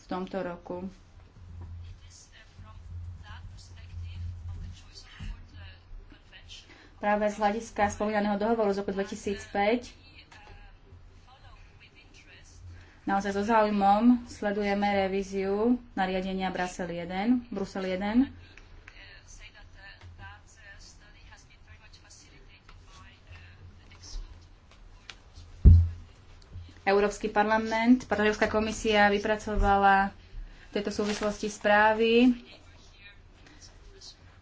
v tomto roku. Práve z hľadiska spomínaného dohovoru z roku 2005 naozaj so záujmom sledujeme revíziu nariadenia Brusel 1, Brusel 1 Európsky parlament, Európska komisia vypracovala v tejto súvislosti správy.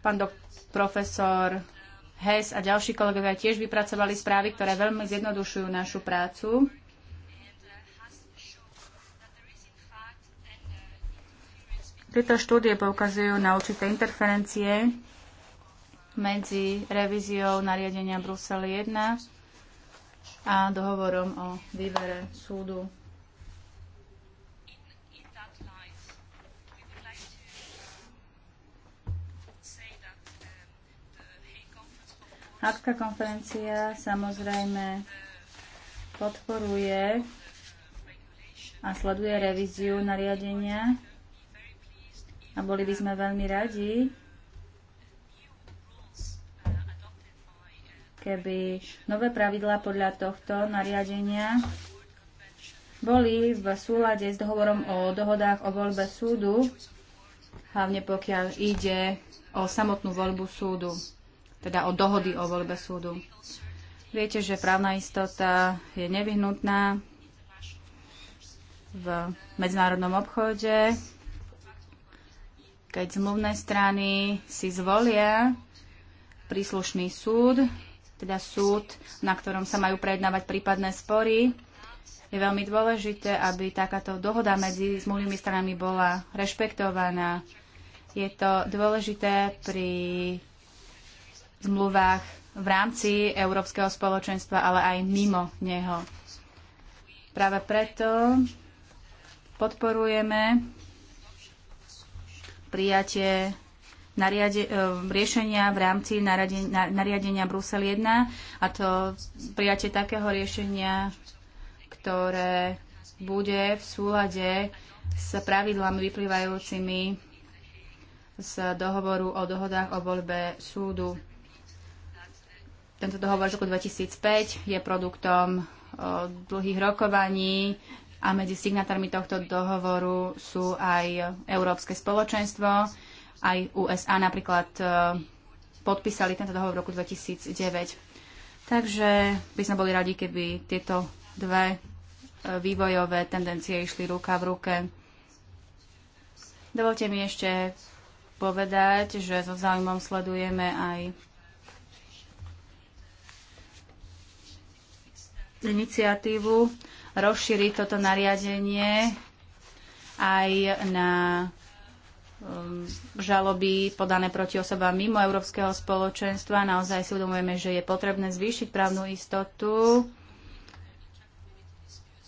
Pán dok- profesor Hess a ďalší kolegovia tiež vypracovali správy, ktoré veľmi zjednodušujú našu prácu. Tieto štúdie poukazujú na určité interferencie medzi revíziou nariadenia Brusel 1 a dohovorom o výbere súdu. Hakská konferencia samozrejme podporuje a sleduje revíziu nariadenia a boli by sme veľmi radi, keby nové pravidlá podľa tohto nariadenia boli v súlade s dohovorom o dohodách o voľbe súdu, hlavne pokiaľ ide o samotnú voľbu súdu, teda o dohody o voľbe súdu. Viete, že právna istota je nevyhnutná v medzinárodnom obchode, keď zmluvné strany si zvolia príslušný súd, teda súd, na ktorom sa majú prejednávať prípadné spory. Je veľmi dôležité, aby takáto dohoda medzi zmluvnými stranami bola rešpektovaná. Je to dôležité pri zmluvách v rámci Európskeho spoločenstva, ale aj mimo neho. Práve preto podporujeme prijatie nariade, riešenia v rámci nariadenia, nariadenia Brusel 1 a to prijatie takého riešenia, ktoré bude v súlade s pravidlami vyplývajúcimi z dohovoru o dohodách o voľbe súdu. Tento dohovor z roku 2005 je produktom e, dlhých rokovaní a medzi signatármi tohto dohovoru sú aj Európske spoločenstvo, aj USA napríklad e, podpísali tento dohovor v roku 2009. Takže by sme boli radi, keby tieto dve e, vývojové tendencie išli ruka v ruke. Dovolte mi ešte povedať, že so záujmom sledujeme aj iniciatívu rozšíriť toto nariadenie aj na Um, žaloby podané proti osobám mimo Európskeho spoločenstva. Naozaj si uvedomujeme, že je potrebné zvýšiť právnu istotu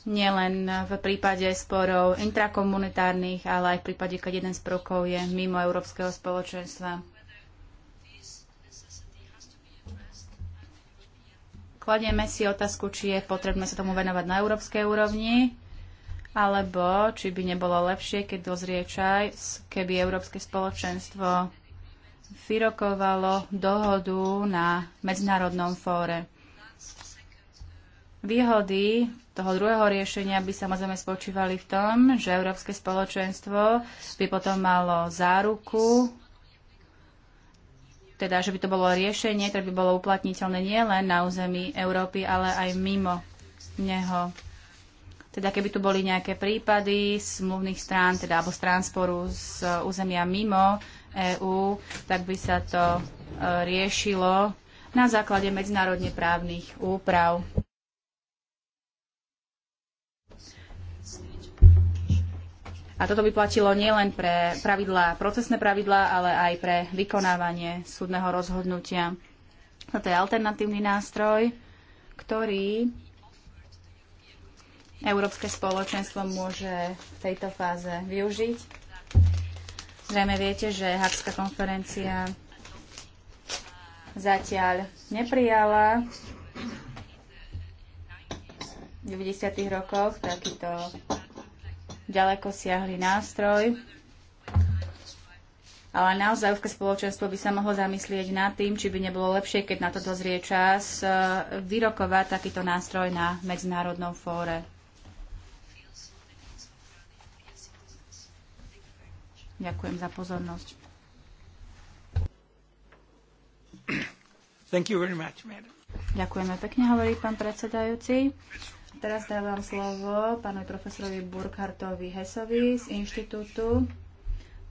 nielen v prípade sporov intrakomunitárnych, ale aj v prípade, keď jeden z prvkov je mimo Európskeho spoločenstva. Kladieme si otázku, či je potrebné sa tomu venovať na európskej úrovni alebo či by nebolo lepšie, keď dozrie čas, keby Európske spoločenstvo vyrokovalo dohodu na medzinárodnom fóre. Výhody toho druhého riešenia by samozrejme spočívali v tom, že Európske spoločenstvo by potom malo záruku, teda že by to bolo riešenie, ktoré by bolo uplatniteľné nielen na území Európy, ale aj mimo neho. Teda keby tu boli nejaké prípady smluvných strán, teda alebo strán sporu z e, územia mimo EÚ, tak by sa to e, riešilo na základe medzinárodne právnych úprav. A toto by platilo nielen pre pravidlá, procesné pravidlá, ale aj pre vykonávanie súdneho rozhodnutia. Toto je alternatívny nástroj, ktorý Európske spoločenstvo môže v tejto fáze využiť. Zrejme viete, že Hakská konferencia zatiaľ neprijala v 90. rokoch takýto ďaleko siahly nástroj. Ale naozaj Európske spoločenstvo by sa mohlo zamyslieť nad tým, či by nebolo lepšie, keď na to dozrie čas, e, vyrokovať takýto nástroj na medzinárodnom fóre. Ďakujem za pozornosť. Thank you very much, Ďakujeme pekne, hovorí pán predsedajúci. Teraz dávam slovo pánovi profesorovi Burkhartovi Hesovi z Inštitútu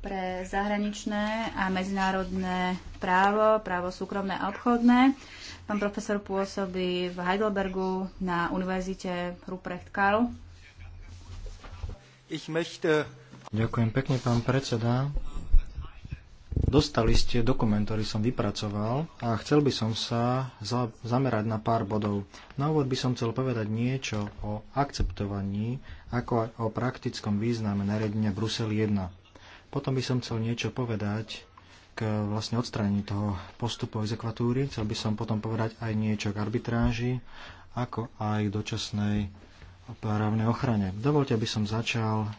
pre zahraničné a medzinárodné právo, právo súkromné a obchodné. Pán profesor pôsobí v Heidelbergu na univerzite Ruprecht Karl. Ich möchte Ďakujem pekne, pán predseda. Dostali ste dokument, ktorý som vypracoval a chcel by som sa za, zamerať na pár bodov. Na úvod by som chcel povedať niečo o akceptovaní, ako aj o praktickom význame nariadenia Brusel 1. Potom by som chcel niečo povedať k vlastne odstraní toho postupu exekvatúry. Chcel by som potom povedať aj niečo k arbitráži, ako aj k dočasnej právnej ochrane. Dovolte, aby som začal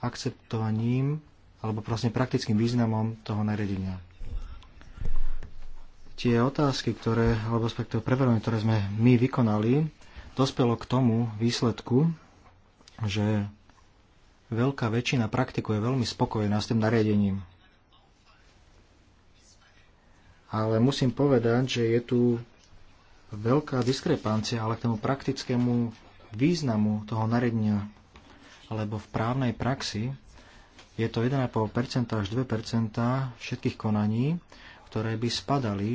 akceptovaním alebo vlastne praktickým významom toho nariadenia. Tie otázky, ktoré, alebo spektrum preverovanie, ktoré sme my vykonali, dospelo k tomu výsledku, že veľká väčšina praktiku je veľmi spokojná s tým nariadením. Ale musím povedať, že je tu veľká diskrepancia, ale k tomu praktickému významu toho nariadenia lebo v právnej praxi je to 1,5% až 2% všetkých konaní, ktoré by spadali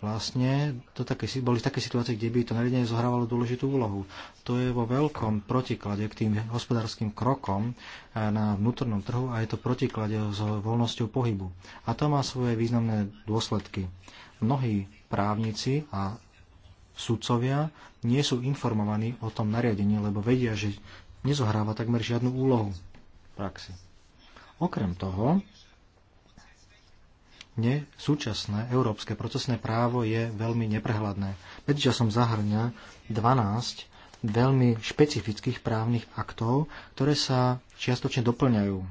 vlastne do také, boli v takej situácii, kde by to nariadenie zohrávalo dôležitú úlohu. To je vo veľkom protiklade k tým hospodárskym krokom eh, na vnútornom trhu a je to protiklade s voľnosťou pohybu. A to má svoje významné dôsledky. Mnohí právnici a sudcovia nie sú informovaní o tom nariadení, lebo vedia, že nezohráva takmer žiadnu úlohu v praxi. Okrem toho, ne, súčasné európske procesné právo je veľmi neprehľadné. Medzičasom zahrňa 12 veľmi špecifických právnych aktov, ktoré sa čiastočne doplňajú.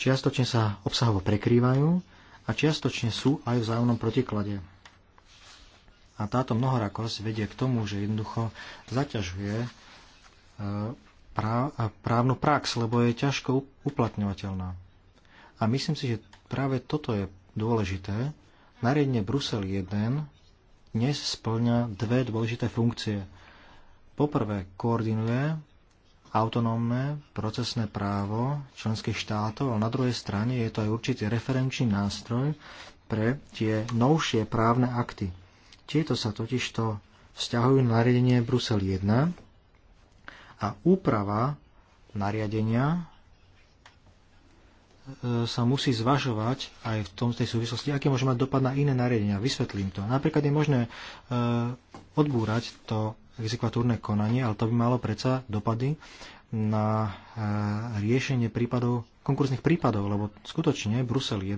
Čiastočne sa obsahovo prekrývajú a čiastočne sú aj v zájomnom protiklade. A táto mnohorakosť vedie k tomu, že jednoducho zaťažuje právnu prax, lebo je ťažko uplatňovateľná. A myslím si, že práve toto je dôležité. Nariadenie Brusel 1 dnes splňa dve dôležité funkcie. Poprvé, koordinuje autonómne procesné právo členských štátov, ale na druhej strane je to aj určitý referenčný nástroj pre tie novšie právne akty. Tieto sa totižto vzťahujú na nariadenie Brusel 1, a úprava nariadenia e, sa musí zvažovať aj v tom, tej súvislosti, aké môže mať dopad na iné nariadenia. Vysvetlím to. Napríklad je možné e, odbúrať to exekvatúrne konanie, ale to by malo predsa dopady na e, riešenie prípadov, konkursných prípadov, lebo skutočne Brusel 1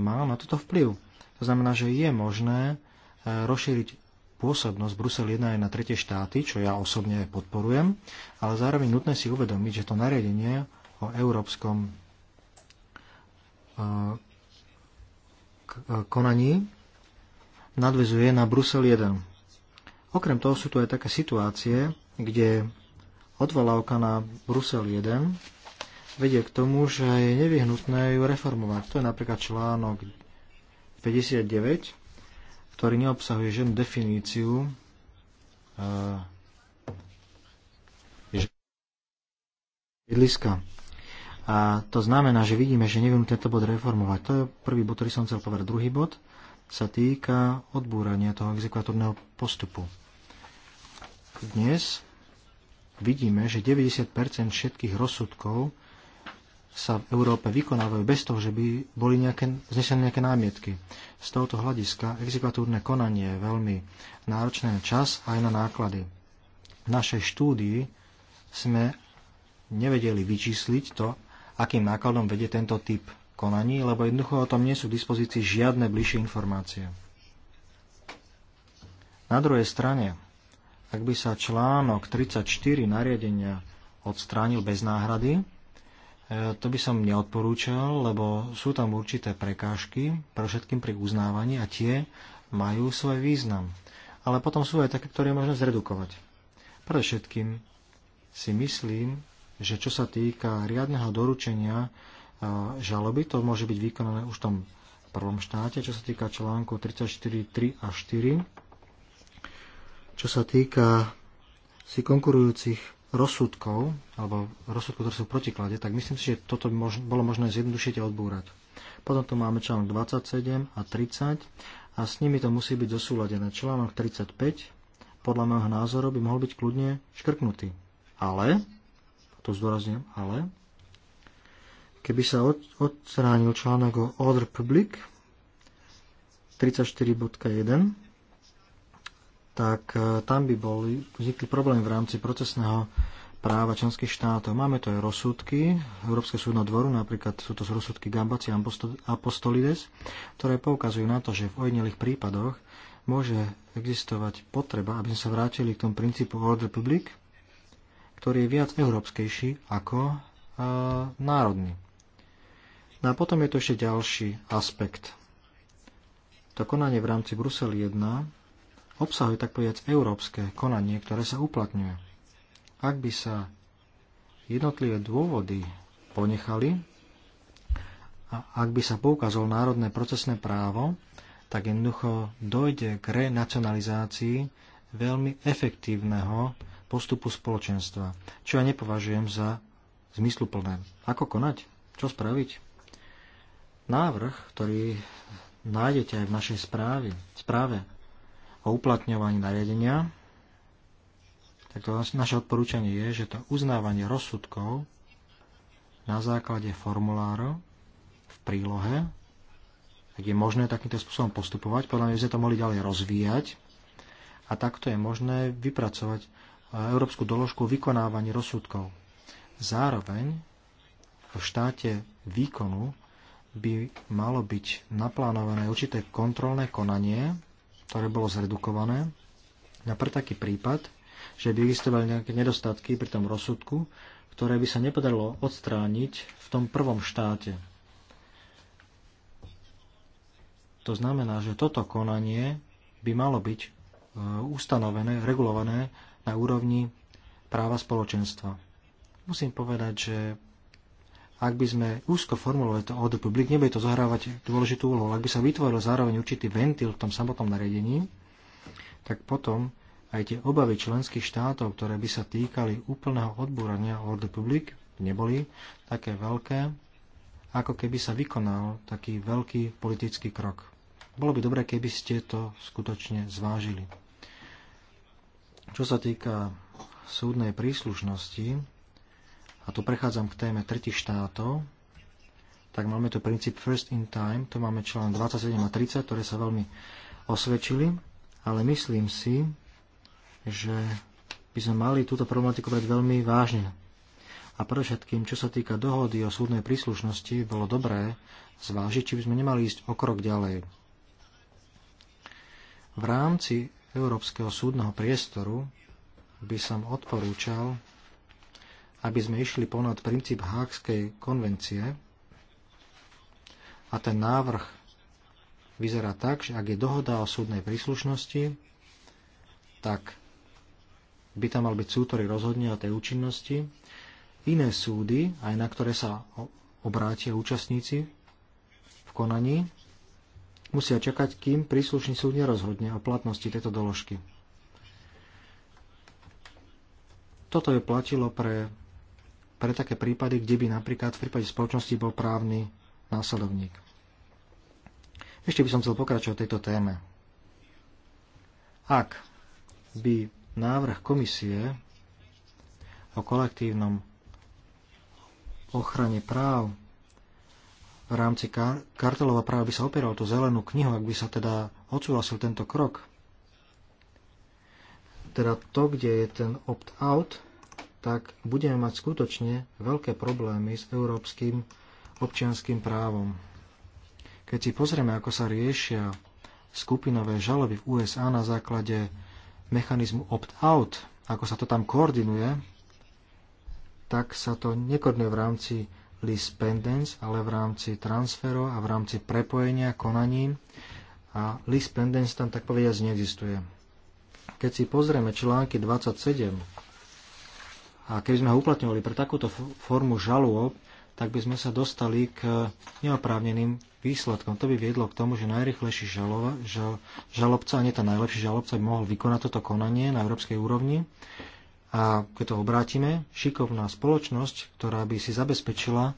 má na toto vplyv. To znamená, že je možné rozšíriť pôsobnosť Brusel 1 aj na tretie štáty, čo ja osobne podporujem, ale zároveň nutné si uvedomiť, že to nariadenie o európskom eh, eh, konaní nadvezuje na Brusel 1. Okrem toho sú tu aj také situácie, kde odvolávka na Brusel 1 vedie k tomu, že je nevyhnutné ju reformovať. To je napríklad článok 59 ktorý neobsahuje žiadnu definíciu eh, jedliska. A to znamená, že vidíme, že neviem tento bod reformovať. To je prvý bod, ktorý som chcel povedať. Druhý bod sa týka odbúrania toho exekvatúrneho postupu. Dnes vidíme, že 90% všetkých rozsudkov sa v Európe vykonávajú bez toho, že by boli nejaké, znesené nejaké námietky. Z tohoto hľadiska exekutúrne konanie je veľmi náročné na čas aj na náklady. V našej štúdii sme nevedeli vyčísliť to, akým nákladom vedie tento typ konaní, lebo jednoducho o tom nie sú k dispozícii žiadne bližšie informácie. Na druhej strane, ak by sa článok 34 nariadenia odstránil bez náhrady, E, to by som neodporúčal, lebo sú tam určité prekážky, pre všetkým pri uznávaní a tie majú svoj význam. Ale potom sú aj také, ktoré možno zredukovať. Pre všetkým si myslím, že čo sa týka riadneho doručenia e, žaloby, to môže byť vykonané už v tom prvom štáte, čo sa týka článku 34.3 a 4. Čo sa týka si konkurujúcich rozsudkov, alebo rozsudkov, ktoré sú v protiklade, tak myslím si, že toto by mož- bolo možné zjednodušite odbúrať. Potom tu máme článok 27 a 30 a s nimi to musí byť zosúladené. Článok 35 podľa môjho názoru by mohol byť kľudne škrknutý. Ale, to zdôrazňujem, ale, keby sa od, odstránil článok o Order Public tak e, tam by bol vznikli problém v rámci procesného práva členských štátov. Máme to aj rozsudky Európskeho súdneho dvoru, napríklad sú to z rozsudky Gambaci Apostolides, ktoré poukazujú na to, že v ojedinelých prípadoch môže existovať potreba, aby sme sa vrátili k tomu princípu World Republic, ktorý je viac európskejší ako e, národný. No a potom je tu ešte ďalší aspekt. To konanie v rámci Brusel 1 obsahuje tak povedať európske konanie, ktoré sa uplatňuje. Ak by sa jednotlivé dôvody ponechali a ak by sa poukázalo národné procesné právo, tak jednoducho dojde k renacionalizácii veľmi efektívneho postupu spoločenstva, čo ja nepovažujem za zmysluplné. Ako konať? Čo spraviť? Návrh, ktorý nájdete aj v našej správe, správe o uplatňovaní nariadenia, tak to naše odporúčanie je, že to uznávanie rozsudkov na základe formulárov v prílohe, tak je možné takýmto spôsobom postupovať. Podľa mňa by sme to mohli ďalej rozvíjať a takto je možné vypracovať e, európsku doložku o vykonávaní rozsudkov. Zároveň v štáte výkonu by malo byť naplánované určité kontrolné konanie, ktoré bolo zredukované. na pre taký prípad, že by existovali nejaké nedostatky pri tom rozsudku, ktoré by sa nepodarilo odstrániť v tom prvom štáte. To znamená, že toto konanie by malo byť e, ustanovené, regulované na úrovni práva spoločenstva. Musím povedať, že ak by sme úzko formulovali to order public, nebude to zahrávať dôležitú úlohu. Ak by sa vytvoril zároveň určitý ventil v tom samotnom nariadení, tak potom aj tie obavy členských štátov, ktoré by sa týkali úplného odbúrania order public, neboli také veľké, ako keby sa vykonal taký veľký politický krok. Bolo by dobré, keby ste to skutočne zvážili. Čo sa týka súdnej príslušnosti, a tu prechádzam k téme tretich štátov, tak máme tu princíp first in time, to máme člán 27 a 30, ktoré sa veľmi osvedčili, ale myslím si, že by sme mali túto problematiku brať veľmi vážne. A predovšetkým, čo sa týka dohody o súdnej príslušnosti, bolo dobré zvážiť, či by sme nemali ísť o krok ďalej. V rámci Európskeho súdneho priestoru by som odporúčal aby sme išli ponad princíp Hákskej konvencie a ten návrh vyzerá tak, že ak je dohoda o súdnej príslušnosti, tak by tam mal byť súd, ktorý rozhodne o tej účinnosti. Iné súdy, aj na ktoré sa obrátia účastníci v konaní, musia čakať, kým príslušný súd nerozhodne o platnosti tejto doložky. Toto je platilo pre pre také prípady, kde by napríklad v prípade spoločnosti bol právny následovník. Ešte by som chcel pokračovať tejto téme. Ak by návrh komisie o kolektívnom ochrane práv v rámci kartelova práva by sa opieral tú zelenú knihu, ak by sa teda odsúhlasil tento krok. Teda to, kde je ten opt-out, tak budeme mať skutočne veľké problémy s európskym občianským právom. Keď si pozrieme, ako sa riešia skupinové žaloby v USA na základe mechanizmu opt-out, ako sa to tam koordinuje, tak sa to nekoordinuje v rámci list pendens, ale v rámci transferu a v rámci prepojenia konaní a list pendens tam tak povediať neexistuje. Keď si pozrieme články 27 a keby sme ho uplatňovali pre takúto formu žalôb, tak by sme sa dostali k neoprávneným výsledkom. To by viedlo k tomu, že najrychlejší žalova, žal, žalobca, a nie ten najlepší žalobca, by mohol vykonať toto konanie na európskej úrovni. A keď to obrátime, šikovná spoločnosť, ktorá by si zabezpečila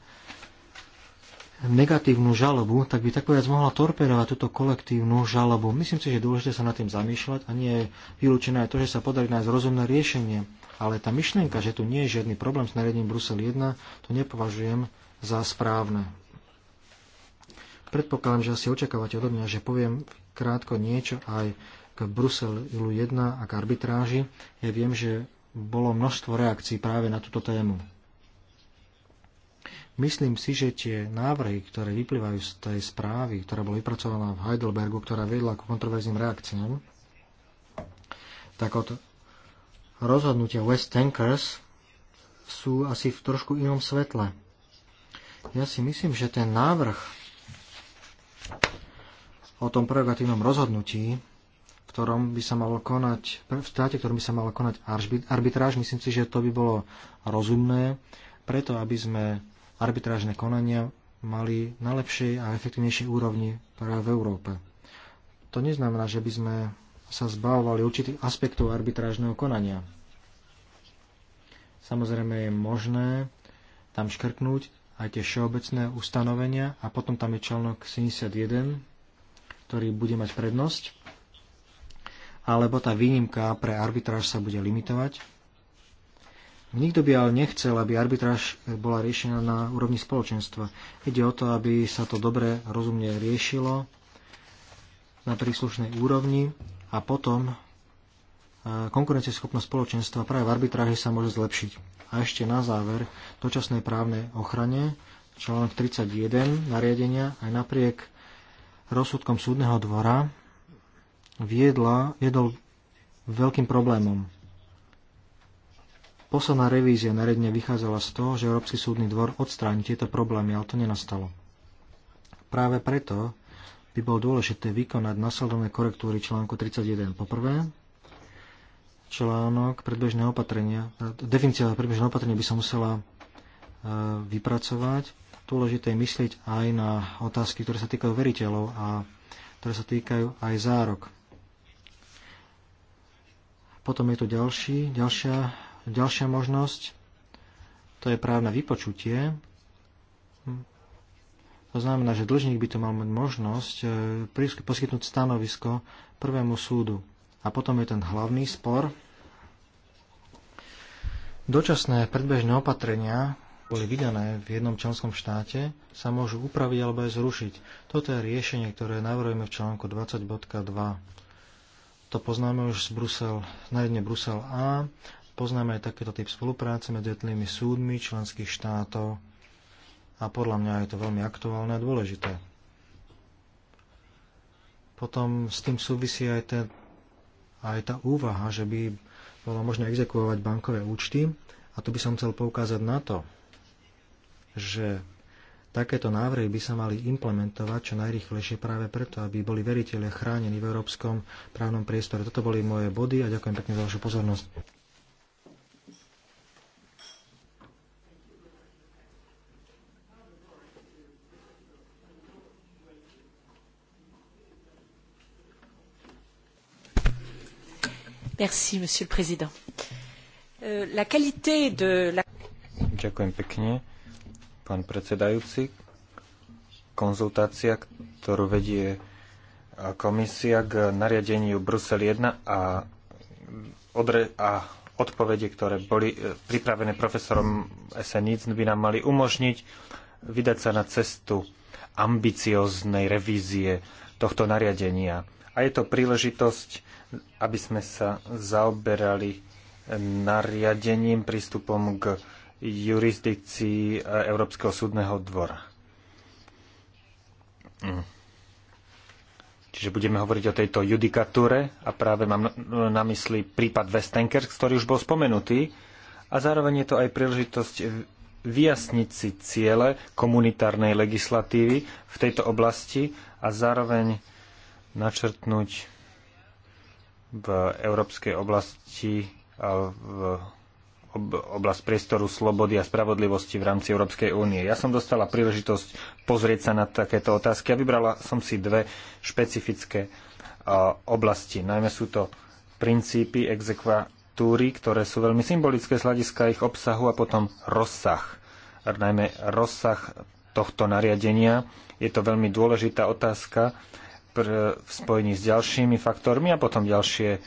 negatívnu žalobu, tak by tak mohla torpedovať túto kolektívnu žalobu. Myslím si, že je dôležité sa nad tým zamýšľať a nie je vylúčené aj to, že sa podarí nájsť rozumné riešenie. Ale tá myšlienka, že tu nie je žiadny problém s nariadením Brusel 1, to nepovažujem za správne. Predpokladám, že asi očakávate odo mňa, že poviem krátko niečo aj k Bruselu 1 a k arbitráži. Ja viem, že bolo množstvo reakcií práve na túto tému. Myslím si, že tie návrhy, ktoré vyplývajú z tej správy, ktorá bola vypracovaná v Heidelbergu, ktorá vedla k kontroverzným reakciám, tak od rozhodnutia West Tankers sú asi v trošku inom svetle. Ja si myslím, že ten návrh o tom prerogatívnom rozhodnutí, v ktorom by sa malo konať, v štáte, ktorom by sa malo konať arbitráž, myslím si, že to by bolo rozumné, preto aby sme arbitrážne konania mali na lepšej a efektívnejšej úrovni práve v Európe. To neznamená, že by sme sa zbavovali určitých aspektov arbitrážneho konania. Samozrejme je možné tam škrtnúť aj tie všeobecné ustanovenia a potom tam je článok 71, ktorý bude mať prednosť, alebo tá výnimka pre arbitráž sa bude limitovať. Nikto by ale nechcel, aby arbitráž bola riešená na úrovni spoločenstva. Ide o to, aby sa to dobre, rozumne riešilo na príslušnej úrovni a potom e, konkurencieschopnosť spoločenstva práve v arbitráži sa môže zlepšiť. A ešte na záver, dočasnej právnej ochrane, článok 31 nariadenia, aj napriek rozsudkom súdneho dvora viedla, viedol veľkým problémom. Posledná revízia nariadenia vychádzala z toho, že Európsky súdny dvor odstráni tieto problémy, ale to nenastalo. Práve preto by bolo dôležité vykonať nasledovné korektúry článku 31. Poprvé, článok predbežného opatrenia, definícia predbežného opatrenia by sa musela e, vypracovať. Dôležité je myslieť aj na otázky, ktoré sa týkajú veriteľov a ktoré sa týkajú aj zárok. Potom je tu ďalší, ďalšia, ďalšia možnosť, to je právne vypočutie to znamená, že dlžník by tu mal mať možnosť e, poskytnúť stanovisko prvému súdu. A potom je ten hlavný spor. Dočasné predbežné opatrenia boli vydané v jednom členskom štáte, sa môžu upraviť alebo aj zrušiť. Toto je riešenie, ktoré navrhujeme v článku 20.2. To poznáme už z Brusel, nariadne Brusel A. Poznáme aj takýto typ spolupráce medzi jednými súdmi členských štátov a podľa mňa je to veľmi aktuálne a dôležité. Potom s tým súvisí aj, ten, aj tá úvaha, že by bolo možné exekuovať bankové účty a tu by som chcel poukázať na to, že takéto návrhy by sa mali implementovať čo najrychlejšie práve preto, aby boli veriteľe chránení v európskom právnom priestore. Toto boli moje body a ďakujem pekne za vašu pozornosť. monsieur le président. Euh, la qualité de la... Ďakujem pekne, pán predsedajúci. Konzultácia, ktorú vedie komisia k nariadeniu Brusel 1 a, odre- a odpovede, ktoré boli e, pripravené profesorom SNIC, by nám mali umožniť vydať sa na cestu ambicioznej revízie tohto nariadenia. A je to príležitosť aby sme sa zaoberali eh, nariadením, prístupom k jurisdikcii eh, Európskeho súdneho dvora. Mm. Čiže budeme hovoriť o tejto judikatúre a práve mám na mysli prípad Westenker, ktorý už bol spomenutý a zároveň je to aj príležitosť vyjasniť si ciele komunitárnej legislatívy v tejto oblasti a zároveň načrtnúť v európskej oblasti a v oblasti priestoru slobody a spravodlivosti v rámci Európskej únie. Ja som dostala príležitosť pozrieť sa na takéto otázky a vybrala som si dve špecifické oblasti. Najmä sú to princípy exekvatúry, ktoré sú veľmi symbolické z hľadiska ich obsahu a potom rozsah. A najmä rozsah tohto nariadenia. Je to veľmi dôležitá otázka pr- v spojení s ďalšími faktormi a potom ďalšie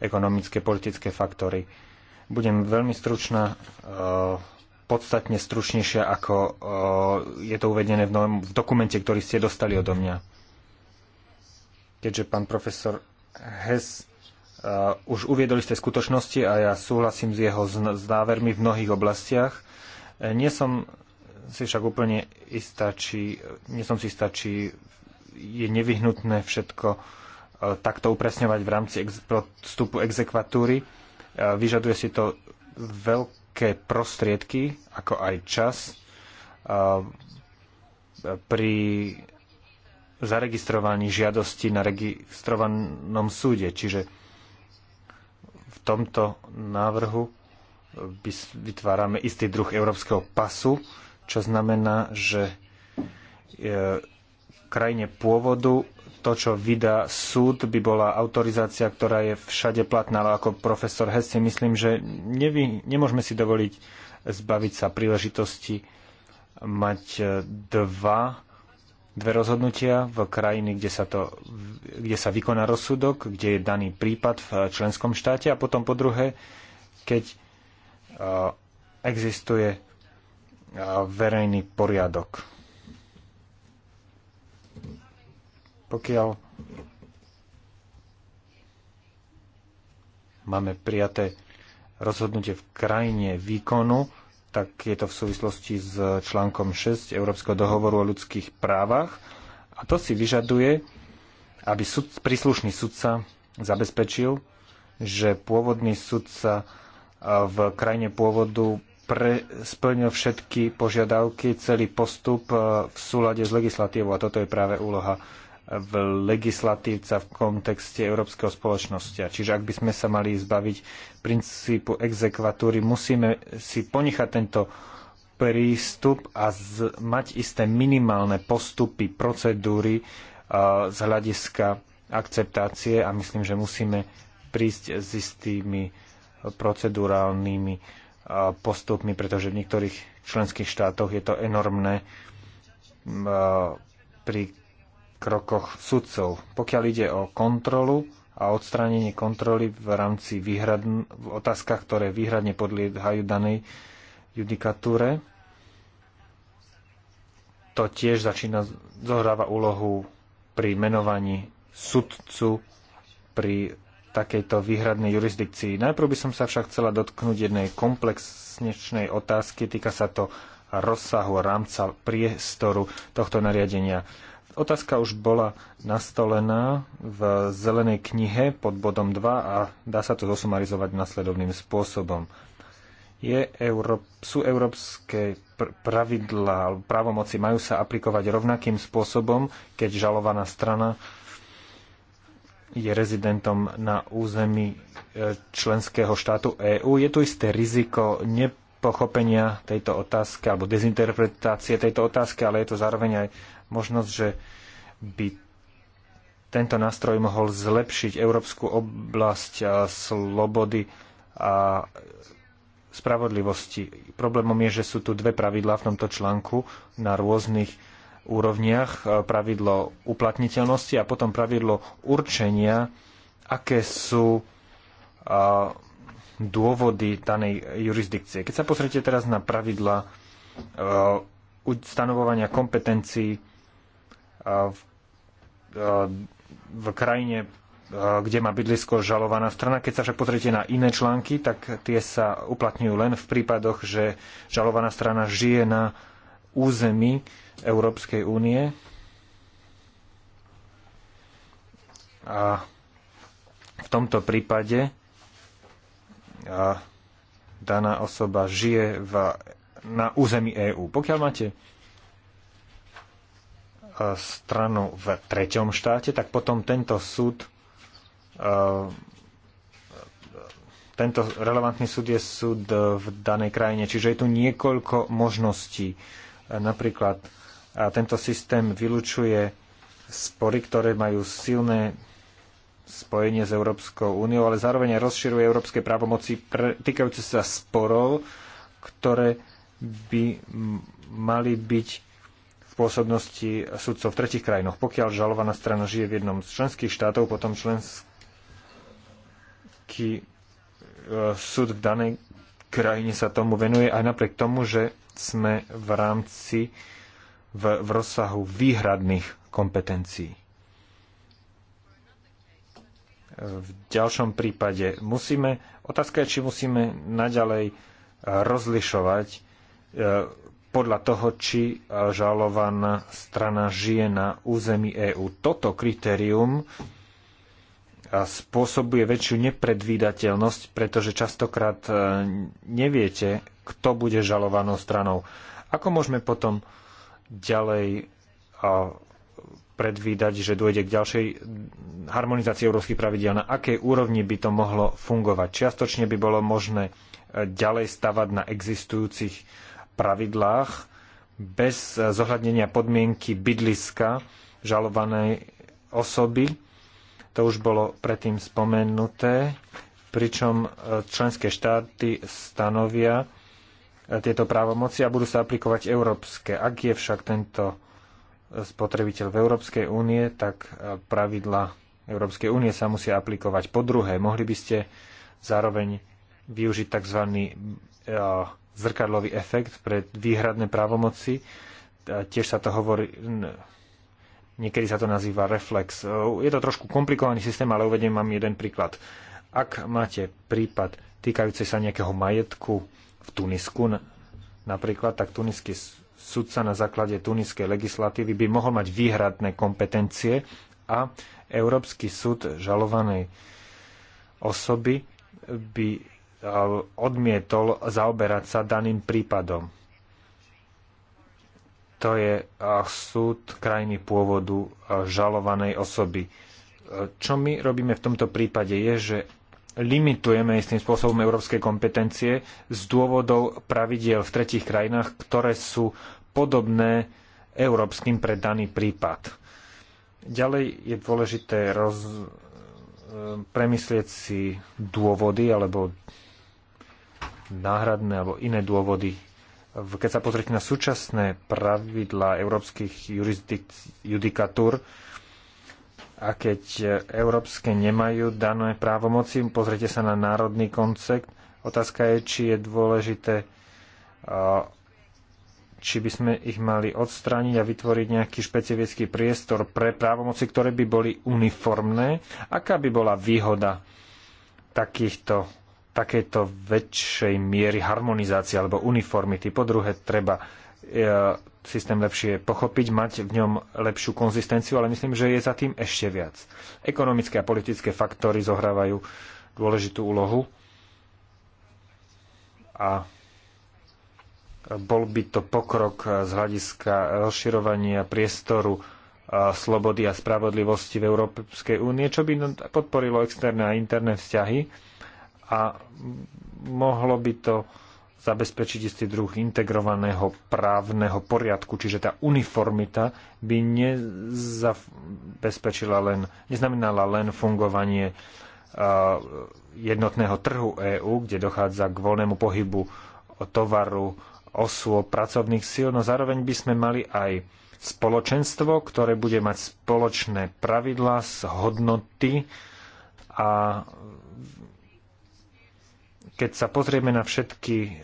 ekonomické, politické faktory. Budem veľmi stručná, e, podstatne stručnejšia, ako e, je to uvedené v, novom, v dokumente, ktorý ste dostali odo mňa. Keďže pán profesor Hess Uh, už uviedol isté skutočnosti a ja súhlasím s jeho závermi v mnohých oblastiach. Nie som si však úplne istá, či, nie som si istá, či je nevyhnutné všetko e, takto upresňovať v rámci vstupu exekvatúry. E, vyžaduje si to veľké prostriedky, ako aj čas. E, pri zaregistrovaní žiadosti na registrovanom súde. Čiže v tomto návrhu vytvárame istý druh európskeho pasu, čo znamená, že krajine pôvodu. To, čo vydá súd, by bola autorizácia, ktorá je všade platná, ale ako profesor Hess si myslím, že nevy, nemôžeme si dovoliť zbaviť sa príležitosti mať e, dva, dve rozhodnutia v krajiny, kde sa, to, kde sa vykoná rozsudok, kde je daný prípad v členskom štáte a potom po druhé, keď e, existuje e, verejný poriadok Pokiaľ máme prijaté rozhodnutie v krajine výkonu, tak je to v súvislosti s článkom 6 Európskeho dohovoru o ľudských právach. A to si vyžaduje, aby sud, príslušný sudca zabezpečil, že pôvodný sudca e, v krajine pôvodu pre, splnil všetky požiadavky, celý postup e, v súlade s legislatívou. A toto je práve úloha v legislatívca v kontexte európskeho spoločnosti. Čiže ak by sme sa mali zbaviť princípu exekvatúry, musíme si ponechať tento prístup a z, mať isté minimálne postupy, procedúry uh, z hľadiska akceptácie a myslím, že musíme prísť s istými procedurálnymi postupmi, pretože v niektorých členských štátoch je to enormné pri krokoch sudcov. Pokiaľ ide o kontrolu a odstránenie kontroly v rámci výhrad, v otázkach, ktoré výhradne podliehajú danej judikatúre, to tiež začína, zohráva úlohu pri menovaní sudcu pri takejto výhradnej jurisdikcii. Najprv by som sa však chcela dotknúť jednej komplexnečnej otázky, týka sa to rozsahu rámca priestoru tohto nariadenia. Otázka už bola nastolená v zelenej knihe pod bodom 2 a dá sa to zosumarizovať nasledovným spôsobom. Je Euró- sú európske pr- pravidlá, právomoci majú sa aplikovať rovnakým spôsobom, keď žalovaná strana je rezidentom na území e, členského štátu EÚ. Je tu isté riziko nepochopenia tejto otázky alebo dezinterpretácie tejto otázky, ale je to zároveň aj možnosť, že by tento nástroj mohol zlepšiť európsku oblasť a slobody a spravodlivosti. Problémom je, že sú tu dve pravidlá v tomto článku na rôznych úrovniach. E, pravidlo uplatniteľnosti a potom pravidlo určenia, aké sú dôvody danej jurisdikcie. Keď sa pozriete teraz na pravidla e, stanovovania kompetencií v, v krajine, kde má bydlisko žalovaná strana. Keď sa však pozriete na iné články, tak tie sa uplatňujú len v prípadoch, že žalovaná strana žije na území Európskej únie. A v tomto prípade daná osoba žije v, na území EÚ. Pokiaľ máte stranu v treťom štáte, tak potom tento súd e, tento relevantný súd je súd v danej krajine. Čiže je tu niekoľko možností. Napríklad e, tento systém vylučuje spory, ktoré majú silné spojenie s Európskou úniou, ale zároveň rozširuje európske právomoci týkajúce sa sporov, ktoré by mali byť pôsobnosti sudcov v tretich krajinoch. Pokiaľ žalovaná strana žije v jednom z členských štátov, potom členský e, súd v danej krajine sa tomu venuje aj napriek tomu, že sme v rámci v, v rozsahu výhradných kompetencií. V ďalšom prípade musíme, otázka je, či musíme naďalej rozlišovať e, podľa toho, či žalovaná strana žije na území EÚ. Toto kritérium spôsobuje väčšiu nepredvídateľnosť, pretože častokrát e, neviete, kto bude žalovanou stranou. Ako môžeme potom ďalej predvídať, že dôjde k ďalšej harmonizácii európskych pravidel? Na akej úrovni by to mohlo fungovať? Čiastočne by bolo možné e, ďalej stavať na existujúcich pravidlách bez zohľadnenia podmienky bydliska žalovanej osoby. To už bolo predtým spomenuté, pričom e, členské štáty stanovia e, tieto právomoci a budú sa aplikovať európske. Ak je však tento e, spotrebiteľ v Európskej únie, tak pravidla Európskej únie sa musia aplikovať. Po druhé, mohli by ste zároveň využiť tzv zrkadlový efekt pre výhradné právomoci. Tiež sa to hovorí, niekedy sa to nazýva reflex. Je to trošku komplikovaný systém, ale uvediem vám jeden príklad. Ak máte prípad týkajúce sa nejakého majetku v Tunisku napríklad, tak tuniský sudca na základe tuniskej legislatívy by mohol mať výhradné kompetencie a Európsky súd žalovanej osoby by Eh, odmietol zaoberať sa daným prípadom. To je eh, súd krajiny pôvodu eh, žalovanej osoby. Čo my robíme v tomto prípade je, že limitujeme istým spôsobom európske kompetencie z dôvodov pravidiel v tretích krajinách, ktoré sú podobné európskym pre daný prípad. Ďalej je dôležité roz... premyslieť si dôvody alebo náhradné alebo iné dôvody. Keď sa pozrite na súčasné pravidlá európskych judikatúr, a keď európske nemajú dané právomoci, pozrite sa na národný koncept. Otázka je, či je dôležité, či by sme ich mali odstrániť a vytvoriť nejaký špecifický priestor pre právomoci, ktoré by boli uniformné. Aká by bola výhoda takýchto takéto väčšej miery harmonizácie alebo uniformity. Po druhé, treba e, systém lepšie pochopiť, mať v ňom lepšiu konzistenciu, ale myslím, že je za tým ešte viac. Ekonomické a politické faktory zohrávajú dôležitú úlohu a bol by to pokrok z hľadiska rozširovania priestoru e, slobody a spravodlivosti v Európskej únie, čo by podporilo externé a interné vzťahy a mohlo by to zabezpečiť istý druh integrovaného právneho poriadku, čiže tá uniformita by nezabezpečila len, neznamenala len fungovanie jednotného trhu EÚ, kde dochádza k voľnému pohybu tovaru, osôb, pracovných síl, no zároveň by sme mali aj spoločenstvo, ktoré bude mať spoločné pravidlá, hodnoty a keď sa pozrieme na všetky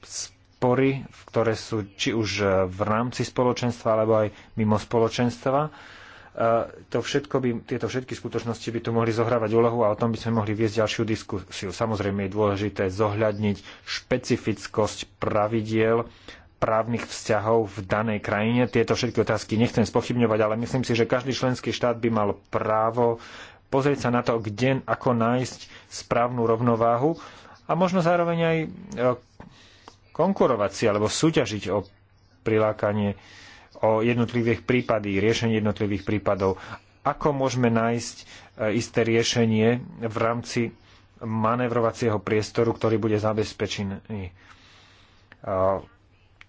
spory, ktoré sú či už v rámci spoločenstva alebo aj mimo spoločenstva, to všetko by, tieto všetky skutočnosti by tu mohli zohrávať úlohu a o tom by sme mohli viesť ďalšiu diskusiu. Samozrejme je dôležité zohľadniť špecifickosť pravidiel právnych vzťahov v danej krajine. Tieto všetky otázky nechcem spochybňovať, ale myslím si, že každý členský štát by mal právo pozrieť sa na to, kde, ako nájsť správnu rovnováhu a možno zároveň aj e, konkurovať si alebo súťažiť o prilákanie o jednotlivých prípady, riešenie jednotlivých prípadov. Ako môžeme nájsť e, isté riešenie v rámci manevrovacieho priestoru, ktorý bude zabezpečený. E,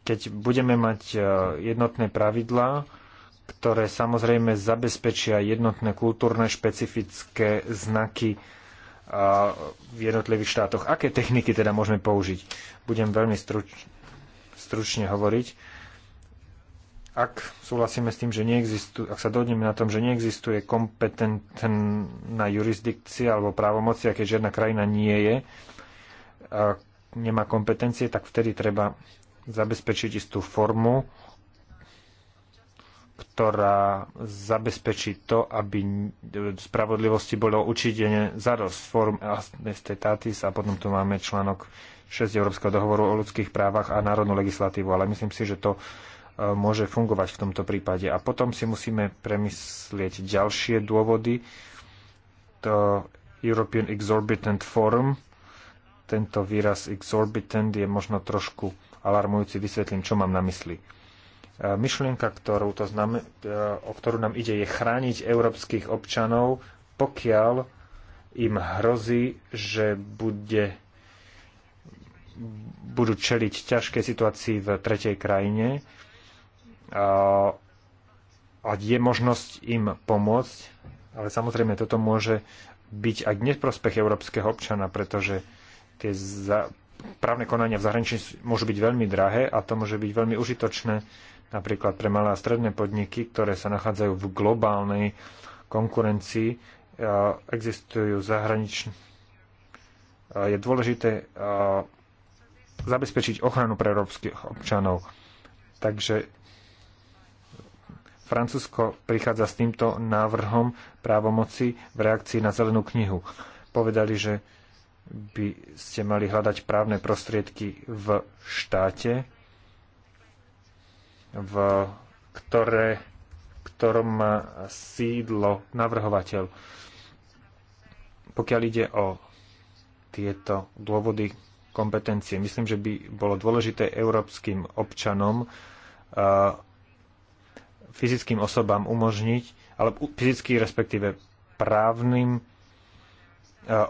keď budeme mať jednotné pravidlá, ktoré samozrejme zabezpečia jednotné kultúrne špecifické znaky v jednotlivých štátoch. Aké techniky teda môžeme použiť? Budem veľmi struč, stručne hovoriť. Ak súhlasíme s tým, že neexistuje, ak sa dohodneme na tom, že neexistuje kompetentná jurisdikcia alebo právomocia, keď žiadna krajina nie je, nemá kompetencie, tak vtedy treba zabezpečiť istú formu ktorá zabezpečí to, aby spravodlivosti bolo určite zadosť form statis a potom tu máme článok 6 Európskeho dohovoru o ľudských právach a národnú legislatívu, ale myslím si, že to e, môže fungovať v tomto prípade. A potom si musíme premyslieť ďalšie dôvody. To European Exorbitant Forum, tento výraz exorbitant je možno trošku alarmujúci, vysvetlím, čo mám na mysli myšlienka, ktorú to znam, e, o ktorú nám ide, je chrániť európskych občanov, pokiaľ im hrozí, že bude, budú čeliť ťažkej situácii v tretej krajine a, a je možnosť im pomôcť, ale samozrejme toto môže byť aj neprospech európskeho občana, pretože tie za, právne konania v zahraničí môžu byť veľmi drahé a to môže byť veľmi užitočné napríklad pre malé a stredné podniky, ktoré sa nachádzajú v globálnej konkurencii, existujú zahraničné. Je dôležité zabezpečiť ochranu pre európskych občanov. Takže Francúzsko prichádza s týmto návrhom právomoci v reakcii na zelenú knihu. Povedali, že by ste mali hľadať právne prostriedky v štáte, v ktoré, ktorom má sídlo navrhovateľ. Pokiaľ ide o tieto dôvody kompetencie, myslím, že by bolo dôležité európskym občanom, fyzickým osobám umožniť, ale fyzicky respektíve právnym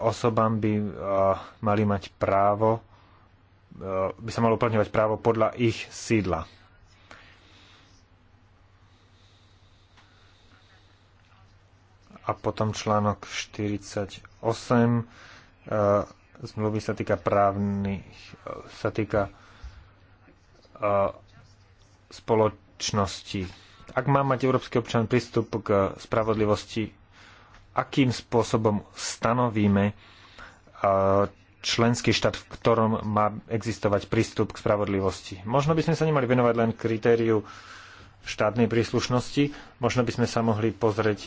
osobám by mali mať právo, by sa malo uplatňovať právo podľa ich sídla. a potom článok 48 e, zmluvy sa týka právnych, sa týka e, spoločnosti. Ak má mať európsky občan prístup k spravodlivosti, akým spôsobom stanovíme e, členský štát, v ktorom má existovať prístup k spravodlivosti. Možno by sme sa nemali venovať len kritériu štátnej príslušnosti, možno by sme sa mohli pozrieť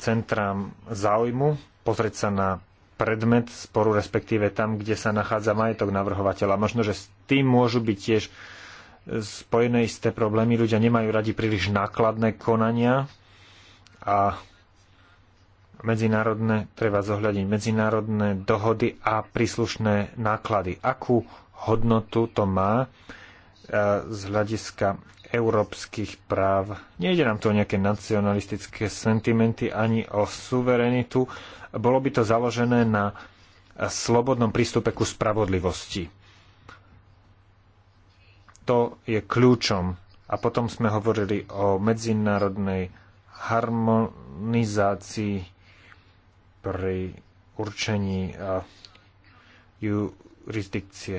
centrám záujmu, pozrieť sa na predmet sporu, respektíve tam, kde sa nachádza majetok navrhovateľa. Možno, že s tým môžu byť tiež spojené isté problémy. Ľudia nemajú radi príliš nákladné konania a medzinárodné, treba zohľadiť medzinárodné dohody a príslušné náklady. Akú hodnotu to má? z hľadiska európskych práv. Nejde nám tu o nejaké nacionalistické sentimenty ani o suverenitu. Bolo by to založené na slobodnom prístupe ku spravodlivosti. To je kľúčom. A potom sme hovorili o medzinárodnej harmonizácii pri určení jurisdikcie.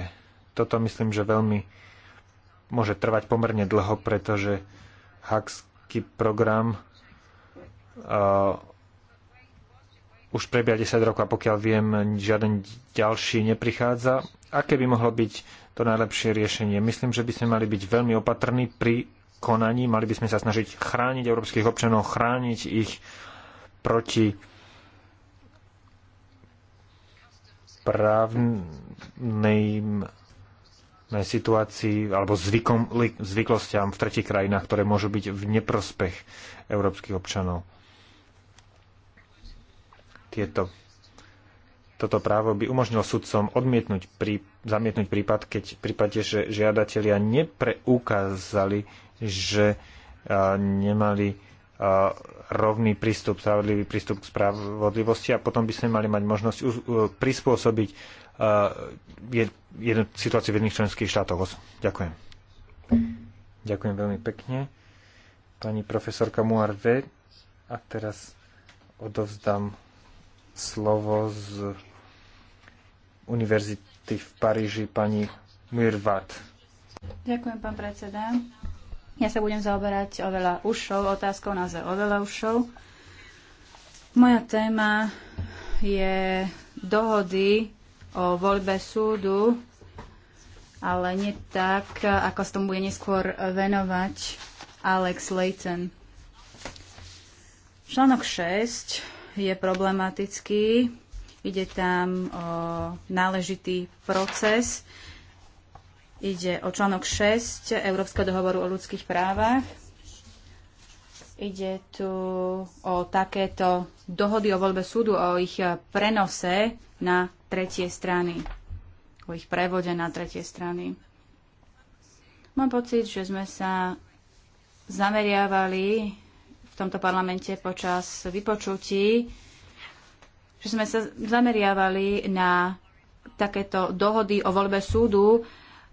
Toto myslím, že veľmi môže trvať pomerne dlho, pretože hackský program uh, už prebieha 10 rokov a pokiaľ viem, žiaden ďalší neprichádza. Aké by mohlo byť to najlepšie riešenie? Myslím, že by sme mali byť veľmi opatrní pri konaní, mali by sme sa snažiť chrániť európskych občanov, chrániť ich proti právnym Eh, situácii alebo zvykom, zvyklostiam v tretich krajinách, ktoré môžu byť v neprospech európskych občanov. Tieto. Toto právo by umožnilo sudcom odmietnúť prí, zamietnúť prípad, keď v prípade, že žiadatelia nepreukázali, že eh, nemali Eh, rovný prístup, spravodlivý prístup k spravodlivosti a potom by sme mali mať možnosť prispôsobiť eh, situáciu v jedných členských štátoch. Ďakujem. Ďakujem veľmi pekne. Pani profesorka Muarve, a teraz odovzdám slovo z Univerzity v Paríži pani Mirvat. Ďakujem, pán predseda. Ja sa budem zaoberať oveľa ušou, otázkou naozaj oveľa ušou. Moja téma je dohody o voľbe súdu, ale nie tak, ako sa tomu bude neskôr venovať Alex Layton. Článok 6 je problematický. Ide tam o náležitý proces. Ide o článok 6 Európskeho dohovoru o ľudských právach. Ide tu o takéto dohody o voľbe súdu, o ich prenose na tretie strany, o ich prevode na tretie strany. Mám pocit, že sme sa zameriavali v tomto parlamente počas vypočutí, že sme sa zameriavali na takéto dohody o voľbe súdu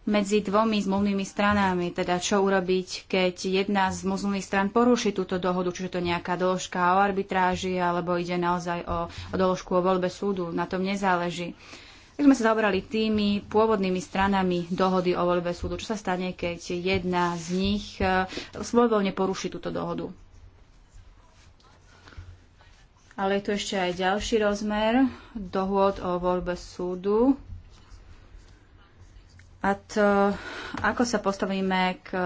medzi dvomi zmluvnými stranami, teda čo urobiť, keď jedna z zmluvných stran poruší túto dohodu, čiže to nejaká doložka o arbitráži, alebo ide naozaj o, o doložku o voľbe súdu, na tom nezáleží. Tak sme sa zaobrali tými pôvodnými stranami dohody o voľbe súdu. Čo sa stane, keď jedna z nich e, svojvoľne poruší túto dohodu? Ale je tu ešte aj ďalší rozmer dohôd o voľbe súdu. A to, ako sa postavíme k e,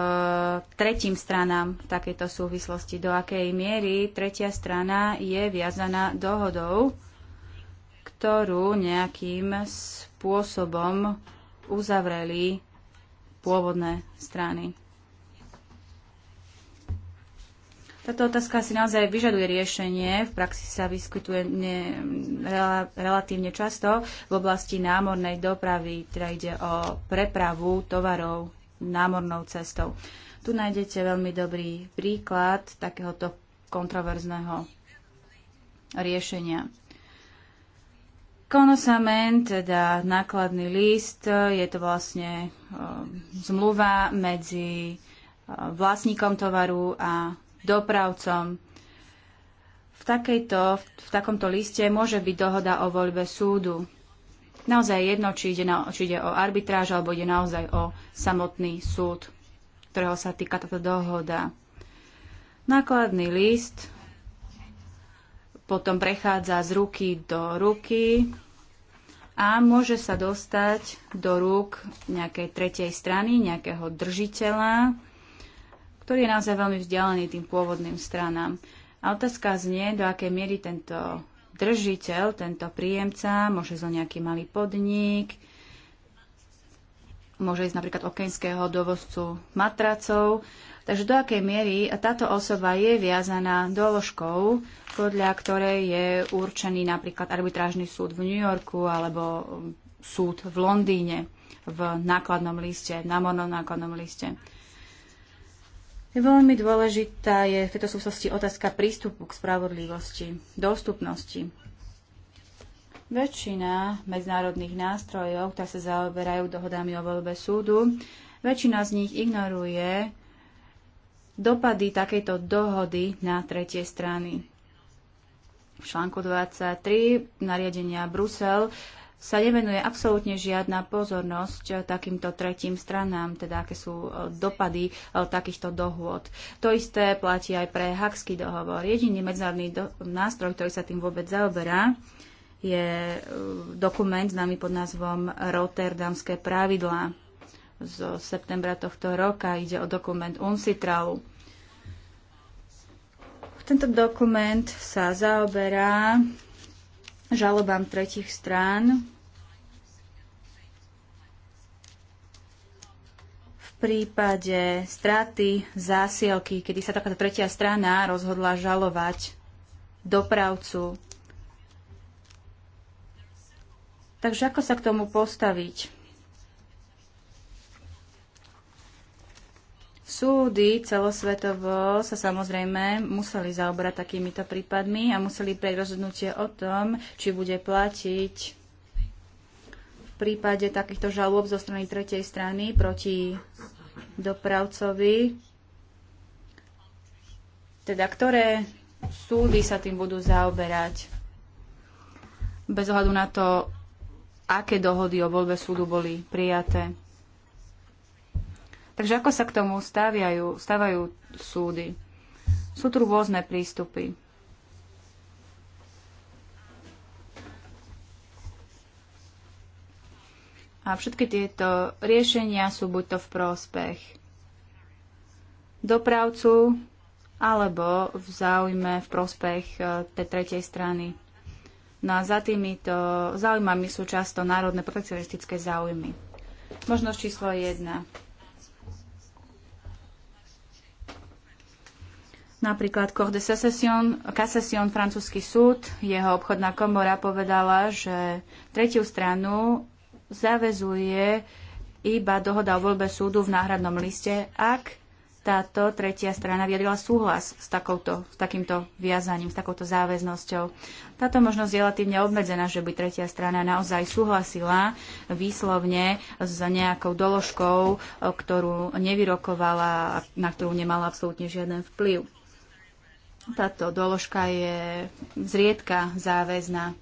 tretím stranám v takejto súvislosti, do akej miery tretia strana je viazaná dohodou, ktorú nejakým spôsobom uzavreli pôvodné strany. Táto otázka si naozaj vyžaduje riešenie. V praxi sa vyskytuje ne, rel, relatívne často v oblasti námornej dopravy, teda ide o prepravu tovarov námornou cestou. Tu nájdete veľmi dobrý príklad takéhoto kontroverzného riešenia. Konosamen, teda nákladný list, je to vlastne um, zmluva medzi uh, vlastníkom tovaru a dopravcom. V, takejto, v takomto liste môže byť dohoda o voľbe súdu. Naozaj jedno, či ide, na, či ide o arbitráž, alebo ide naozaj o samotný súd, ktorého sa týka táto dohoda. Nákladný list potom prechádza z ruky do ruky a môže sa dostať do rúk nejakej tretej strany, nejakého držiteľa, ktorý je naozaj veľmi vzdialený tým pôvodným stranám. A otázka znie, do akej miery tento držiteľ, tento príjemca, môže zo nejaký malý podnik, môže ísť napríklad okenského dovozcu matracov. Takže do akej miery táto osoba je viazaná doložkou, podľa ktorej je určený napríklad arbitrážny súd v New Yorku alebo súd v Londýne v nákladnom liste, na mononákladnom liste. Veľmi dôležitá je v tejto súvislosti otázka prístupu k spravodlivosti, dostupnosti. Väčšina medzinárodných nástrojov, ktoré sa zaoberajú dohodami o voľbe súdu, väčšina z nich ignoruje dopady takejto dohody na tretie strany. V článku 23 nariadenia Brusel sa nevenuje absolútne žiadna pozornosť eh, takýmto tretím stranám, teda aké sú eh, dopady eh, takýchto dohôd. To isté platí aj pre Hakský dohovor. Jediný medzinárodný do- nástroj, ktorý sa tým vôbec zaoberá, je dokument známy pod názvom Rotterdamské pravidlá z septembra tohto roka. Ide o dokument UNCITRALu. Tento dokument sa zaoberá žalobám tretich strán v prípade straty zásielky, kedy sa takáto tretia strana rozhodla žalovať dopravcu. Takže ako sa k tomu postaviť? Súdy celosvetovo sa samozrejme museli zaoberať takýmito prípadmi a museli prieť rozhodnutie o tom, či bude platiť v prípade takýchto žalôb zo strany tretej strany proti dopravcovi, teda ktoré súdy sa tým budú zaoberať bez ohľadu na to, aké dohody o voľbe súdu boli prijaté. Takže ako sa k tomu staviajú, stavajú súdy? Sú tu rôzne prístupy. A všetky tieto riešenia sú buď to v prospech dopravcu alebo v záujme v prospech e, tej tretej strany. No a za týmito záujmami sú často národné protekcionistické záujmy. Možnosť číslo 1 Napríklad Cour de Cassation, Cassation, francúzsky súd, jeho obchodná komora povedala, že tretiu stranu zavezuje iba dohoda o voľbe súdu v náhradnom liste, ak táto tretia strana vyjadrila súhlas s, takouto, s takýmto viazaním, s takouto záväznosťou. Táto možnosť je relatívne obmedzená, že by tretia strana naozaj súhlasila výslovne s nejakou doložkou, ktorú nevyrokovala a na ktorú nemala absolútne žiaden vplyv. Táto doložka je zriedka záväzná.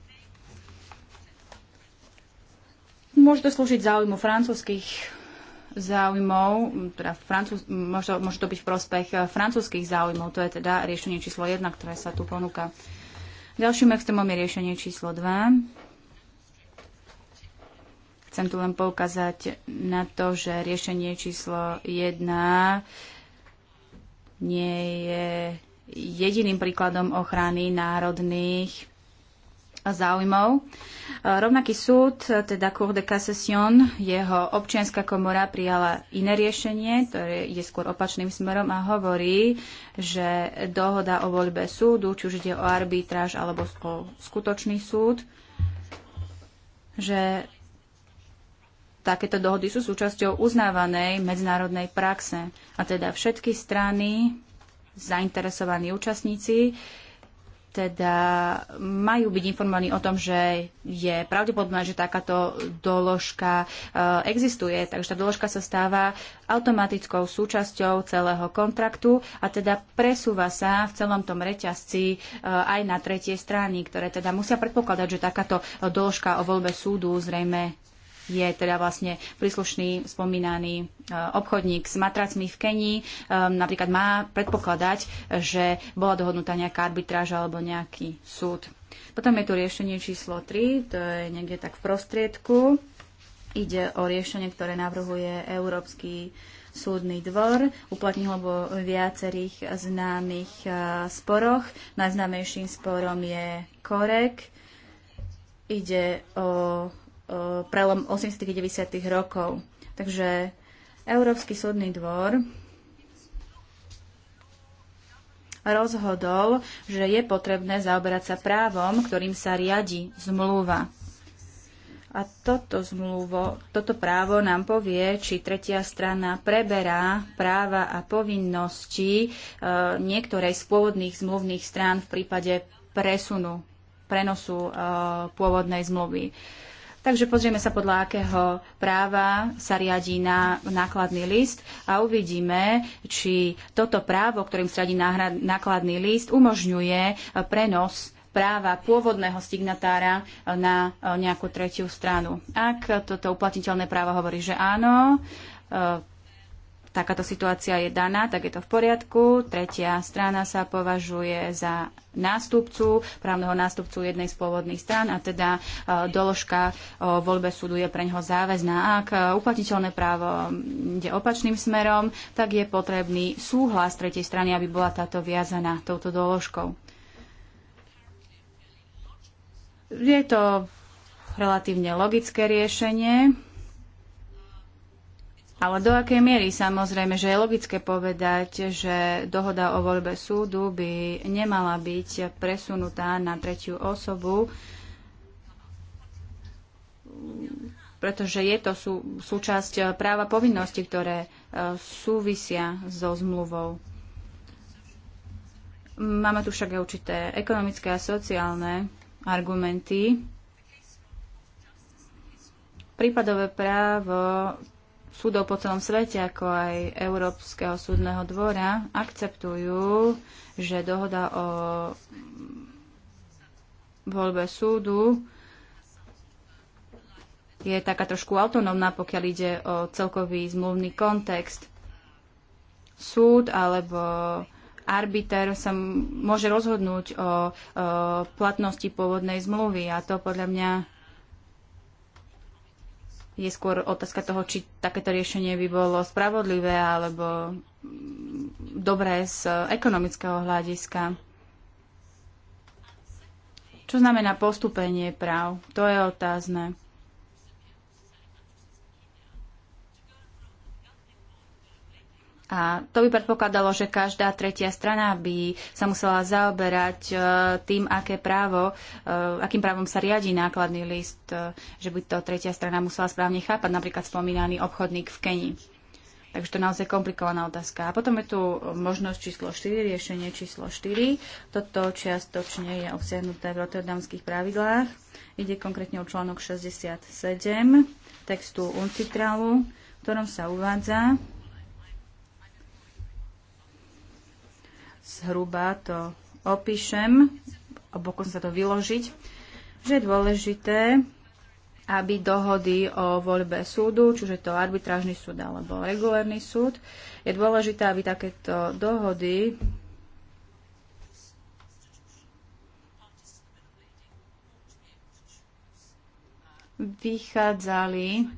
Môže to slúžiť záujmu francúzských záujmov, teda francúz, môže, môže to byť v prospech eh, francúzských záujmov, to je teda riešenie číslo 1, ktoré sa tu ponúka. Ďalším extrémom je riešenie číslo 2. Chcem tu len poukázať na to, že riešenie číslo 1 nie je jediným príkladom ochrany národných záujmov. E, rovnaký súd, teda Cour de Cassation, jeho občianská komora prijala iné riešenie, ktoré je skôr opačným smerom a hovorí, že dohoda o voľbe súdu, či už ide o arbitráž alebo o skutočný súd, že takéto dohody sú súčasťou uznávanej medzinárodnej praxe. A teda všetky strany zainteresovaní účastníci teda majú byť informovaní o tom, že je pravdepodobné, že takáto doložka eh, existuje. Takže tá doložka sa stáva automatickou súčasťou celého kontraktu a teda presúva sa v celom tom reťazci eh, aj na tretie strany, ktoré teda musia predpokladať, že takáto doložka o voľbe súdu zrejme je teda vlastne príslušný spomínaný e, obchodník s matracmi v Kenii. E, napríklad má predpokladať, že bola dohodnutá nejaká arbitráž alebo nejaký súd. Potom je tu riešenie číslo 3, to je niekde tak v prostriedku. Ide o riešenie, ktoré navrhuje Európsky súdny dvor. Uplatnilo vo viacerých známych e, sporoch. Najznámejším sporom je Korek. Ide o E, prelom 80. 90. rokov. Takže Európsky súdny dvor rozhodol, že je potrebné zaoberať sa právom, ktorým sa riadi zmluva. A toto, zmluvo, toto právo nám povie, či tretia strana preberá práva a povinnosti e, niektorej z pôvodných zmluvných strán v prípade presunu, prenosu e, pôvodnej zmluvy. E, Takže pozrieme sa podľa akého práva sa riadí na nákladný list a uvidíme, či toto právo, ktorým sa riadí nákladný list, umožňuje prenos práva pôvodného signatára na eh, nejakú tretiu stranu. Ak toto uplatniteľné právo hovorí, že áno, eh, takáto situácia je daná, tak je to v poriadku. Tretia strana sa považuje za nástupcu, právneho nástupcu jednej z pôvodných stran a teda e, doložka o voľbe súdu je pre ňoho záväzná. Ak e, uplatniteľné právo ide opačným smerom, tak je potrebný súhlas tretej strany, aby bola táto viazaná touto doložkou. Je to relatívne logické riešenie ale do akej miery samozrejme, že je logické povedať, že dohoda o voľbe súdu by nemala byť presunutá na tretiu osobu, pretože je to sú, súčasť práva povinnosti, ktoré e, súvisia so zmluvou. Máme tu však aj určité ekonomické a sociálne argumenty. Prípadové právo súdov po celom svete, ako aj Európskeho súdneho dvora, akceptujú, že dohoda o voľbe súdu je taká trošku autonómna, pokiaľ ide o celkový zmluvný kontext. Súd alebo arbiter sa môže rozhodnúť o, o platnosti pôvodnej zmluvy a to podľa mňa je skôr otázka toho, či takéto riešenie by bolo spravodlivé alebo dobré z ekonomického hľadiska. Čo znamená postupenie práv? To je otázne. A to by predpokladalo, že každá tretia strana by sa musela zaoberať e, tým, aké právo, e, akým právom sa riadi nákladný list, e, že by to tretia strana musela správne chápať, napríklad spomínaný obchodník v Keni. Takže to je naozaj komplikovaná otázka. A potom je tu možnosť číslo 4, riešenie číslo 4. Toto čiastočne je obsiahnuté v rotterdamských pravidlách. Ide konkrétne o článok 67 textu UNCITRALu, v ktorom sa uvádza, zhruba to opíšem, obokon sa to vyložiť, že je dôležité, aby dohody o voľbe súdu, čiže to arbitrážny súd alebo regulárny súd, je dôležité, aby takéto dohody vychádzali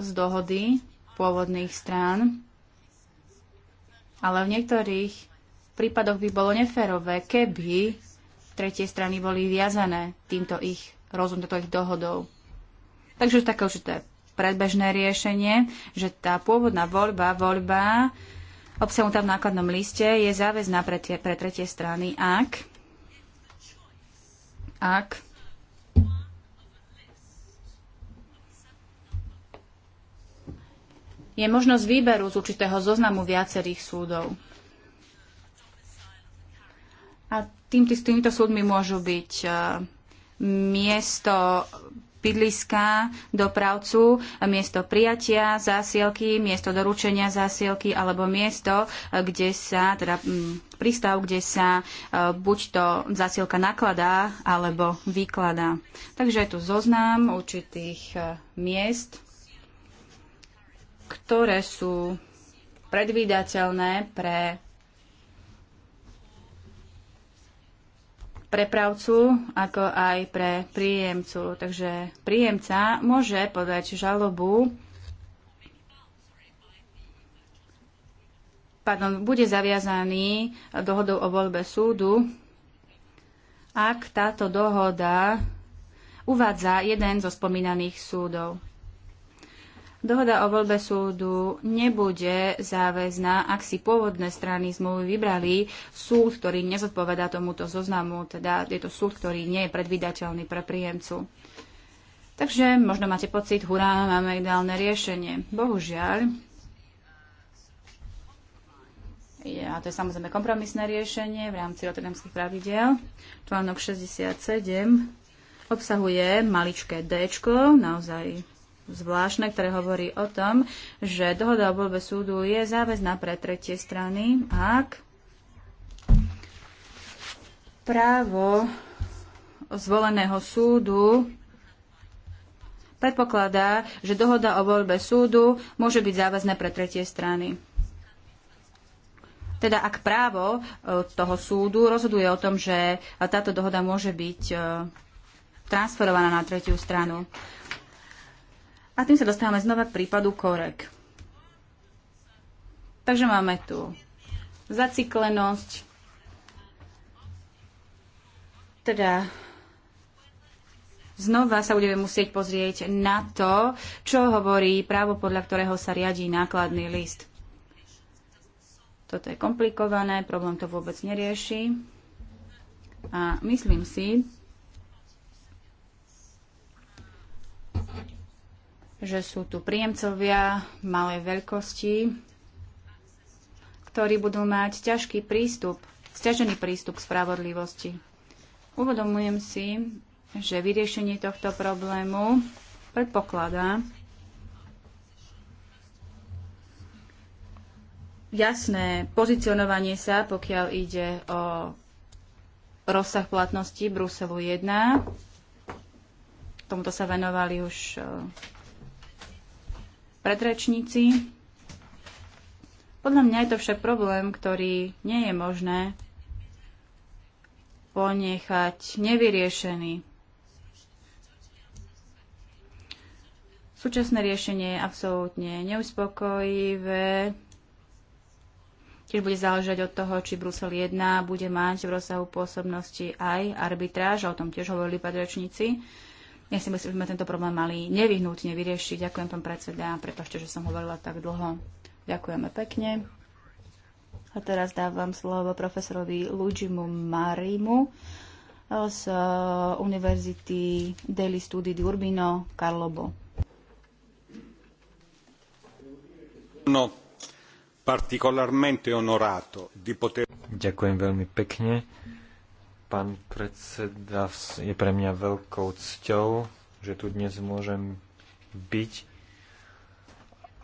z dohody pôvodných strán ale v niektorých prípadoch by bolo neférové, keby tretie strany boli viazané týmto ich rozum, týmto ich dohodou. Takže už také určité predbežné riešenie, že tá pôvodná voľba, voľba obsahnutá v nákladnom liste je záväzná pre, tie, pre tretie strany, ak, ak je možnosť výberu z určitého zoznamu viacerých súdov. A tým, tým, týmito súdmi môžu byť uh, miesto bydliska dopravcu, miesto prijatia zásielky, miesto doručenia zásielky alebo miesto, e, kde sa, teda prístav, kde sa e, buď to zásielka nakladá alebo vykladá. Takže je tu zoznam určitých miest, ktoré sú predvídateľné pre prepravcu, ako aj pre príjemcu. Takže príjemca môže podať žalobu pardon, bude zaviazaný dohodou o voľbe súdu, ak táto dohoda uvádza jeden zo spomínaných súdov. Dohoda o voľbe súdu nebude záväzná, ak si pôvodné strany zmluvy vybrali súd, ktorý nezodpovedá tomuto zoznamu, teda je to súd, ktorý nie je predvydateľný pre príjemcu. Takže možno máte pocit, hurá, máme ideálne riešenie. Bohužiaľ, a to je samozrejme kompromisné riešenie v rámci rotterdamských pravidel. Článok 67 obsahuje maličké D, naozaj zvláštne, ktoré hovorí o tom, že dohoda o voľbe súdu je záväzná pre tretie strany, ak právo zvoleného súdu predpokladá, že dohoda o voľbe súdu môže byť záväzná pre tretie strany. Teda ak právo e, toho súdu rozhoduje o tom, že e, táto dohoda môže byť e, transferovaná na tretiu stranu. A tým sa dostávame znova k prípadu korek. Takže máme tu zaciklenosť, teda znova sa budeme musieť pozrieť na to, čo hovorí právo, podľa ktorého sa riadí nákladný list. Toto je komplikované, problém to vôbec nerieši. A myslím si, že sú tu príjemcovia malej veľkosti, ktorí budú mať ťažký prístup, stiažený prístup k spravodlivosti. Uvedomujem si, že vyriešenie tohto problému predpokladá jasné pozicionovanie sa, pokiaľ ide o rozsah platnosti Bruselu 1. Tomuto sa venovali už eh, predrečníci. Podľa mňa je to však problém, ktorý nie je možné ponechať nevyriešený. Súčasné riešenie je absolútne neuspokojivé. Tiež bude záležať od toho, či Brusel 1 bude mať v rozsahu pôsobnosti aj arbitráž, o tom tiež hovorili padračníci. Ja si myslím, že sme tento problém mali nevyhnutne vyriešiť. Ďakujem, pán predseda, prepašte, že som hovorila tak dlho. Ďakujeme pekne. A teraz dávam slovo profesorovi Luigimu Marimu z eh, Univerzity Daily Studi di Urbino Carlobo. No, particolarmente onorato di poter... Ďakujem veľmi pekne Pán predseda, je pre mňa veľkou cťou, že tu dnes môžem byť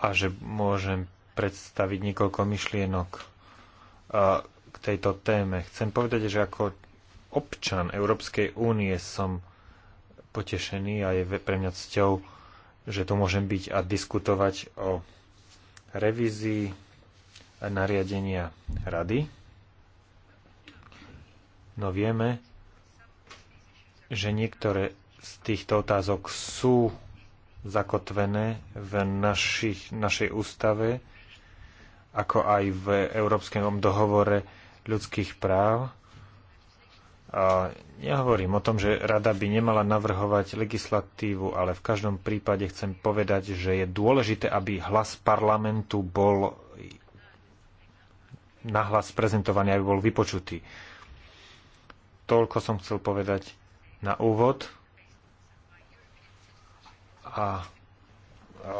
a že môžem predstaviť niekoľko myšlienok k tejto téme. Chcem povedať, že ako občan Európskej únie som potešený a je pre mňa cťou, že tu môžem byť a diskutovať o revízii nariadenia rady No vieme, že niektoré z týchto otázok sú zakotvené v našich, našej ústave, ako aj v Európskom dohovore ľudských práv. A ja hovorím o tom, že rada by nemala navrhovať legislatívu, ale v každom prípade chcem povedať, že je dôležité, aby hlas parlamentu bol nahlas prezentovaný, aby bol vypočutý. Toľko som chcel povedať na úvod. A, a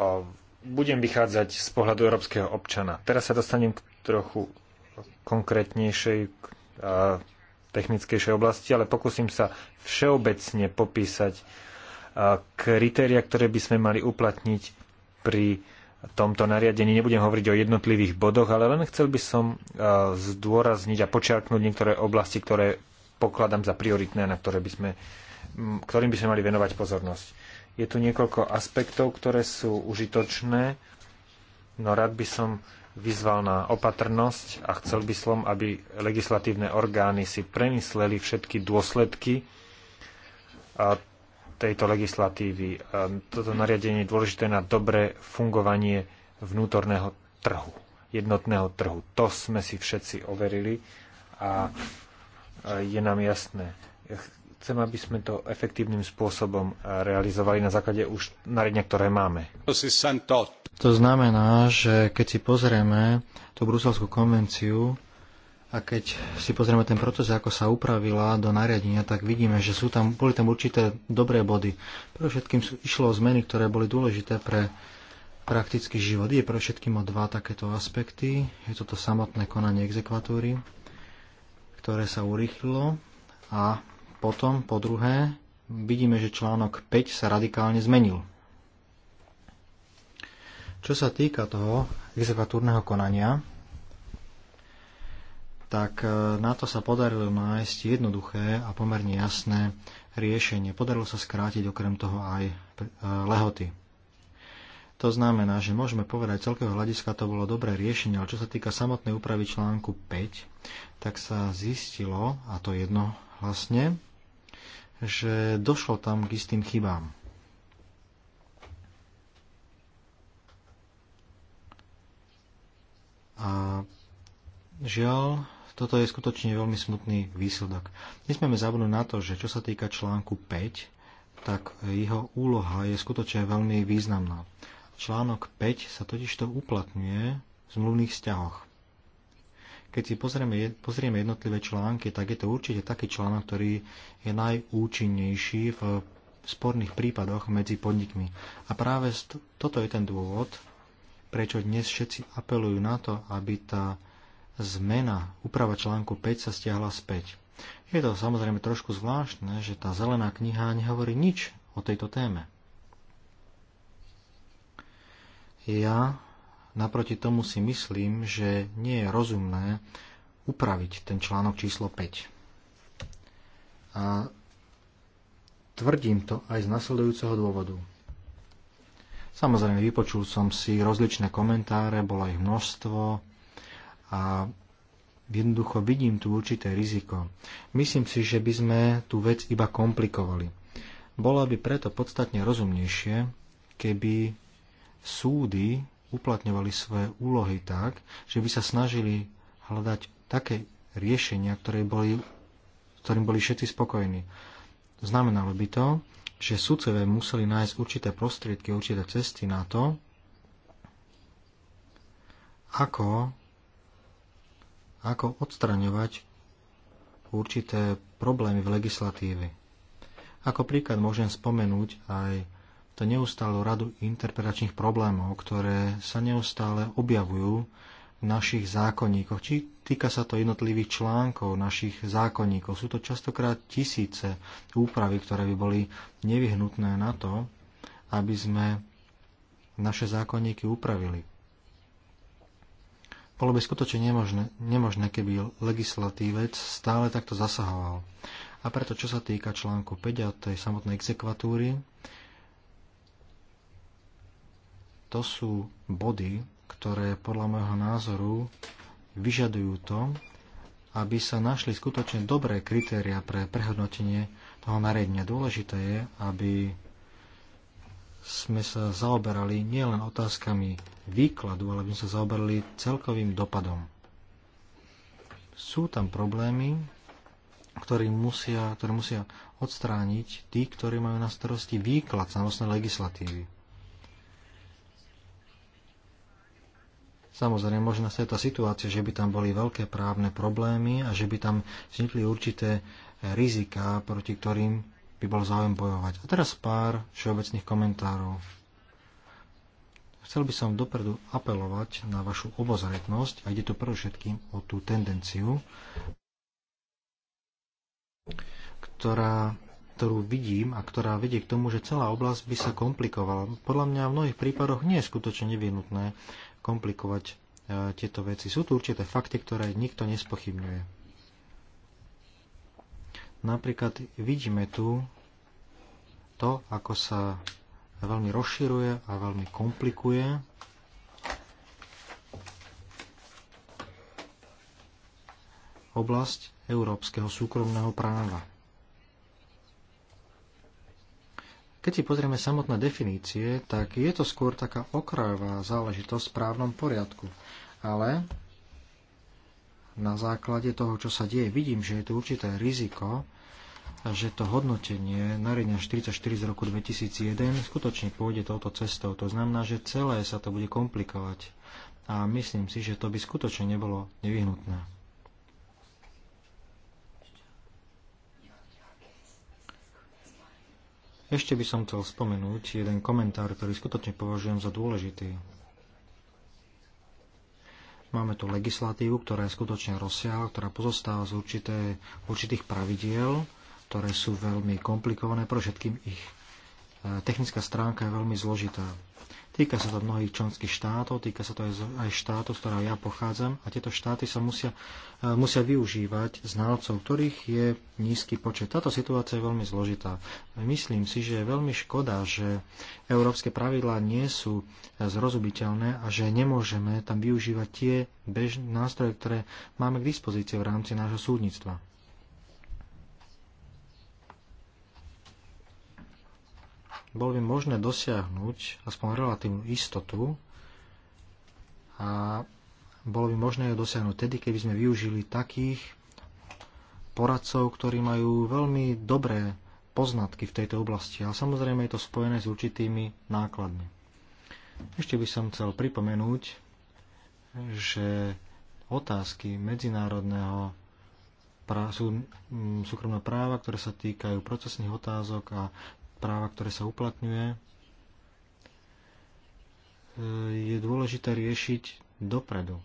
budem vychádzať z pohľadu európskeho občana. Teraz sa dostanem k trochu konkrétnejšej a technickejšej oblasti, ale pokúsim sa všeobecne popísať kritéria, ktoré by sme mali uplatniť pri tomto nariadení. Nebudem hovoriť o jednotlivých bodoch, ale len chcel by som zdôrazniť a počiarknúť niektoré oblasti, ktoré pokladám za prioritné, na ktoré by sme, ktorým by sme mali venovať pozornosť. Je tu niekoľko aspektov, ktoré sú užitočné, no rád by som vyzval na opatrnosť a chcel by som, aby legislatívne orgány si premysleli všetky dôsledky tejto legislatívy. Toto nariadenie je dôležité na dobré fungovanie vnútorného trhu, jednotného trhu. To sme si všetci overili a je nám jasné. Chcem, aby sme to efektívnym spôsobom eh, realizovali na základe už naredňa, ktoré máme. To znamená, že keď si pozrieme tú Bruselskú konvenciu a keď si pozrieme ten proces, ako sa upravila do nariadenia, tak vidíme, že sú tam, boli tam určité dobré body. Pre všetkým išlo o zmeny, ktoré boli dôležité pre praktický život. Je pre všetkým o dva takéto aspekty. Je toto samotné konanie exekvatúry, ktoré sa urýchlilo a potom, po druhé, vidíme, že článok 5 sa radikálne zmenil. Čo sa týka toho exekvatúrneho konania, tak e, na to sa podarilo nájsť jednoduché a pomerne jasné riešenie. Podarilo sa skrátiť okrem toho aj e, lehoty. To znamená, že môžeme povedať, celkého hľadiska to bolo dobré riešenie, ale čo sa týka samotnej úpravy článku 5, tak sa zistilo, a to jedno vlastne, že došlo tam k istým chybám. A žiaľ, toto je skutočne veľmi smutný výsledok. Nesmieme zabudnúť na to, že čo sa týka článku 5, tak jeho úloha je skutočne veľmi významná. Článok 5 sa totižto uplatňuje v zmluvných vzťahoch. Keď si pozrieme, pozrieme jednotlivé články, tak je to určite taký článok, ktorý je najúčinnejší v sporných prípadoch medzi podnikmi. A práve toto je ten dôvod, prečo dnes všetci apelujú na to, aby tá zmena, úprava článku 5 sa stiahla späť. Je to samozrejme trošku zvláštne, že tá zelená kniha nehovorí nič o tejto téme. Ja naproti tomu si myslím, že nie je rozumné upraviť ten článok číslo 5. A tvrdím to aj z nasledujúceho dôvodu. Samozrejme, vypočul som si rozličné komentáre, bolo ich množstvo a jednoducho vidím tu určité riziko. Myslím si, že by sme tú vec iba komplikovali. Bolo by preto podstatne rozumnejšie, keby súdy uplatňovali svoje úlohy tak, že by sa snažili hľadať také riešenia, ktoré boli, ktorým boli všetci spokojní. Znamenalo by to, že sudcovia museli nájsť určité prostriedky, určité cesty na to, ako, ako odstraňovať určité problémy v legislatíve. Ako príklad môžem spomenúť aj to neustálu radu interpretačných problémov, ktoré sa neustále objavujú v našich zákonníkoch. Či týka sa to jednotlivých článkov našich zákonníkov. Sú to častokrát tisíce úpravy, ktoré by boli nevyhnutné na to, aby sme naše zákonníky upravili. Bolo by skutočne nemožné, nemožné, keby legislatívec stále takto zasahoval. A preto, čo sa týka článku 5 a tej samotnej exekvatúry, to sú body, ktoré podľa môjho názoru vyžadujú to, aby sa našli skutočne dobré kritéria pre prehodnotenie toho nariadenia. Dôležité je, aby sme sa zaoberali nielen otázkami výkladu, ale aby sme sa zaoberali celkovým dopadom. Sú tam problémy, ktoré musia, ktoré musia odstrániť tí, ktorí majú na starosti výklad samostnej legislatívy. Samozrejme, možno sa je tá situácia, že by tam boli veľké právne problémy a že by tam vznikli určité e, rizika, proti ktorým by bol záujem bojovať. A teraz pár všeobecných komentárov. Chcel by som dopredu apelovať na vašu obozretnosť a ide tu predovšetkým o tú tendenciu, ktorá, ktorú vidím a ktorá vedie k tomu, že celá oblasť by sa komplikovala. Podľa mňa v mnohých prípadoch nie je skutočne nevyhnutné, komplikovať e, tieto veci. Sú tu určité fakty, ktoré nikto nespochybňuje. Napríklad vidíme tu to, ako sa veľmi rozširuje a veľmi komplikuje oblasť európskeho súkromného práva. Keď si pozrieme samotné definície, tak je to skôr taká okrajová záležitosť v právnom poriadku. Ale na základe toho, čo sa deje, vidím, že je tu určité riziko, že to hodnotenie nariadenia 44 z roku 2001 skutočne pôjde touto cestou. To znamená, že celé sa to bude komplikovať. A myslím si, že to by skutočne nebolo nevyhnutné. Ešte by som chcel spomenúť jeden komentár, ktorý skutočne považujem za dôležitý. Máme tu legislatívu, ktorá je skutočne rozsiahla, ktorá pozostáva z určité, určitých pravidiel, ktoré sú veľmi komplikované, pro všetkým ich e, technická stránka je veľmi zložitá. Týka sa to mnohých členských štátov, týka sa to aj, aj štátov, z ktorého ja pochádzam a tieto štáty sa musia, e, musia využívať znalcov, ktorých je nízky počet. Táto situácia je veľmi zložitá. Myslím si, že je veľmi škoda, že európske pravidlá nie sú e, zrozumiteľné a že nemôžeme tam využívať tie bež- nástroje, ktoré máme k dispozícii v rámci nášho súdnictva. bolo by možné dosiahnuť aspoň relatívnu istotu a bolo by možné ju dosiahnuť tedy, keby sme využili takých poradcov, ktorí majú veľmi dobré poznatky v tejto oblasti, ale samozrejme je to spojené s určitými nákladmi. Ešte by som chcel pripomenúť, že otázky medzinárodného sú mm, súkromného práva, ktoré sa týkajú procesných otázok a práva, ktoré sa uplatňuje, e, je dôležité riešiť dopredu.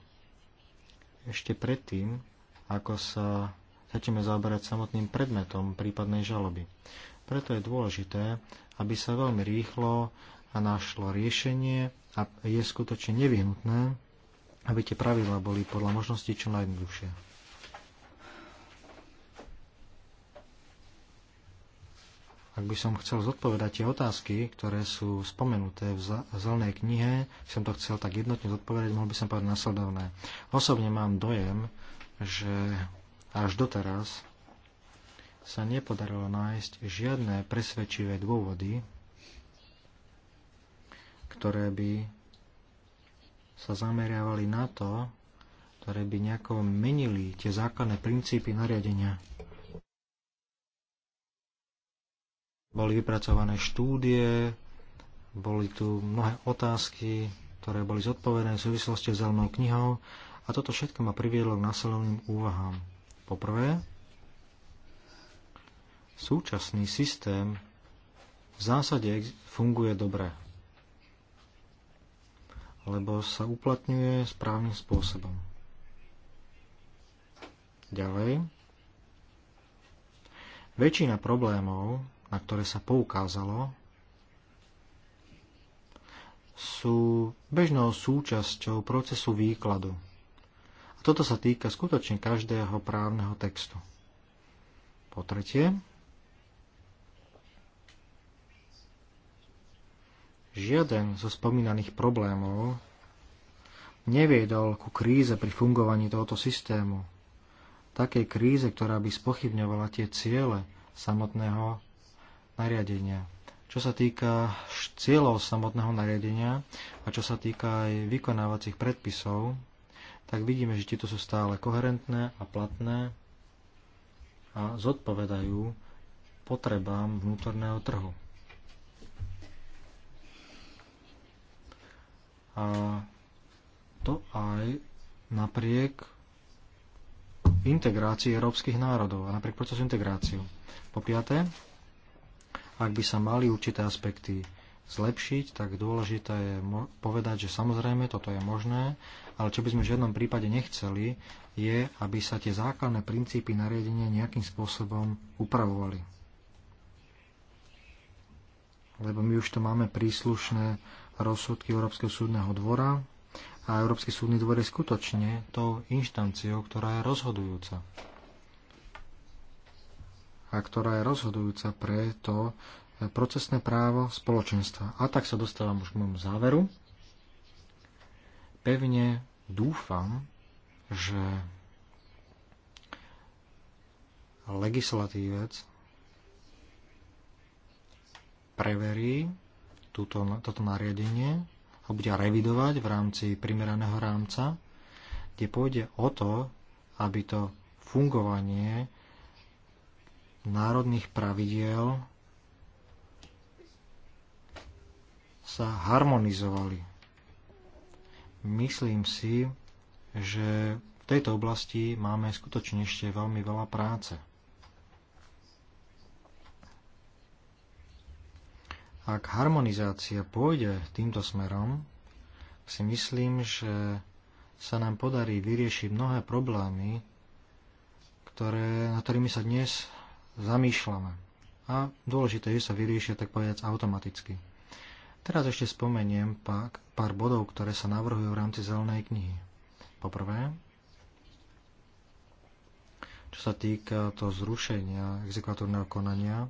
Ešte predtým, ako sa začneme zaoberať samotným predmetom prípadnej žaloby. Preto je dôležité, aby sa veľmi rýchlo našlo riešenie a je skutočne nevyhnutné, aby tie pravidlá boli podľa možností čo najjednoduchšie. Ak by som chcel zodpovedať tie otázky, ktoré sú spomenuté v zelenej knihe, som to chcel tak jednotne zodpovedať, mohol by som povedať nasledovné. Osobne mám dojem, že až doteraz sa nepodarilo nájsť žiadne presvedčivé dôvody, ktoré by sa zameriavali na to, ktoré by nejako menili tie základné princípy nariadenia. Boli vypracované štúdie, boli tu mnohé otázky, ktoré boli zodpovedané v súvislosti s zelenou knihou a toto všetko ma priviedlo k následovným úvahám. Poprvé, súčasný systém v zásade funguje dobre, lebo sa uplatňuje správnym spôsobom. Ďalej, väčšina problémov, na ktoré sa poukázalo, sú bežnou súčasťou procesu výkladu. A toto sa týka skutočne každého právneho textu. Po tretie, žiaden zo spomínaných problémov neviedol ku kríze pri fungovaní tohoto systému. Takej kríze, ktorá by spochybňovala tie ciele samotného nariadenia. Čo sa týka cieľov samotného nariadenia a čo sa týka aj vykonávacích predpisov, tak vidíme, že tieto sú stále koherentné a platné a zodpovedajú potrebám vnútorného trhu. A to aj napriek integrácii európskych národov a napriek procesu integráciu. Po piaté, ak by sa mali určité aspekty zlepšiť, tak dôležité je povedať, že samozrejme toto je možné, ale čo by sme v žiadnom prípade nechceli, je, aby sa tie základné princípy nariadenia nejakým spôsobom upravovali. Lebo my už to máme príslušné rozsudky Európskeho súdneho dvora a Európsky súdny dvor je skutočne tou inštanciou, ktorá je rozhodujúca a ktorá je rozhodujúca pre to eh, procesné právo spoločenstva. A tak sa dostávam už k môjmu záveru. Pevne dúfam, že legislatívec preverí túto, toto nariadenie ho bude revidovať v rámci primeraného rámca, kde pôjde o to, aby to fungovanie národných pravidiel sa harmonizovali. Myslím si, že v tejto oblasti máme skutočne ešte veľmi veľa práce. Ak harmonizácia pôjde týmto smerom, si myslím, že sa nám podarí vyriešiť mnohé problémy, ktoré, na ktorými sa dnes zamýšľame. A dôležité je, že sa vyriešia tak povedať automaticky. Teraz ešte spomeniem pak pár bodov, ktoré sa navrhujú v rámci zelenej knihy. Poprvé, čo sa týka to zrušenia exekvatúrneho konania,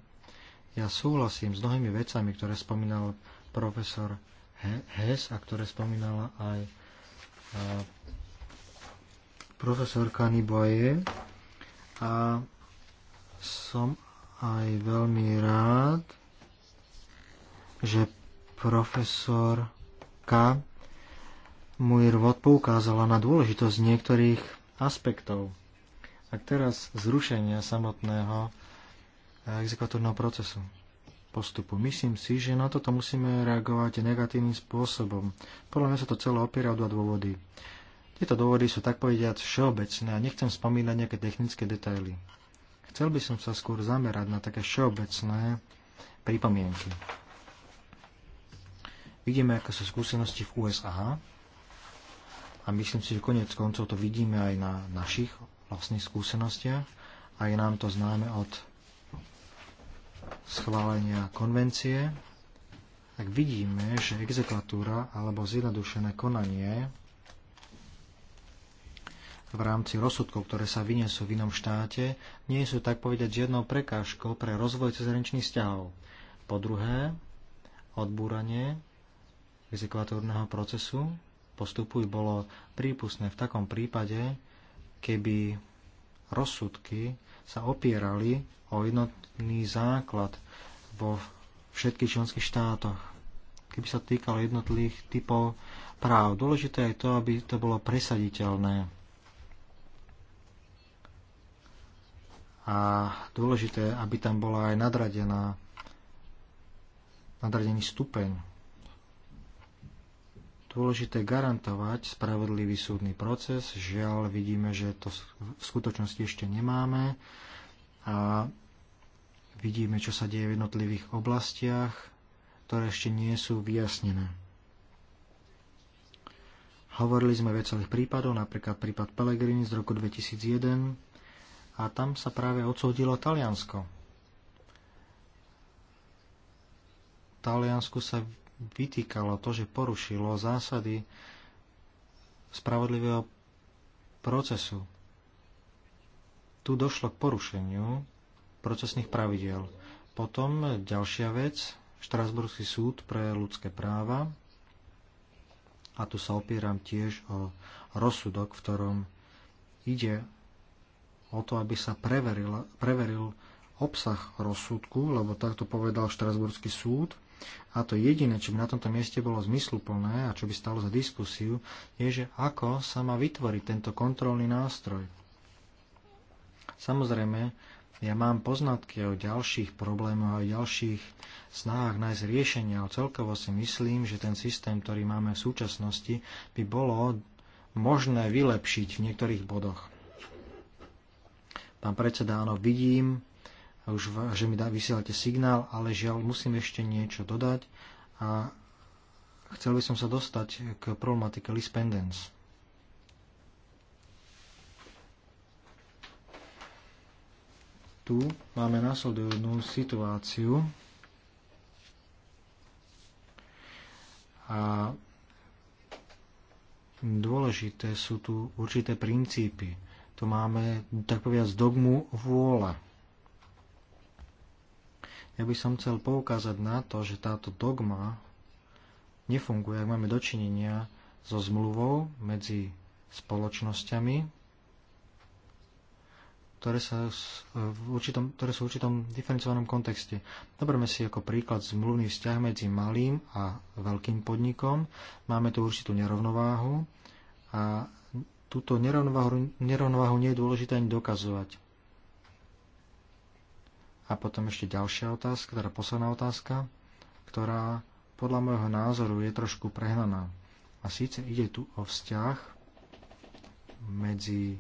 ja súhlasím s mnohými vecami, ktoré spomínal profesor Hess a ktoré spomínala aj profesor Niboje. A som aj veľmi rád, že profesor K. Muirvot poukázala na dôležitosť niektorých aspektov. A teraz zrušenia samotného exekutórneho procesu postupu. Myslím si, že na toto musíme reagovať negatívnym spôsobom. Podľa mňa sa to celé opiera o dva dôvody. Tieto dôvody sú tak povediať všeobecné a nechcem spomínať nejaké technické detaily. Chcel by som sa skôr zamerať na také všeobecné pripomienky. Vidíme, aké sú skúsenosti v USA a myslím si, že konec koncov to vidíme aj na našich vlastných skúsenostiach a je nám to známe od schválenia konvencie, tak vidíme, že exekvatúra alebo zjednodušené konanie v rámci rozsudkov, ktoré sa vyniesú v inom štáte, nie sú tak povedať žiadnou prekážkou pre rozvoj cezhraničných vzťahov. Po druhé, odbúranie exekvatórneho procesu postupu bolo prípustné v takom prípade, keby rozsudky sa opierali o jednotný základ vo všetkých členských štátoch, keby sa týkalo jednotlivých typov práv. Dôležité je to, aby to bolo presaditeľné a dôležité, aby tam bola aj nadradená, nadradený stupeň. Dôležité garantovať spravodlivý súdny proces. Žiaľ, vidíme, že to v skutočnosti ešte nemáme a vidíme, čo sa deje v jednotlivých oblastiach, ktoré ešte nie sú vyjasnené. Hovorili sme o viacerých prípadoch, napríklad prípad Pelegrini z roku 2001, a tam sa práve odsúdilo Taliansko. Taliansku sa vytýkalo to, že porušilo zásady spravodlivého procesu. Tu došlo k porušeniu procesných pravidiel. Potom ďalšia vec, Štrasburský súd pre ľudské práva. A tu sa opieram tiež o rozsudok, v ktorom ide o to, aby sa preveril, preveril obsah rozsudku, lebo takto povedal Štrasburský súd. A to jediné, čo by na tomto mieste bolo zmysluplné a čo by stalo za diskusiu, je, že ako sa má vytvoriť tento kontrolný nástroj. Samozrejme, ja mám poznatky o ďalších problémoch, o ďalších snahách nájsť riešenia, ale celkovo si myslím, že ten systém, ktorý máme v súčasnosti, by bolo možné vylepšiť v niektorých bodoch. Pán predseda, áno, vidím, už že mi vysielate signál, ale žiaľ, musím ešte niečo dodať a chcel by som sa dostať k problematike list pendants. Tu máme následujúcu situáciu a dôležité sú tu určité princípy to máme, tak povedať, dogmu vôle. Ja by som chcel poukázať na to, že táto dogma nefunguje, ak máme dočinenia so zmluvou medzi spoločnosťami, ktoré, sa v určitom, ktoré sú v určitom diferencovanom kontexte. Doberme si ako príklad zmluvný vzťah medzi malým a veľkým podnikom. Máme tu určitú nerovnováhu a túto nerovnováhu, nerovnováhu nie je dôležité ani dokazovať. A potom ešte ďalšia otázka, teda posledná otázka, ktorá podľa môjho názoru je trošku prehnaná. A síce ide tu o vzťah medzi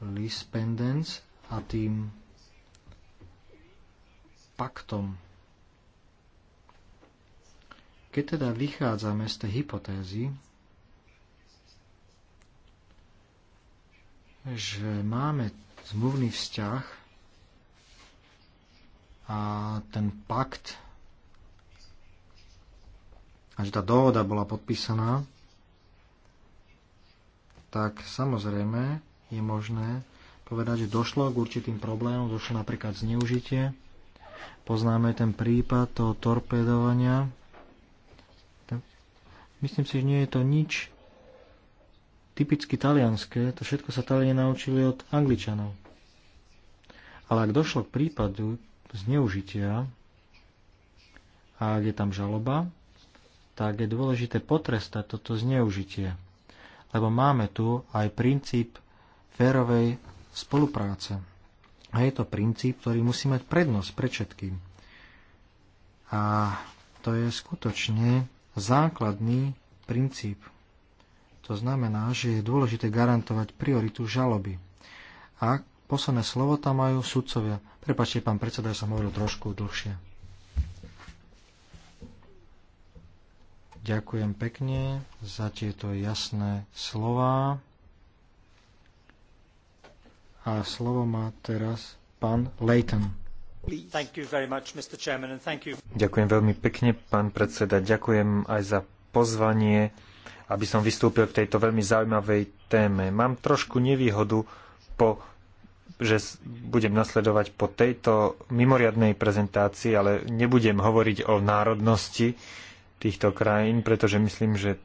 lease pendants a tým paktom. Keď teda vychádzame z tej hypotézy, že máme zmluvný vzťah a ten pakt a že tá dohoda bola podpísaná, tak samozrejme je možné povedať, že došlo k určitým problémom, došlo napríklad zneužitie. Poznáme ten prípad toho torpedovania. Myslím si, že nie je to nič typicky talianské, to všetko sa Taliani naučili od Angličanov. Ale ak došlo k prípadu zneužitia a ak je tam žaloba, tak je dôležité potrestať toto zneužitie. Lebo máme tu aj princíp férovej spolupráce. A je to princíp, ktorý musí mať prednosť pre všetkým. A to je skutočne základný princíp to znamená, že je dôležité garantovať prioritu žaloby. A posledné slovo tam majú sudcovia. Prepačte, pán predseda, ja som hovoril trošku dlhšie. Ďakujem pekne za tieto jasné slova. A slovo má teraz pán Leighton. Much, Chairman, Ďakujem veľmi pekne, pán predseda. Ďakujem aj za pozvanie aby som vystúpil k tejto veľmi zaujímavej téme. Mám trošku nevýhodu, po, že budem nasledovať po tejto mimoriadnej prezentácii, ale nebudem hovoriť o národnosti týchto krajín, pretože myslím, že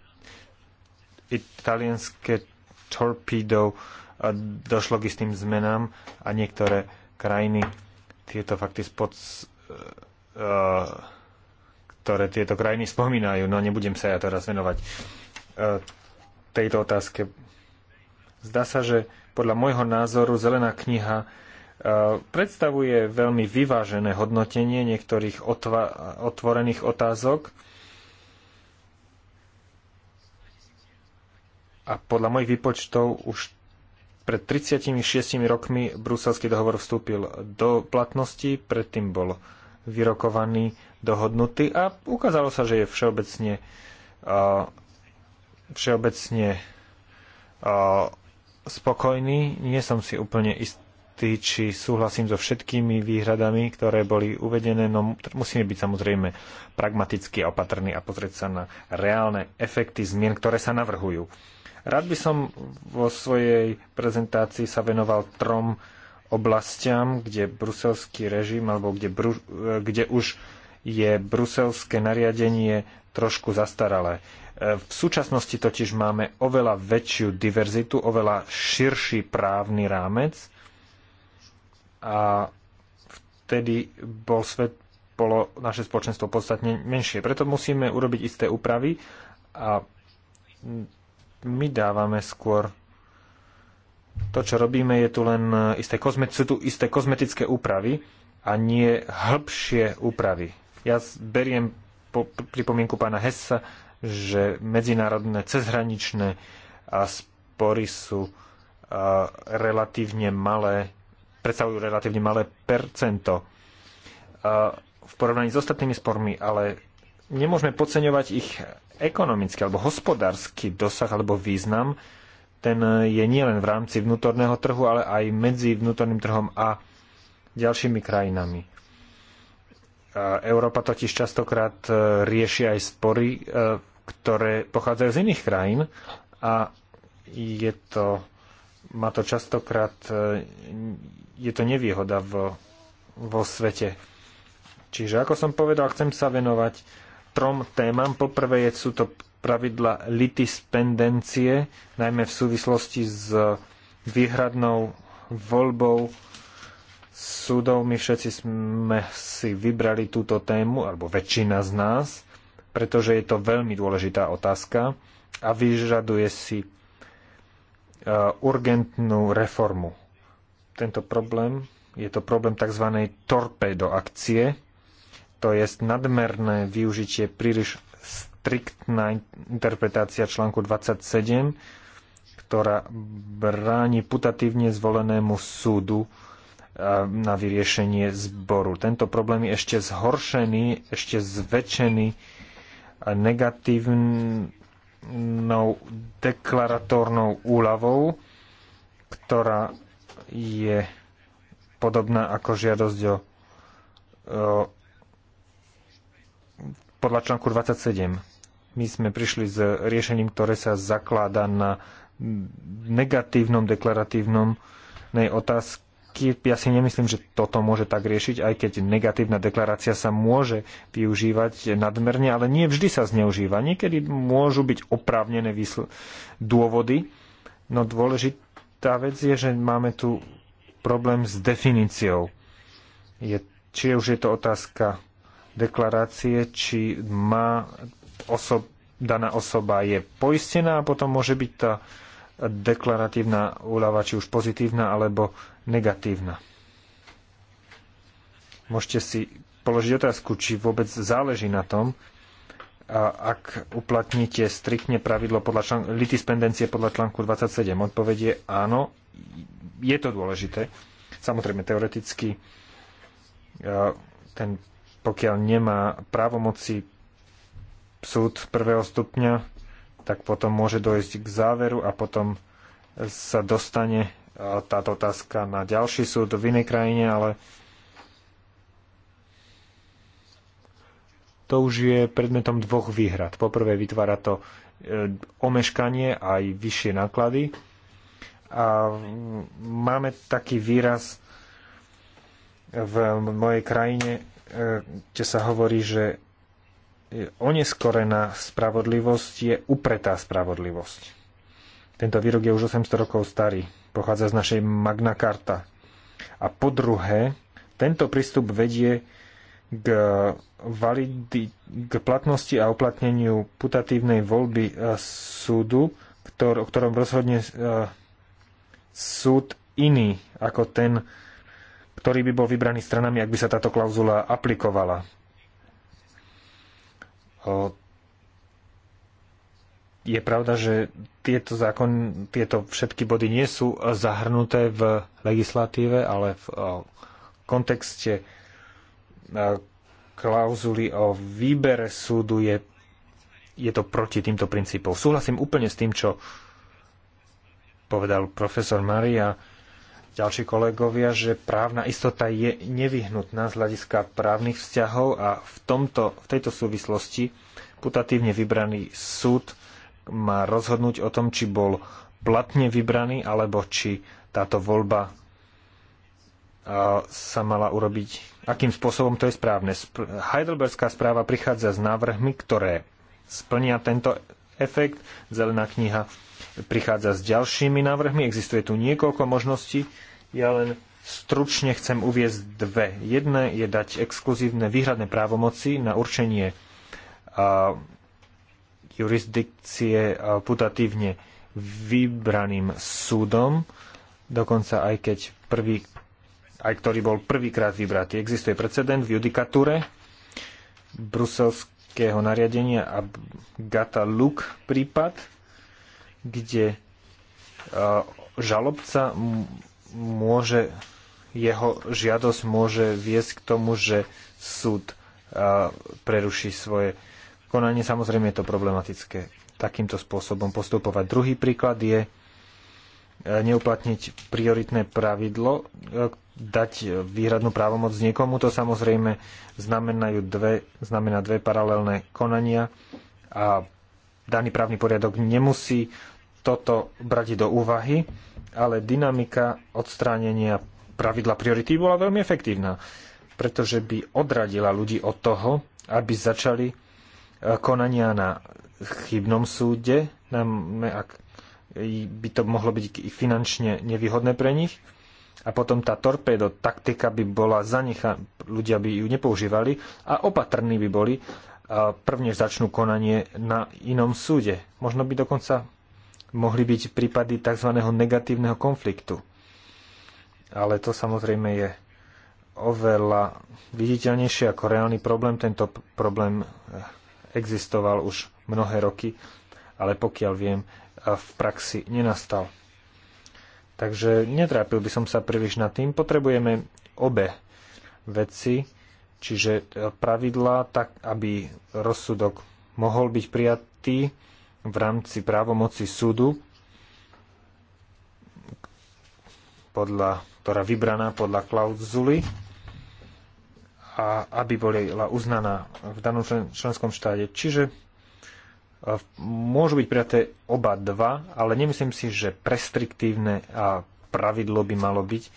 italianské torpedo došlo k istým zmenám a niektoré krajiny tieto fakty spod, e, e, ktoré tieto krajiny spomínajú. No nebudem sa ja teraz venovať E, tejto otázke. Zdá sa, že podľa môjho názoru Zelená kniha e, predstavuje veľmi vyvážené hodnotenie niektorých otvorených otázok a podľa mojich výpočtov už pred 36 rokmi bruselský dohovor vstúpil do platnosti, predtým bol vyrokovaný, dohodnutý a ukázalo sa, že je všeobecne e, všeobecne spokojný. Nie som si úplne istý, či súhlasím so všetkými výhradami, ktoré boli uvedené, no musíme byť samozrejme pragmaticky a opatrný a pozrieť sa na reálne efekty zmien, ktoré sa navrhujú. Rád by som vo svojej prezentácii sa venoval trom oblastiam, kde bruselský režim alebo kde, bru, e, kde už je bruselské nariadenie trošku zastaralé. V súčasnosti totiž máme oveľa väčšiu diverzitu, oveľa širší právny rámec a vtedy bol svet, bolo naše spoločenstvo podstatne menšie. Preto musíme urobiť isté úpravy a my dávame skôr to, čo robíme, je tu len isté, sú tu isté kozmetické úpravy a nie hĺbšie úpravy. Ja beriem po, pripomienku pána Hessa že medzinárodné cezhraničné spory sú relatívne malé, predstavujú relatívne malé percento v porovnaní s ostatnými spormi, ale nemôžeme podceňovať ich ekonomický alebo hospodársky dosah alebo význam. Ten je nielen v rámci vnútorného trhu, ale aj medzi vnútorným trhom a ďalšími krajinami. Európa totiž častokrát e, rieši aj spory, e, ktoré pochádzajú z iných krajín a je to, má to častokrát, e, je to nevýhoda vo, vo svete. Čiže ako som povedal, chcem sa venovať trom témam. Poprvé sú to pravidla litispendencie, najmä v súvislosti s výhradnou voľbou súdov. My všetci sme si vybrali túto tému, alebo väčšina z nás, pretože je to veľmi dôležitá otázka a vyžaduje si e, urgentnú reformu. Tento problém je to problém tzv. torpedo akcie, to je nadmerné využitie príliš striktná interpretácia článku 27, ktorá bráni putatívne zvolenému súdu na vyriešenie zboru. Tento problém je ešte zhoršený, ešte zväčšený negatívnou deklaratórnou úľavou, ktorá je podobná ako žiadosť o, o podľa článku 27. My sme prišli s riešením, ktoré sa zaklada na negatívnom deklaratívnom otázke ja si nemyslím, že toto môže tak riešiť, aj keď negatívna deklarácia sa môže využívať nadmerne, ale nie vždy sa zneužíva. Niekedy môžu byť oprávnené výsl- dôvody, no dôležitá vec je, že máme tu problém s definíciou. Je, či už je to otázka deklarácie, či má osob, daná osoba je poistená a potom môže byť tá deklaratívna úľava, či už pozitívna alebo negatívna. Môžete si položiť otázku, či vôbec záleží na tom, a ak uplatníte striktne pravidlo podľa článku, litispendencie podľa článku 27. Odpovedie áno, je to dôležité. Samozrejme, teoreticky e, ten, pokiaľ nemá právomoci súd prvého stupňa, tak potom môže dojsť k záveru a potom sa dostane táto otázka na ďalší súd v inej krajine, ale to už je predmetom dvoch výhrad. Poprvé vytvára to e, omeškanie aj vyššie náklady a máme taký výraz v mojej krajine, e, kde sa hovorí, že oneskorená spravodlivosť je upretá spravodlivosť. Tento výrok je už 800 rokov starý, pochádza z našej Magna Carta. A po druhé, tento prístup vedie k, validi- k platnosti a uplatneniu putatívnej voľby e, súdu, ktor- o ktorom rozhodne e, súd iný ako ten, ktorý by bol vybraný stranami, ak by sa táto klauzula aplikovala je pravda, že tieto, zákon, tieto všetky body nie sú zahrnuté v legislatíve, ale v kontexte e, klauzuly o výbere súdu je, je to proti týmto princípom. Súhlasím úplne s tým, čo povedal profesor Maria ďalší kolegovia, že právna istota je nevyhnutná z hľadiska právnych vzťahov a v, tomto, v tejto súvislosti putatívne vybraný súd má rozhodnúť o tom, či bol platne vybraný alebo či táto voľba sa mala urobiť, akým spôsobom to je správne. Heidelberská správa prichádza s návrhmi, ktoré splnia tento efekt. Zelená kniha prichádza s ďalšími návrhmi. Existuje tu niekoľko možností. Ja len stručne chcem uviezť dve. Jedné je dať exkluzívne výhradné právomoci na určenie a, jurisdikcie a, putatívne vybraným súdom, dokonca aj keď prvý, aj ktorý bol prvýkrát vybratý. Existuje precedent v judikatúre. Bruselsk dublinského nariadenia a Gata Luke prípad, kde e, žalobca môže, jeho žiadosť môže viesť k tomu, že súd e, preruší svoje konanie. Samozrejme je to problematické takýmto spôsobom postupovať. Druhý príklad je neuplatniť prioritné pravidlo, e, dať výhradnú právomoc niekomu, to samozrejme znamenajú dve, znamená dve paralelné konania a daný právny poriadok nemusí toto brať do úvahy, ale dynamika odstránenia pravidla priority bola veľmi efektívna, pretože by odradila ľudí od toho, aby začali e, konania na chybnom súde, najmä ak by to mohlo byť finančne nevýhodné pre nich. A potom tá torpédo taktika by bola zanechaná, ľudia by ju nepoužívali a opatrní by boli, prvne začnú konanie na inom súde. Možno by dokonca mohli byť prípady tzv. negatívneho konfliktu. Ale to samozrejme je oveľa viditeľnejšie ako reálny problém. Tento problém eh, existoval už mnohé roky, ale pokiaľ viem, v praxi nenastal. Takže netrápil by som sa príliš nad tým. Potrebujeme obe veci, čiže pravidla, tak aby rozsudok mohol byť prijatý v rámci právomoci súdu, podľa, ktorá vybraná podľa klauzuly, a aby bola uznaná v danom členskom štáte. Čiže Môžu byť prijaté oba dva, ale nemyslím si, že prestriktívne a pravidlo by malo byť e,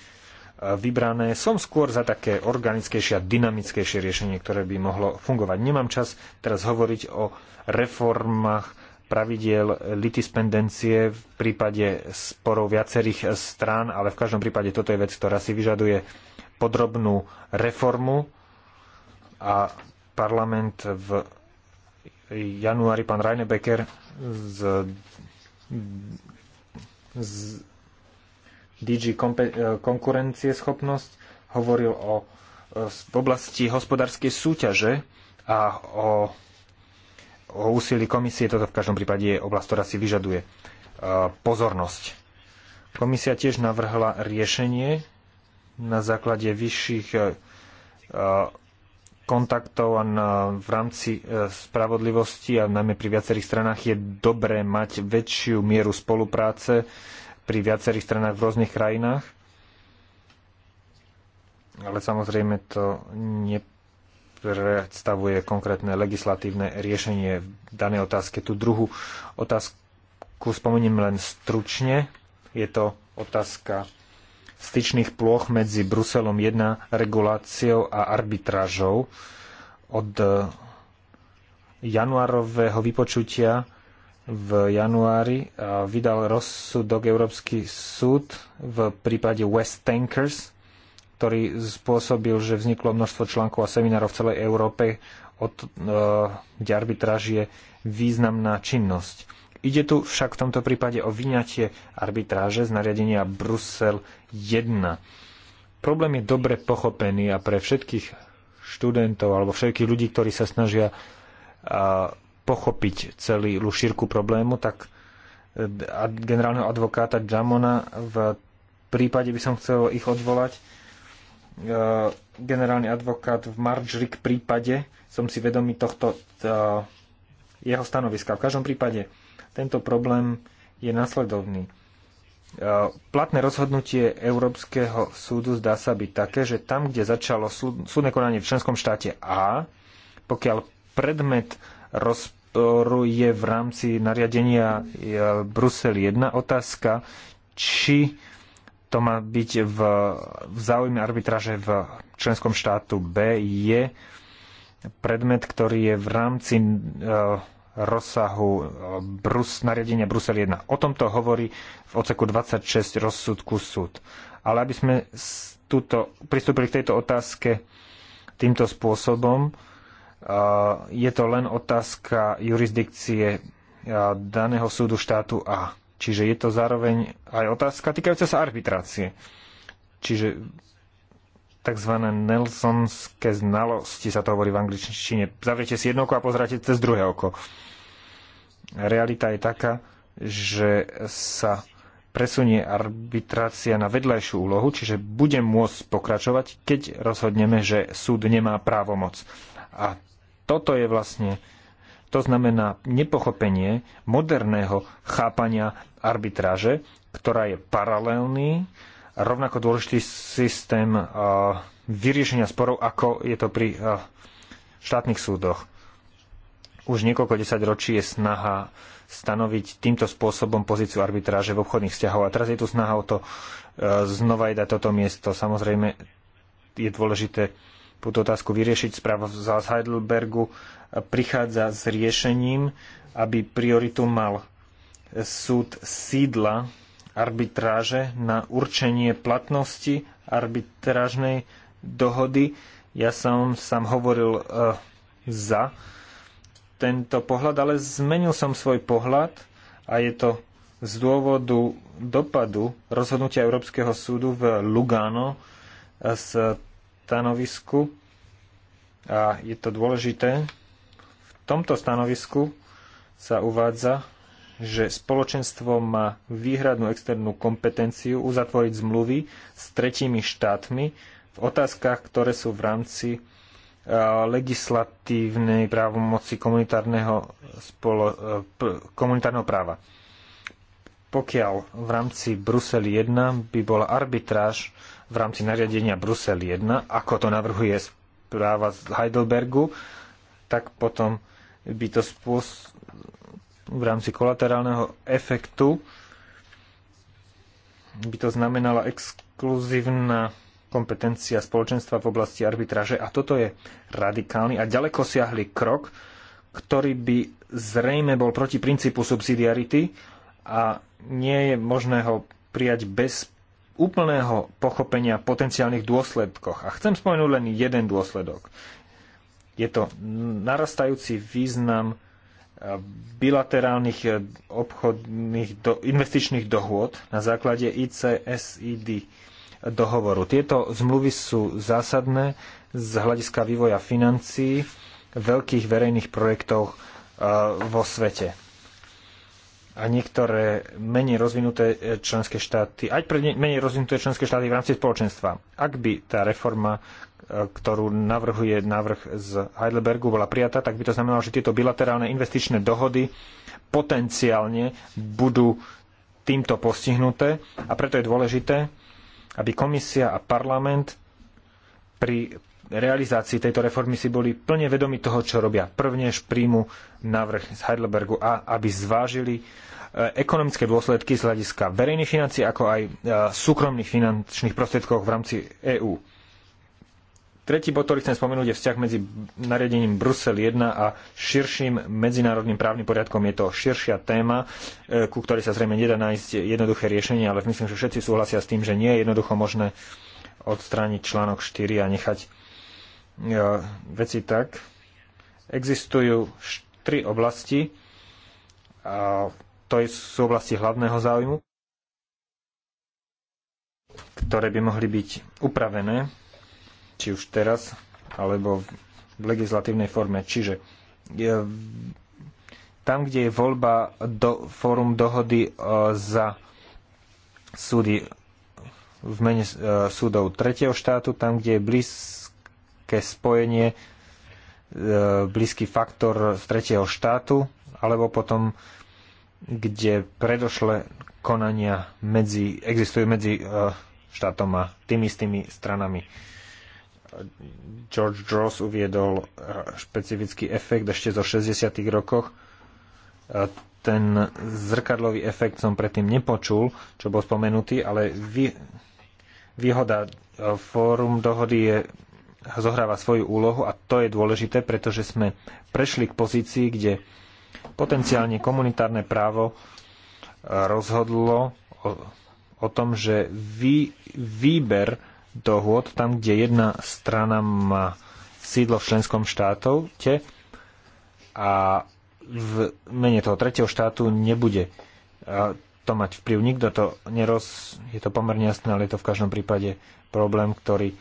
vybrané. Som skôr za také organickejšie a dynamickejšie riešenie, ktoré by mohlo fungovať. Nemám čas teraz hovoriť o reformách pravidiel litispendencie v prípade sporov viacerých strán, ale v každom prípade toto je vec, ktorá si vyžaduje podrobnú reformu a parlament v januári pán Reinebecker z, z DG e, konkurencieschopnosť hovoril o, e, v oblasti hospodárskej súťaže a o, o úsilí komisie. Toto v každom prípade je oblasť, ktorá si vyžaduje e, pozornosť. Komisia tiež navrhla riešenie na základe vyšších kontaktov a na, v rámci e, spravodlivosti a najmä pri viacerých stranách je dobré mať väčšiu mieru spolupráce pri viacerých stranách v rôznych krajinách. Ale samozrejme to nepredstavuje konkrétne legislatívne riešenie v danej otázke. Tú druhú otázku spomeniem len stručne. Je to otázka styčných plôch medzi Bruselom 1 reguláciou a arbitrážou. Od e, januárového vypočutia v januári e, vydal rozsudok Európsky súd v prípade West Tankers, ktorý spôsobil, že vzniklo množstvo článkov a seminárov v celej Európe, od, e, kde arbitráž je významná činnosť Ide tu však v tomto prípade o vyňatie arbitráže z nariadenia Brusel 1. Problém je dobre pochopený a pre všetkých študentov alebo všetkých ľudí, ktorí sa snažia pochopiť celý šírku problému, tak e, generálneho advokáta Jamona v prípade by som chcel ich odvolať. E, generálny advokát v Marjorie prípade som si vedomý tohto e, jeho stanoviska. V každom prípade tento problém je nasledovný. E, platné rozhodnutie Európskeho súdu zdá sa byť také, že tam, kde začalo súdne konanie v členskom štáte A, pokiaľ predmet rozporu je v rámci nariadenia e, Brusel 1, otázka, či to má byť v, v záujme arbitráže v členskom štátu B, je predmet, ktorý je v rámci e, rozsahu e, Brus, nariadenia Brusel 1. O tomto hovorí v oceku 26 rozsudku súd. Ale aby sme túto, pristúpili k tejto otázke týmto spôsobom, e, je to len otázka jurisdikcie e, daného súdu štátu A. Čiže je to zároveň aj otázka týkajúca sa arbitrácie. Čiže tzv. nelsonské znalosti, sa to hovorí v angličtine. Zavriete si jedno oko a pozráte cez druhé oko realita je taká, že sa presunie arbitrácia na vedľajšiu úlohu, čiže bude môcť pokračovať, keď rozhodneme, že súd nemá právomoc. A toto je vlastne, to znamená nepochopenie moderného chápania arbitráže, ktorá je paralelný, rovnako dôležitý systém eh, vyriešenia sporov, ako je to pri eh, štátnych súdoch. Už niekoľko desaťročí je snaha stanoviť týmto spôsobom pozíciu arbitráže v obchodných vzťahoch. A teraz je tu snaha o to e, znova dať toto miesto. Samozrejme je dôležité túto otázku vyriešiť. Správa z Heidelbergu prichádza s riešením, aby prioritu mal súd sídla arbitráže na určenie platnosti arbitrážnej dohody. Ja som sám hovoril e, za tento pohľad, ale zmenil som svoj pohľad a je to z dôvodu dopadu rozhodnutia Európskeho súdu v Lugano z stanovisku a je to dôležité. V tomto stanovisku sa uvádza, že spoločenstvo má výhradnú externú kompetenciu uzatvoriť zmluvy s tretími štátmi v otázkach, ktoré sú v rámci legislatívnej právomoci komunitárneho, spolo, e, komunitárneho práva. Pokiaľ v rámci Brusel 1 by bola arbitráž v rámci nariadenia Brusel 1, ako to navrhuje správa z Heidelbergu, tak potom by to spôs- v rámci kolaterálneho efektu by to znamenala exkluzívna kompetencia spoločenstva v oblasti arbitráže a toto je radikálny a ďaleko siahly krok, ktorý by zrejme bol proti princípu subsidiarity a nie je možné ho prijať bez úplného pochopenia potenciálnych dôsledkoch. A chcem spomenúť len jeden dôsledok. Je to narastajúci význam eh, bilaterálnych eh, obchodných do, investičných dohôd na základe ICSID dohovoru. Tieto zmluvy sú zásadné z hľadiska vývoja financií veľkých verejných projektov e, vo svete. A niektoré menej rozvinuté e, členské štáty, aj pre menej rozvinuté členské štáty v rámci spoločenstva. Ak by tá reforma, e, ktorú navrhuje návrh z Heidelbergu, bola prijatá, tak by to znamenalo, že tieto bilaterálne investičné dohody potenciálne budú týmto postihnuté a preto je dôležité, aby komisia a parlament pri realizácii tejto reformy si boli plne vedomi toho, čo robia. Prvnež príjmu návrh z Heidelbergu a aby zvážili e, ekonomické dôsledky z hľadiska verejných financií, ako aj e, súkromných finančných prostriedkov v rámci EÚ Tretí bod, ktorý chcem spomenúť, je vzťah medzi nariadením Brusel 1 a širším medzinárodným právnym poriadkom. Je to širšia téma, e, ku ktorej sa zrejme nedá nájsť jednoduché riešenie, ale myslím, že všetci súhlasia s tým, že nie je jednoducho možné odstrániť článok 4 a nechať e, veci tak. Existujú tri oblasti. A to sú oblasti hlavného záujmu, ktoré by mohli byť upravené či už teraz, alebo v legislatívnej forme. Čiže tam, kde je voľba do fórum dohody e, za súdy v mene e, súdov tretieho štátu, tam, kde je blízke spojenie, e, blízky faktor z tretieho štátu, alebo potom, kde predošle konania medzi, existujú medzi štátom a tými istými stranami. George Ross uviedol eh, špecifický efekt ešte zo 60. rokoch. Ten zrkadlový efekt som predtým nepočul, čo bol spomenutý, ale vy, výhoda eh, fórum dohody je, zohráva svoju úlohu a to je dôležité, pretože sme prešli k pozícii, kde potenciálne komunitárne právo eh, rozhodlo o, o tom, že vy, výber dohôd, tam, kde jedna strana má sídlo v členskom štátu a v mene toho tretieho štátu nebude to mať vplyv. Nikto to neroz... Je to pomerne jasné, ale je to v každom prípade problém, ktorý e,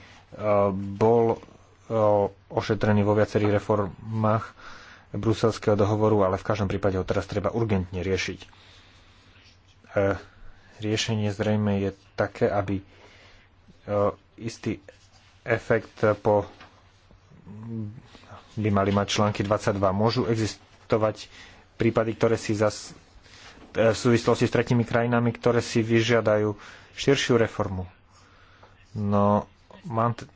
bol e, ošetrený vo viacerých reformách bruselského dohovoru, ale v každom prípade ho teraz treba urgentne riešiť. E, riešenie zrejme je také, aby E, istý efekt po by mali mať články 22. Môžu existovať prípady, ktoré si zas, e, v súvislosti s tretími krajinami, ktoré si vyžiadajú širšiu reformu. No, mám t-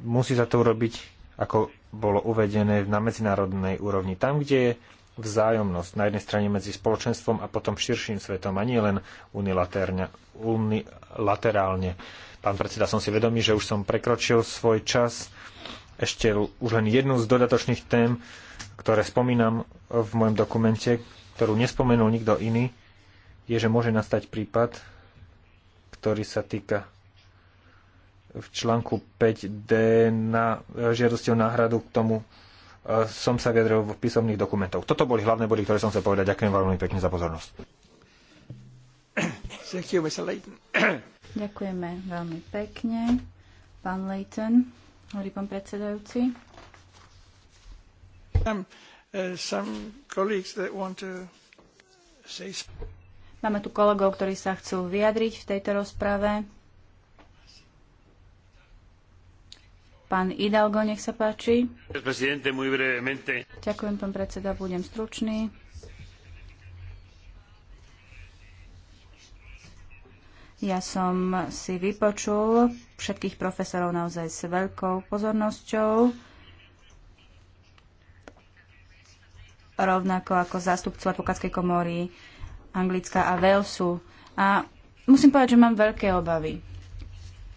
musí sa to urobiť, ako bolo uvedené na medzinárodnej úrovni. Tam, kde je vzájomnosť na jednej strane medzi spoločenstvom a potom širším svetom a nie len unilaterálne. Pán predseda, som si vedomý, že už som prekročil svoj čas. Ešte už len jednu z dodatočných tém, ktoré spomínam v mojom dokumente, ktorú nespomenul nikto iný, je, že môže nastať prípad, ktorý sa týka v článku 5D na žiadosti o náhradu k tomu som sa vyjadril v písomných dokumentoch. Toto boli hlavné body, ktoré som chcel povedať. Ďakujem veľmi pekne za pozornosť. Ďakujeme veľmi pekne. Pán Leighton, hovorí pán predsedajúci. Um, uh, Máme tu kolegov, ktorí sa chcú vyjadriť v tejto rozprave. Pán Hidalgo, nech sa páči. Ďakujem, pán predseda, budem stručný. Ja som si vypočul všetkých profesorov naozaj s veľkou pozornosťou, rovnako ako zástupcu advokátskej komory Anglická a Walesu. A musím povedať, že mám veľké obavy.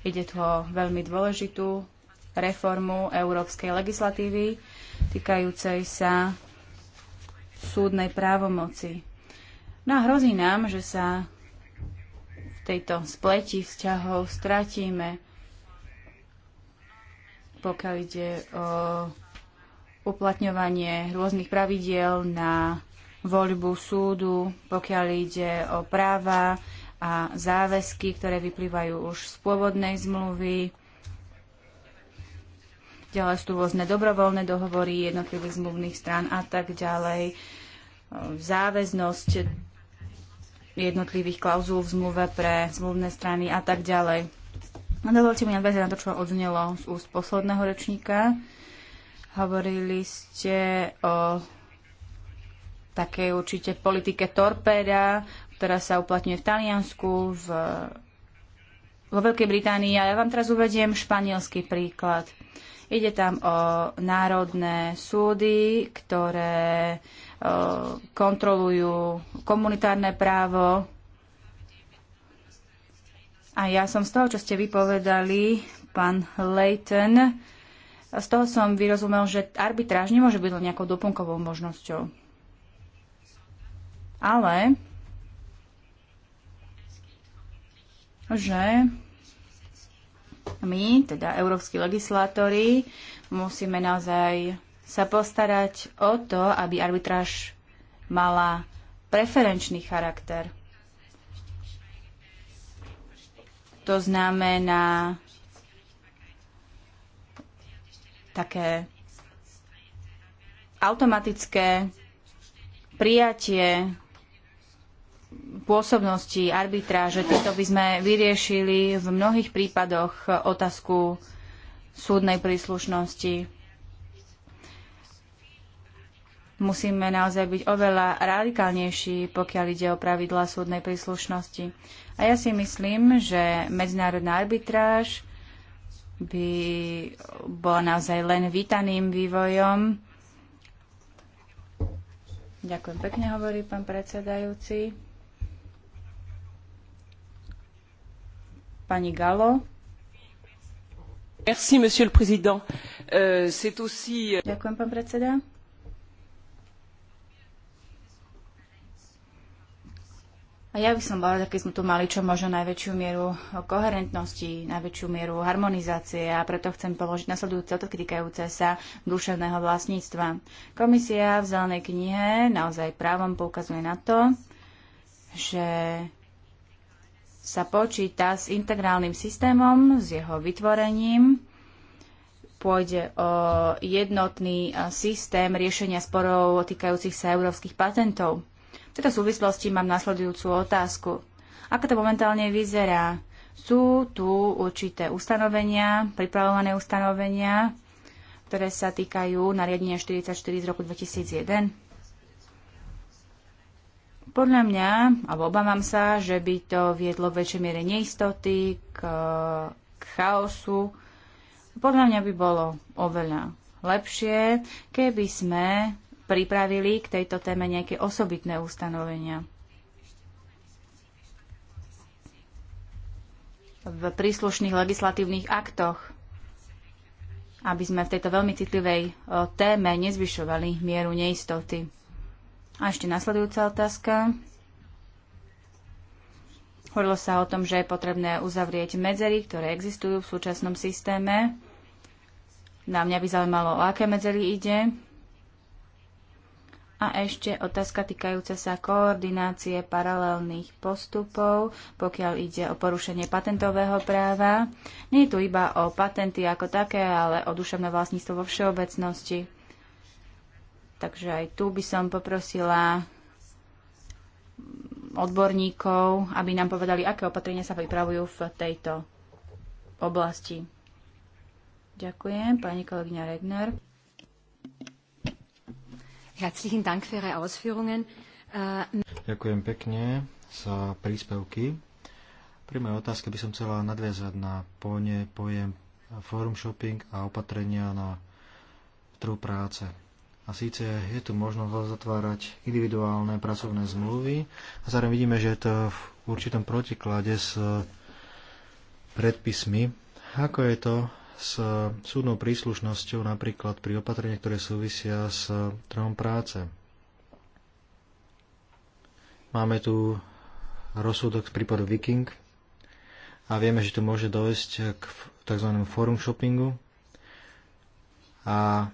Ide tu o veľmi dôležitú reformu európskej legislatívy týkajúcej sa súdnej právomoci. No a hrozí nám, že sa v tejto spleti vzťahov stratíme, pokiaľ ide o uplatňovanie rôznych pravidiel na voľbu súdu, pokiaľ ide o práva a záväzky, ktoré vyplývajú už z pôvodnej zmluvy, Ďalej sú tu rôzne dobrovoľné dohovory jednotlivých zmluvných strán a tak ďalej. E, záväznosť jednotlivých klauzúl v zmluve pre zmluvné strany a tak ďalej. A dovolte mi nadviazať na to, čo odznelo z úst posledného rečníka. Hovorili ste o takej určite politike torpéda, ktorá sa uplatňuje v Taliansku, v, vo Veľkej Británii. A ja vám teraz uvediem španielský príklad. Ide tam o národné súdy, ktoré kontrolujú komunitárne právo. A ja som z toho, čo ste vypovedali, pán Leighton, z toho som vyrozumel, že arbitráž nemôže byť len nejakou doplnkovou možnosťou. Ale že my, teda európsky legislátori, musíme naozaj sa postarať o to, aby arbitráž mala preferenčný charakter. To znamená také automatické prijatie pôsobnosti arbitráže. Týmto by sme vyriešili v mnohých prípadoch otázku súdnej príslušnosti. Musíme naozaj byť oveľa radikálnejší, pokiaľ ide o pravidlá súdnej príslušnosti. A ja si myslím, že medzinárodná arbitráž by bola naozaj len vítaným vývojom. Ďakujem pekne, hovorí pán predsedajúci. Pani euh, euh, Ďakujem, pán predseda. ja by som bola, keby sme tu mali čo možno najväčšiu mieru koherentnosti, najväčšiu mieru harmonizácie a preto chcem položiť nasledujúce otázky týkajúce sa duševného vlastníctva. Komisia v zelenej knihe naozaj právom poukazuje na to, že sa počíta s integrálnym systémom, s jeho vytvorením. Pôjde o jednotný systém riešenia sporov týkajúcich sa európskych patentov. V tejto súvislosti mám nasledujúcu otázku. Ako to momentálne vyzerá? Sú tu určité ustanovenia, pripravované ustanovenia, ktoré sa týkajú nariadenia 44 z roku 2001 podľa mňa, alebo obávam sa, že by to viedlo v väčšej miere neistoty, k, k chaosu. Podľa mňa by bolo oveľa lepšie, keby sme pripravili k tejto téme nejaké osobitné ustanovenia. v príslušných legislatívnych aktoch, aby sme v tejto veľmi citlivej e, téme nezvyšovali mieru neistoty. A ešte nasledujúca otázka. Hovorilo sa o tom, že je potrebné uzavrieť medzery, ktoré existujú v súčasnom systéme. Na mňa by zaujímalo, o aké medzery ide. A ešte otázka týkajúca sa koordinácie paralelných postupov, pokiaľ ide o porušenie patentového práva. Nie je tu iba o patenty ako také, ale o duševné vlastníctvo vo všeobecnosti. Takže aj tu by som poprosila odborníkov, aby nám povedali, aké opatrenia sa pripravujú v tejto oblasti. Ďakujem, pani kolegyňa Regner. Herzlichen Dank für Ihre Ausführungen. Äh, Ďakujem pekne za príspevky. Pri mojej otázke by som chcela nadviazať na pojem forum shopping a opatrenia na trhu práce. A síce je tu možnosť zatvárať individuálne pracovné zmluvy a zároveň vidíme, že je to v určitom protiklade s predpismi. Ako je to s súdnou príslušnosťou napríklad pri opatrení, ktoré súvisia s trhom práce? Máme tu rozsudok z prípadu Viking a vieme, že tu môže dojsť k tzv. forum shoppingu a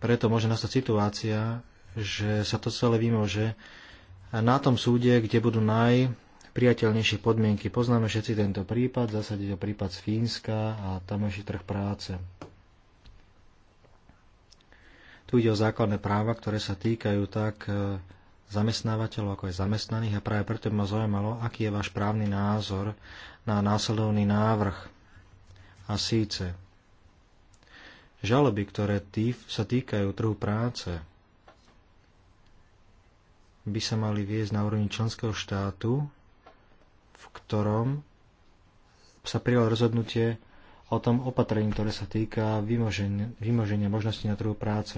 preto môže nastať situácia, že sa to celé vymože na tom súde, kde budú najpriateľnejšie podmienky. Poznáme všetci tento prípad, v zásade prípad z Fínska a tam ešte trh práce. Tu ide o základné práva, ktoré sa týkajú tak e, zamestnávateľov, ako aj zamestnaných a práve preto by ma zaujímalo, aký je váš právny názor na následovný návrh. A síce, žaloby, ktoré tý, sa týkajú trhu práce, by sa mali viesť na úrovni členského štátu, v ktorom sa prijalo rozhodnutie o tom opatrení, ktoré sa týka vymoženia, vymoženia možností na trhu práce.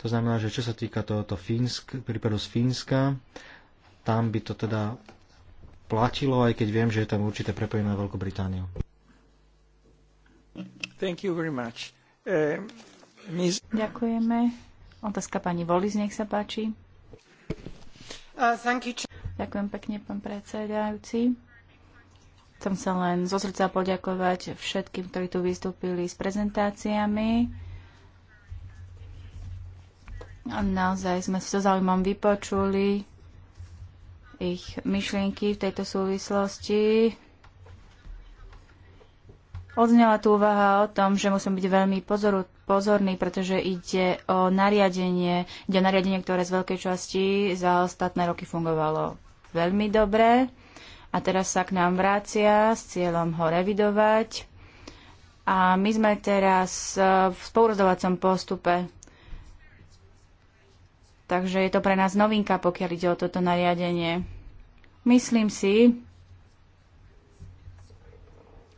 To znamená, že čo sa týka tohoto Fínsk, prípadu z Fínska, tam by to teda platilo, aj keď viem, že je tam určité prepojenie na Veľkú Britániu. Thank you very much. Eh, Ďakujeme. Otázka pani Volis, nech sa páči. Uh, Ďakujem pekne, pán predsedajúci. Chcem sa len zo srdca poďakovať všetkým, ktorí tu vystúpili s prezentáciami. Naozaj sme si so zaujímavom vypočuli ich myšlienky v tejto súvislosti. Odznela tu úvaha o tom, že musím byť veľmi pozor, pozorný, pretože ide o nariadenie, ide o nariadenie, ktoré z veľkej časti za ostatné roky fungovalo veľmi dobre a teraz sa k nám vrácia s cieľom ho revidovať. A my sme teraz e, v spourozdovacom postupe. Takže je to pre nás novinka, pokiaľ ide o toto nariadenie. Myslím si,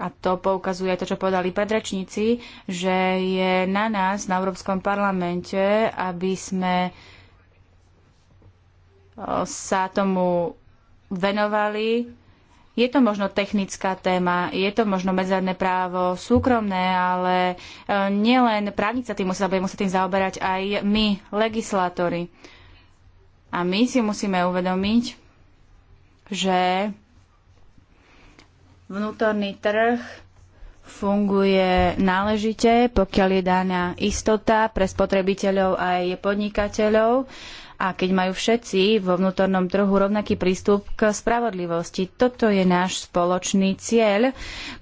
a to poukazuje to, čo povedali predrečníci, že je na nás, na Európskom parlamente, aby sme sa tomu venovali. Je to možno technická téma, je to možno medzárne právo súkromné, ale e, nielen právnica tým musia, budeme tým zaoberať aj my, legislátori. A my si musíme uvedomiť, že vnútorný trh funguje náležite, pokiaľ je daná istota pre spotrebiteľov aj podnikateľov a keď majú všetci vo vnútornom trhu rovnaký prístup k spravodlivosti. Toto je náš spoločný cieľ,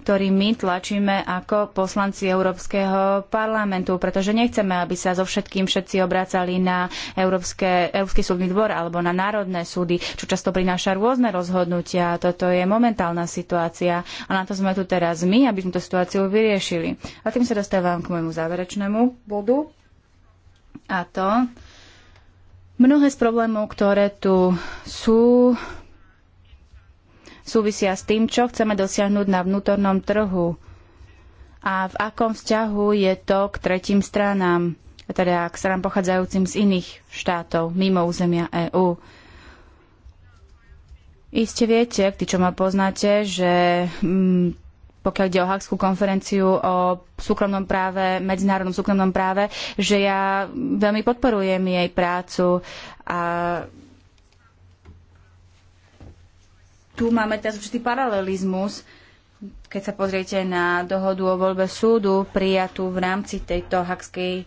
ktorý my tlačíme ako poslanci Európskeho parlamentu, pretože nechceme, aby sa so všetkým všetci obracali na Európske, Európsky súdny dvor alebo na národné súdy, čo často prináša rôzne rozhodnutia. Toto je momentálna situácia a na to sme tu teraz my, aby sme tú situáciu vyriešili. A tým sa dostávam k môjmu záverečnému bodu. A to, Mnohé z problémov, ktoré tu sú, súvisia s tým, čo chceme dosiahnuť na vnútornom trhu a v akom vzťahu je to k tretím stranám, teda k stranám pochádzajúcim z iných štátov mimo územia EÚ. Iste viete, tí, čo ma poznáte, že mm, pokiaľ ide o Hakskú konferenciu o súkromnom práve, medzinárodnom súkromnom práve, že ja veľmi podporujem jej prácu a tu máme teraz určitý paralelizmus, keď sa pozriete na dohodu o voľbe súdu prijatú v rámci tejto Hagskej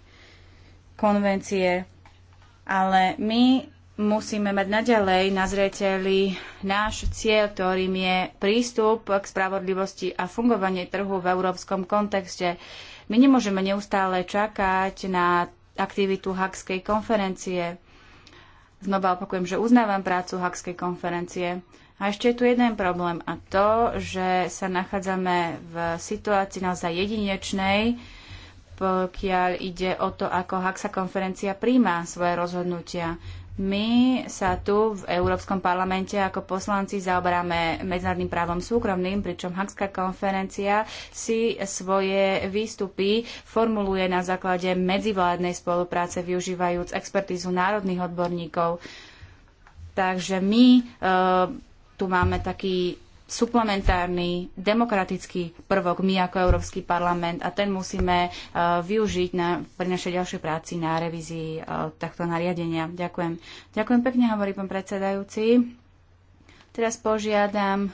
konvencie. Ale my musíme mať naďalej na zreteli náš cieľ, ktorým je prístup k spravodlivosti a fungovanie trhu v európskom kontexte. My nemôžeme neustále čakať na aktivitu Hakskej konferencie. Znova opakujem, že uznávam prácu Hakskej konferencie. A ešte je tu jeden problém a to, že sa nachádzame v situácii naozaj jedinečnej, pokiaľ ide o to, ako Haksa konferencia príjma svoje rozhodnutia. My sa tu v Európskom parlamente ako poslanci zaoberáme medzinárodným právom súkromným, pričom Hakská konferencia si svoje výstupy formuluje na základe medzivládnej spolupráce, využívajúc expertízu národných odborníkov. Takže my e, tu máme taký suplementárny demokratický prvok my ako Európsky parlament a ten musíme uh, využiť na, pri našej ďalšej práci na revízii uh, takto nariadenia. Ďakujem. Ďakujem pekne, hovorí pán predsedajúci. Teraz požiadam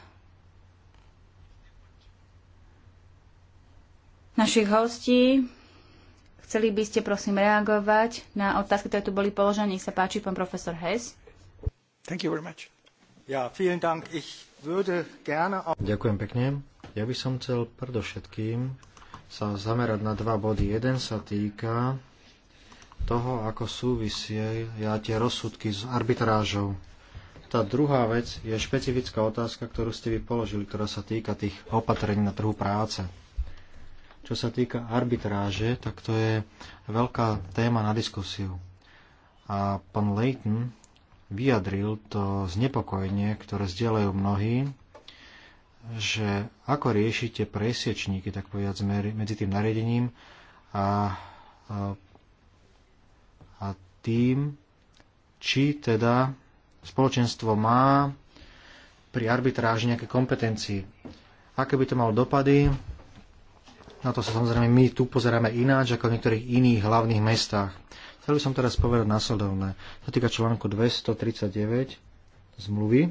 našich hostí. Chceli by ste prosím reagovať na otázky, ktoré tu boli položené. Nech sa páči, pán profesor Hess. Thank you very much. Ja, vielen Dank. Ich Ďakujem pekne. Ja by som chcel predovšetkým sa zamerať na dva body. Jeden sa týka toho, ako súvisie ja tie rozsudky s arbitrážou. Tá druhá vec je špecifická otázka, ktorú ste vy položili, ktorá sa týka tých opatrení na trhu práce. Čo sa týka arbitráže, tak to je veľká téma na diskusiu. A pán Leighton vyjadril to znepokojenie, ktoré zdieľajú mnohí, že ako riešite presiečníky, tak povedať, medzi tým nariadením a, a, a tým, či teda spoločenstvo má pri arbitráži nejaké kompetencie. Aké by to malo dopady? Na to sa samozrejme my tu pozeráme ináč ako v niektorých iných hlavných mestách. Chcel by som teraz povedať následovné. Sa týka článku 239 zmluvy,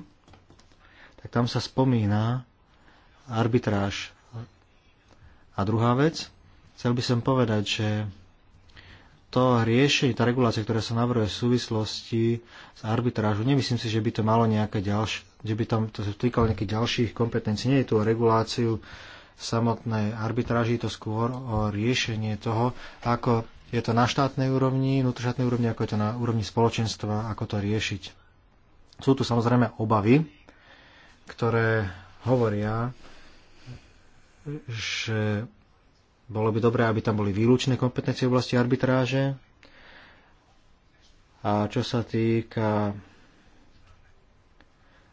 tak tam sa spomína arbitráž. A druhá vec, chcel by som povedať, že to riešenie, tá regulácia, ktorá sa navrhuje v súvislosti s arbitrážou, nemyslím si, že by to malo nejaké ďalšie, že by tam to týkalo nejakých ďalších kompetencií. Nie je tu o reguláciu samotnej arbitráži, to skôr o riešenie toho, ako je to na štátnej úrovni, vnútroštátnej úrovni, ako je to na úrovni spoločenstva, ako to riešiť. Sú tu samozrejme obavy, ktoré hovoria, že bolo by dobré, aby tam boli výlučné kompetencie v oblasti arbitráže. A čo sa týka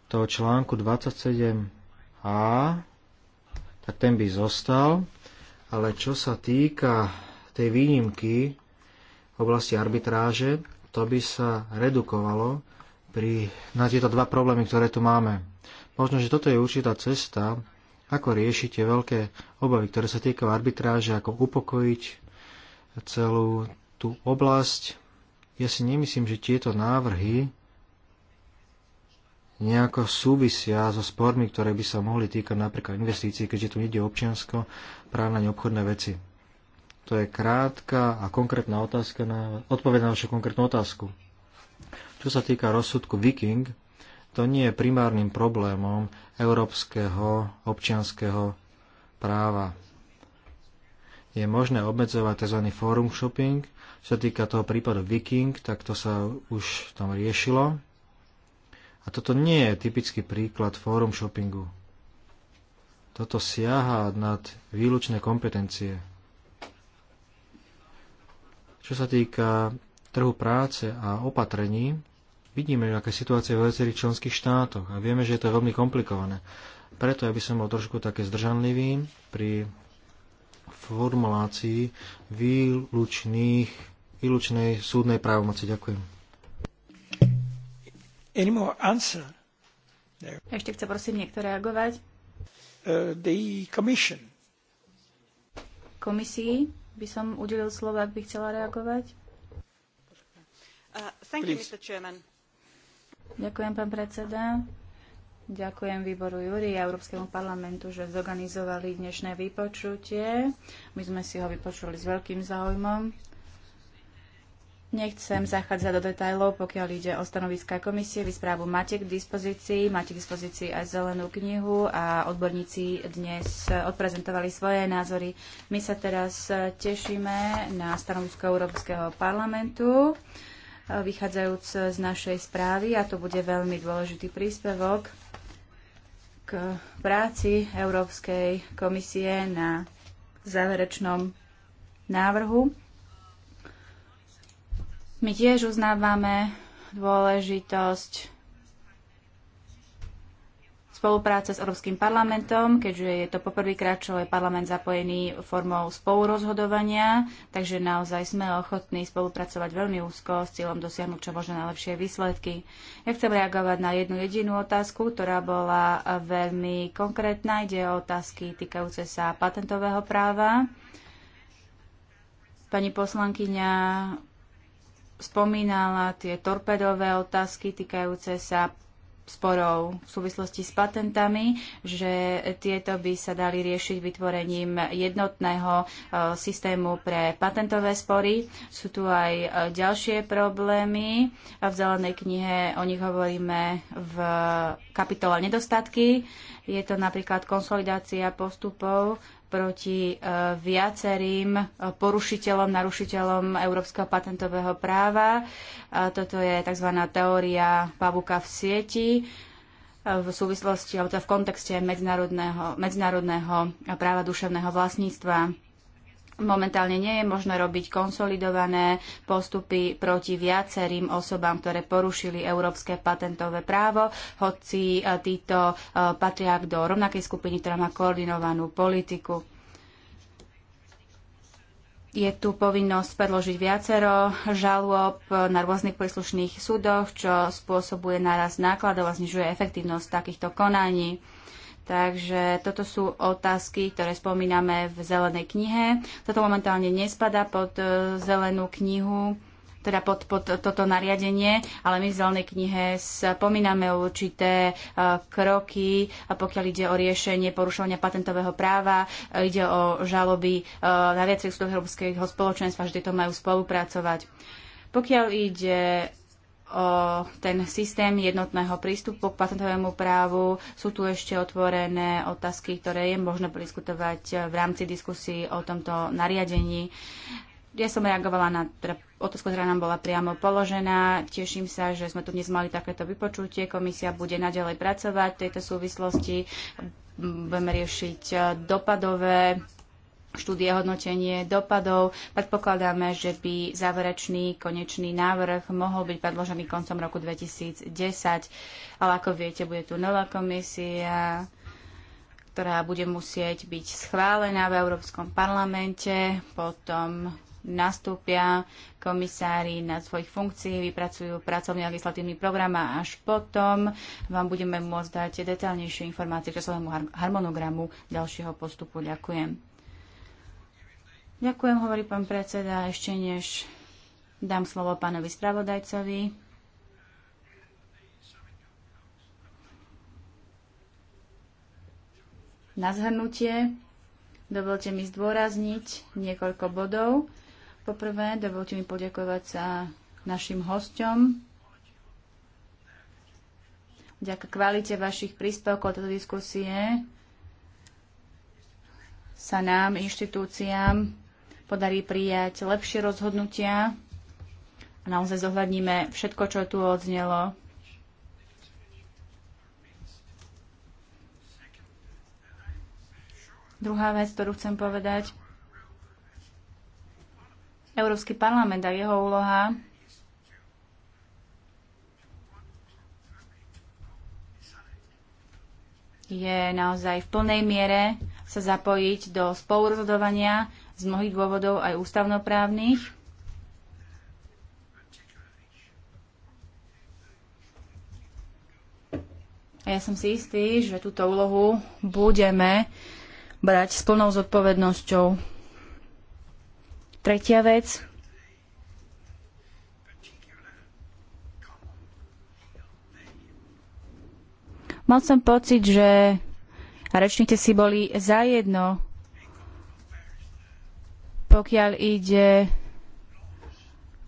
toho článku 27a, tak ten by zostal. Ale čo sa týka tej výnimky v oblasti arbitráže, to by sa redukovalo pri, na tieto dva problémy, ktoré tu máme. Možno, že toto je určitá cesta, ako riešite veľké obavy, ktoré sa týkajú arbitráže, ako upokojiť celú tú oblasť. Ja si nemyslím, že tieto návrhy nejako súvisia so spormi, ktoré by sa mohli týkať napríklad investícií, keďže tu ide občiansko, právne neobchodné veci. To je krátka a konkrétna otázka na, odpoveď na vašu konkrétnu otázku. Čo sa týka rozsudku Viking, to nie je primárnym problémom európskeho občianského práva. Je možné obmedzovať tzv. forum shopping. Čo sa týka toho prípadu Viking, tak to sa už tam riešilo. A toto nie je typický príklad forum shoppingu. Toto siaha nad výlučné kompetencie čo sa týka trhu práce a opatrení, vidíme, aké situácie v viacerých členských štátoch a vieme, že je to veľmi komplikované. Preto ja by som bol trošku také zdržanlivý pri formulácii výlučných, výlučnej súdnej právomoci. Ďakujem. Ešte chce prosím niekto reagovať? Uh, the commission. Komisii? by som udelil slovo, ak by chcela reagovať. Uh, you, Ďakujem, pán predseda. Ďakujem výboru Júri a Európskemu parlamentu, že zorganizovali dnešné vypočutie. My sme si ho vypočuli s veľkým záujmom. Nechcem zachádzať do detajlov, pokiaľ ide o stanoviská komisie. Vy správu máte k dispozícii, máte k dispozícii aj zelenú knihu a odborníci dnes odprezentovali svoje názory. My sa teraz tešíme na stanovisko Európskeho parlamentu vychádzajúc z našej správy a to bude veľmi dôležitý príspevok k práci Európskej komisie na záverečnom návrhu. My tiež uznávame dôležitosť spolupráce s Európskym parlamentom, keďže je to poprvýkrát, čo je parlament zapojený formou spolurozhodovania, takže naozaj sme ochotní spolupracovať veľmi úzko s cieľom dosiahnuť čo možno najlepšie výsledky. Ja chcem reagovať na jednu jedinú otázku, ktorá bola veľmi konkrétna. Ide o otázky týkajúce sa patentového práva. Pani poslankyňa spomínala tie torpedové otázky týkajúce sa sporov v súvislosti s patentami, že tieto by sa dali riešiť vytvorením jednotného e, systému pre patentové spory. Sú tu aj e, ďalšie problémy. V zelenej knihe o nich hovoríme v kapitole nedostatky. Je to napríklad konsolidácia postupov proti e, viacerým e, porušiteľom, narušiteľom európskeho patentového práva. E, toto je tzv. teória pavuka v sieti v súvislosti alebo v kontexte medzinárodného, medzinárodného práva duševného vlastníctva. Momentálne nie je možné robiť konsolidované postupy proti viacerým osobám, ktoré porušili európske patentové právo, hoci e, títo e, patria do rovnakej skupiny, ktorá má koordinovanú politiku. Je tu povinnosť predložiť viacero žalôb na rôznych príslušných súdoch, čo spôsobuje naraz nákladov a znižuje efektívnosť takýchto konaní. Takže toto sú otázky, ktoré spomíname v zelenej knihe. Toto momentálne nespada pod e, zelenú knihu teda pod, pod toto nariadenie, ale my v zelenej knihe spomíname určité e, kroky, pokiaľ ide o riešenie porušovania patentového práva, e, ide o žaloby na viacerých súdov európskeho spoločenstva, že tieto majú spolupracovať. Pokiaľ ide o ten systém jednotného prístupu k patentovému právu. Sú tu ešte otvorené otázky, ktoré je možno diskutovať v rámci diskusí o tomto nariadení. Ja som reagovala na teda otázku, ktorá nám bola priamo položená. Teším sa, že sme tu dnes mali takéto vypočutie. Komisia bude naďalej pracovať v tejto súvislosti. Budeme riešiť dopadové štúdie hodnotenie dopadov. Predpokladáme, že by záverečný konečný návrh mohol byť predložený koncom roku 2010, ale ako viete, bude tu nová komisia, ktorá bude musieť byť schválená v Európskom parlamente, potom nastúpia komisári na svojich funkcií, vypracujú pracovný a legislatívny program a až potom vám budeme môcť dať detaľnejšie informácie k časovému harmonogramu ďalšieho postupu. Ďakujem. Ďakujem, hovorí pán predseda, ešte než dám slovo pánovi spravodajcovi. Na zhrnutie dovolte mi zdôrazniť niekoľko bodov. Poprvé, dovolte mi poďakovať sa našim hostom. Ďakujem kvalite vašich príspevkov do diskusie sa nám, inštitúciám, podarí prijať lepšie rozhodnutia a naozaj zohľadníme všetko, čo tu odznelo. Druhá vec, ktorú chcem povedať, Európsky parlament a jeho úloha je naozaj v plnej miere sa zapojiť do spolurozhodovania z mnohých dôvodov aj ústavnoprávnych. A ja som si istý, že túto úlohu budeme brať s plnou zodpovednosťou. Tretia vec. Mal som pocit, že rečníci si boli zajedno pokiaľ ide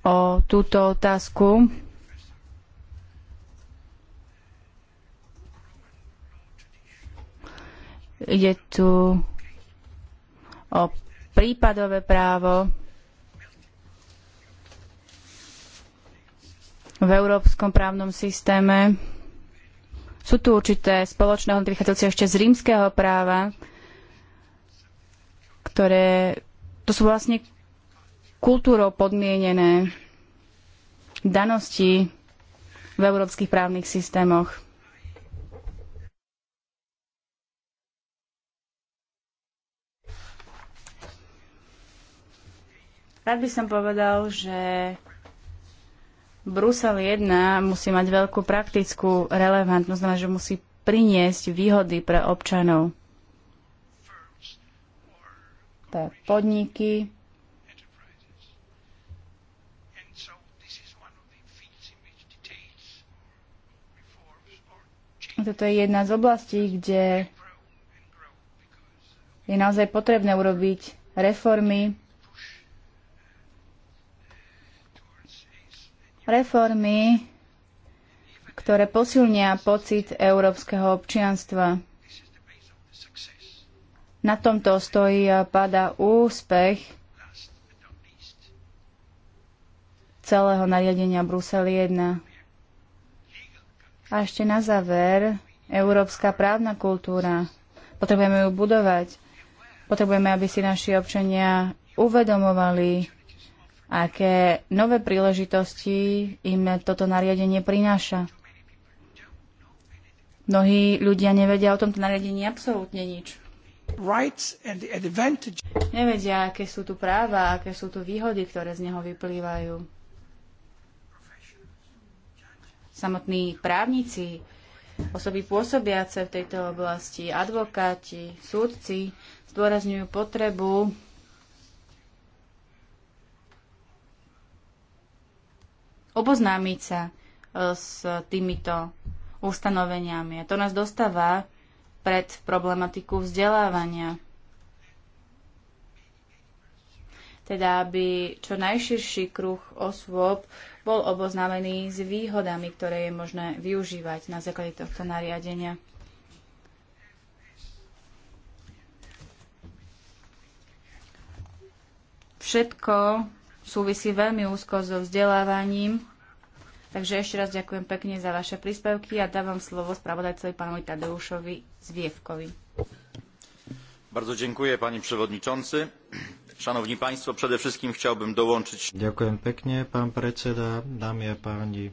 o túto otázku, ide tu o prípadové právo v európskom právnom systéme. Sú tu určité spoločné hodnoty vychádzajúce ešte z rímskeho práva, ktoré to sú vlastne kultúrou podmienené danosti v európskych právnych systémoch. Rád by som povedal, že Brusel 1 musí mať veľkú praktickú relevantnosť, znamená, že musí priniesť výhody pre občanov veľké podniky. Toto je jedna z oblastí, kde je naozaj potrebné urobiť reformy. Reformy, ktoré posilnia pocit európskeho občianstva. Na tomto stojí a pada úspech celého nariadenia Brusel 1. A ešte na záver, európska právna kultúra. Potrebujeme ju budovať. Potrebujeme, aby si naši občania uvedomovali, aké nové príležitosti im toto nariadenie prináša. Mnohí ľudia nevedia o tomto nariadení absolútne nič. Nevedia, aké sú tu práva, aké sú tu výhody, ktoré z neho vyplývajú. Samotní právnici, osoby pôsobiace v tejto oblasti, advokáti, súdci zdôrazňujú potrebu oboznámiť sa e, s týmito ustanoveniami. A to nás dostáva pred problematiku vzdelávania. Teda, aby čo najširší kruh osôb bol oboznámený s výhodami, ktoré je možné využívať na základe tohto nariadenia. Všetko súvisí veľmi úzko so vzdelávaním. Takže ešte raz ďakujem pekne za vaše príspevky a dávam slovo spravodajcovi pánovi Tadeušovi przede wszystkim chciałbym dołączyć Ďakujem pekne, pán predseda, dámy a páni.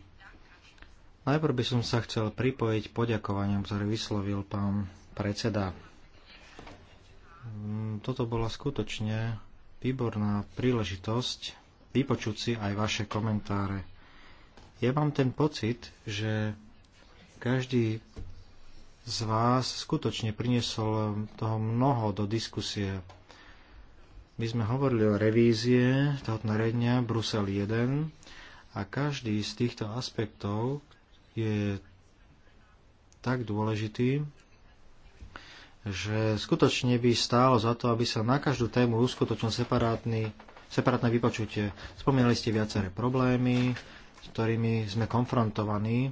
Najprv by som sa chcel pripojiť poďakovaniam, ktoré vyslovil pán predseda. Mm, toto bola skutočne výborná príležitosť vypočuť si aj vaše komentáre. Ja mám ten pocit, že každý z vás skutočne priniesol toho mnoho do diskusie. My sme hovorili o revízie toho nariadenia Brusel 1 a každý z týchto aspektov je tak dôležitý, že skutočne by stálo za to, aby sa na každú tému uskutočnil separátny, separátne vypočutie. Spomínali ste viaceré problémy, s ktorými sme konfrontovaní.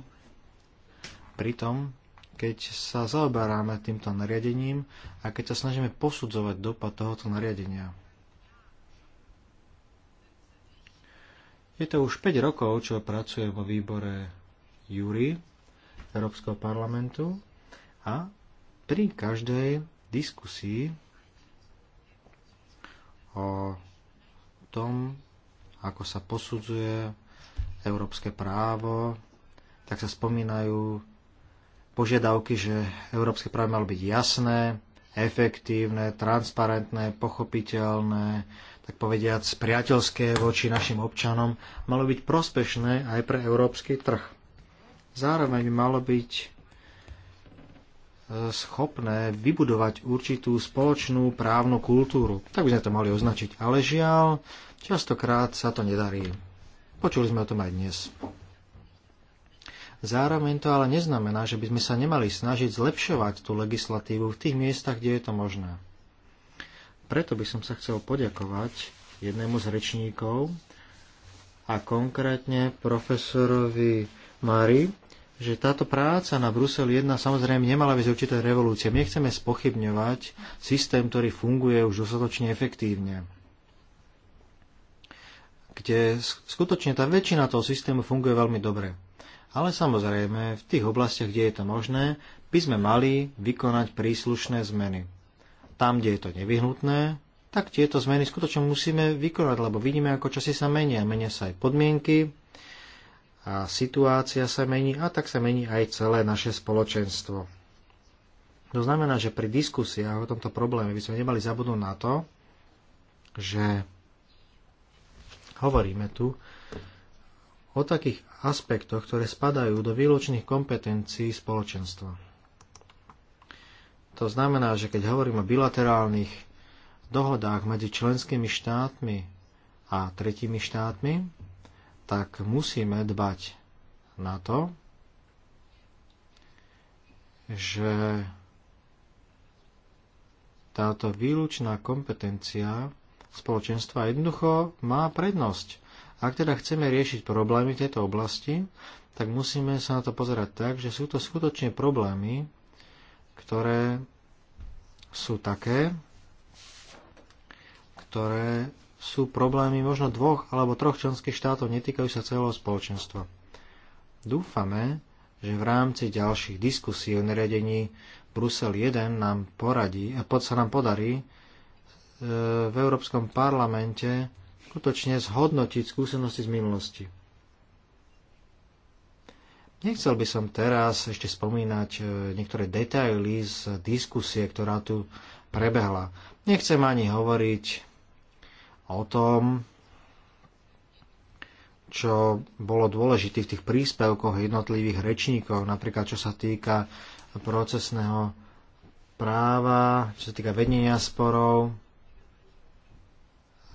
Pritom keď sa zaoberáme týmto nariadením a keď sa snažíme posudzovať dopad tohoto nariadenia. Je to už 5 rokov, čo pracuje vo výbore Júri Európskeho parlamentu a pri každej diskusii o tom, ako sa posudzuje európske právo, tak sa spomínajú požiadavky, že európske právo malo byť jasné, efektívne, transparentné, pochopiteľné, tak povediac priateľské voči našim občanom, malo byť prospešné aj pre európsky trh. Zároveň malo byť e, schopné vybudovať určitú spoločnú právnu kultúru. Tak by sme to mali označiť. Ale žiaľ, častokrát sa to nedarí. Počuli sme o tom aj dnes. Zároveň to ale neznamená, že by sme sa nemali snažiť zlepšovať tú legislatívu v tých miestach, kde je to možné. Preto by som sa chcel poďakovať jednému z rečníkov a konkrétne profesorovi Mari, že táto práca na Brusel 1 samozrejme nemala byť určité revolúcie. My chceme spochybňovať systém, ktorý funguje už dostatočne efektívne kde skutočne tá väčšina toho systému funguje veľmi dobre ale samozrejme v tých oblastiach, kde je to možné, by sme mali vykonať príslušné zmeny. Tam, kde je to nevyhnutné, tak tieto zmeny skutočne musíme vykonať, lebo vidíme, ako časy sa menia. Menia sa aj podmienky a situácia sa mení a tak sa mení aj celé naše spoločenstvo. To znamená, že pri diskusiách o tomto probléme by sme nemali zabudnúť na to, že hovoríme tu o takých aspektoch, ktoré spadajú do výlučných kompetencií spoločenstva. To znamená, že keď hovorím o bilaterálnych dohodách medzi členskými štátmi a tretími štátmi, tak musíme dbať na to, že táto výlučná kompetencia spoločenstva jednoducho má prednosť ak teda chceme riešiť problémy v tejto oblasti, tak musíme sa na to pozerať tak, že sú to skutočne problémy, ktoré sú také, ktoré sú problémy možno dvoch alebo troch členských štátov, netýkajú sa celého spoločenstva. Dúfame, že v rámci ďalších diskusí o nariadení Brusel 1 nám poradí, a pod sa nám podarí e, v Európskom parlamente skutočne zhodnotiť skúsenosti z minulosti. Nechcel by som teraz ešte spomínať e, niektoré detaily z diskusie, ktorá tu prebehla. Nechcem ani hovoriť o tom, čo bolo dôležité v tých príspevkoch jednotlivých rečníkov, napríklad čo sa týka procesného práva, čo sa týka vedenia sporov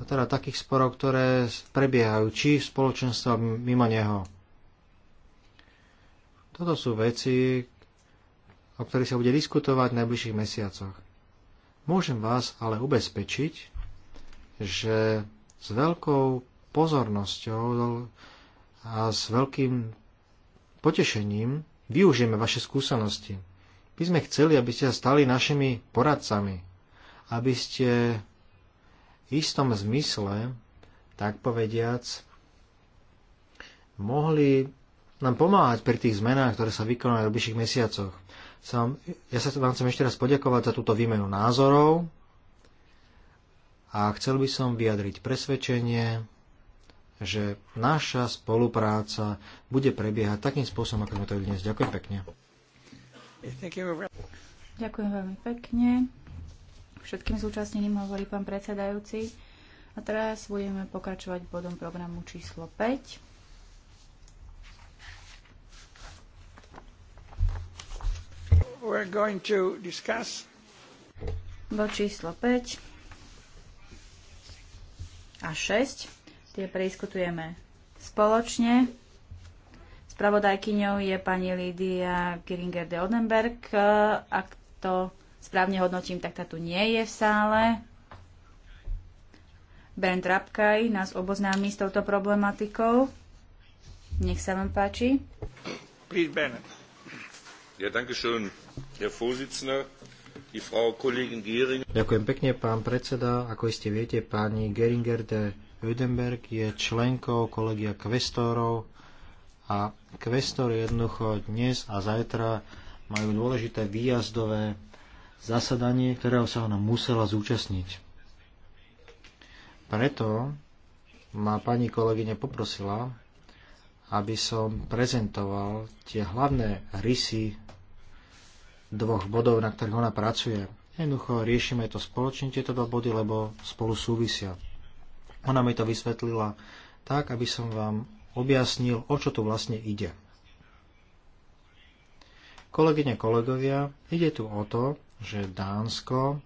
teda takých sporov, ktoré prebiehajú či v spoločenstve mimo neho. Toto sú veci, o ktorých sa bude diskutovať v najbližších mesiacoch. Môžem vás ale ubezpečiť, že s veľkou pozornosťou a s veľkým potešením využijeme vaše skúsenosti. My sme chceli, aby ste sa stali našimi poradcami, aby ste istom zmysle, tak povediac, mohli nám pomáhať pri tých zmenách, ktoré sa vykonajú v najbližších mesiacoch. Som, ja sa vám chcem ešte raz poďakovať za túto výmenu názorov a chcel by som vyjadriť presvedčenie, že naša spolupráca bude prebiehať takým spôsobom, ako sme to dnes. Ďakujem pekne. Ďakujem veľmi pekne všetkým zúčastneným, hovorí pán predsedajúci. A teraz budeme pokračovať bodom programu číslo 5. We're going to discuss... Bod číslo 5 a 6. Tie preiskutujeme spoločne. Spravodajkyňou je pani Lídia Geringer de Odenberg. Ak to správne hodnotím, tak tá tu nie je v sále. Bernd Rapkaj nás oboznámi s touto problematikou. Nech sa vám páči. Please, Bernd. Ja, danke schön, Herr Vorsitzender. Die Frau Kollegin Gering. Ďakujem pekne, pán predseda. Ako ste viete, pani Geringer de Ödenberg je členkou kolegia kvestorov a kvestor jednoducho dnes a zajtra majú dôležité výjazdové zasadanie, ktorého sa ona musela zúčastniť. Preto ma pani kolegyne poprosila, aby som prezentoval tie hlavné rysy dvoch bodov, na ktorých ona pracuje. Jednoducho riešime to spoločne, tieto dva body, lebo spolu súvisia. Ona mi to vysvetlila tak, aby som vám objasnil, o čo tu vlastne ide. Kolegyne, kolegovia, ide tu o to, že Dánsko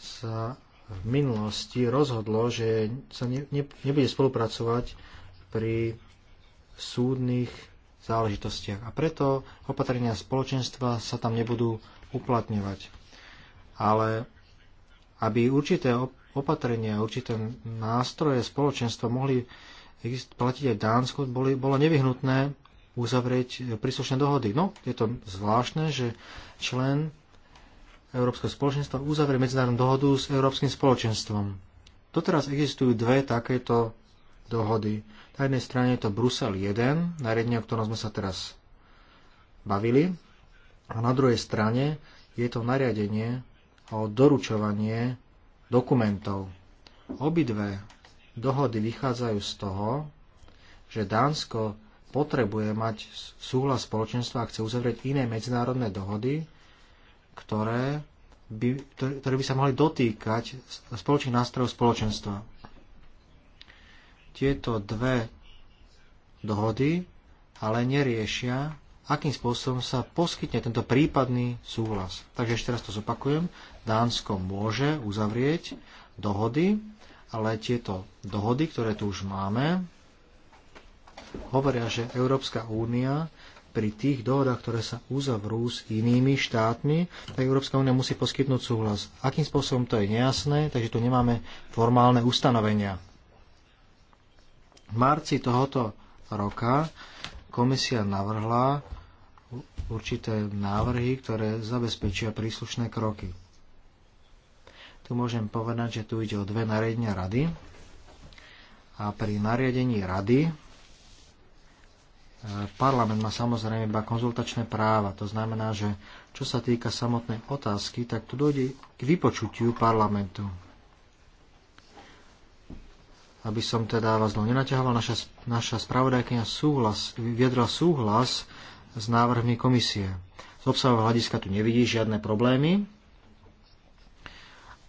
sa v minulosti rozhodlo, že sa ne, ne, nebude spolupracovať pri súdnych záležitostiach. A preto opatrenia spoločenstva sa tam nebudú uplatňovať. Ale aby určité opatrenia, určité nástroje spoločenstva mohli platiť aj Dánsku, boli, bolo nevyhnutné uzavrieť príslušné dohody. No, je to zvláštne, že člen Európskeho spoločenstva uzavrie medzinárodnú dohodu s Európskym spoločenstvom. Doteraz existujú dve takéto dohody. Na jednej strane je to Brusel 1, nariadenie, o ktorom sme sa teraz bavili, a na druhej strane je to nariadenie o doručovanie dokumentov. Obidve dohody vychádzajú z toho, že Dánsko potrebuje mať súhlas spoločenstva a chce uzavrieť iné medzinárodné dohody, ktoré by, ktoré by sa mohli dotýkať spoločných nástrojov spoločenstva. Tieto dve dohody ale neriešia, akým spôsobom sa poskytne tento prípadný súhlas. Takže ešte raz to zopakujem. Dánsko môže uzavrieť dohody, ale tieto dohody, ktoré tu už máme, hovoria, že Európska únia pri tých dohodách, ktoré sa uzavrú s inými štátmi, tak Európska únia musí poskytnúť súhlas. Akým spôsobom to je nejasné, takže tu nemáme formálne ustanovenia. V marci tohoto roka komisia navrhla určité návrhy, ktoré zabezpečia príslušné kroky. Tu môžem povedať, že tu ide o dve nariadenia rady. A pri nariadení rady parlament má samozrejme iba konzultačné práva. To znamená, že čo sa týka samotnej otázky, tak tu dojde k vypočutiu parlamentu. Aby som teda vás dlho nenaťahoval, naša, naša spravodajkynia súhlas, viedla súhlas s návrhmi komisie. Z obsahového hľadiska tu nevidí žiadne problémy.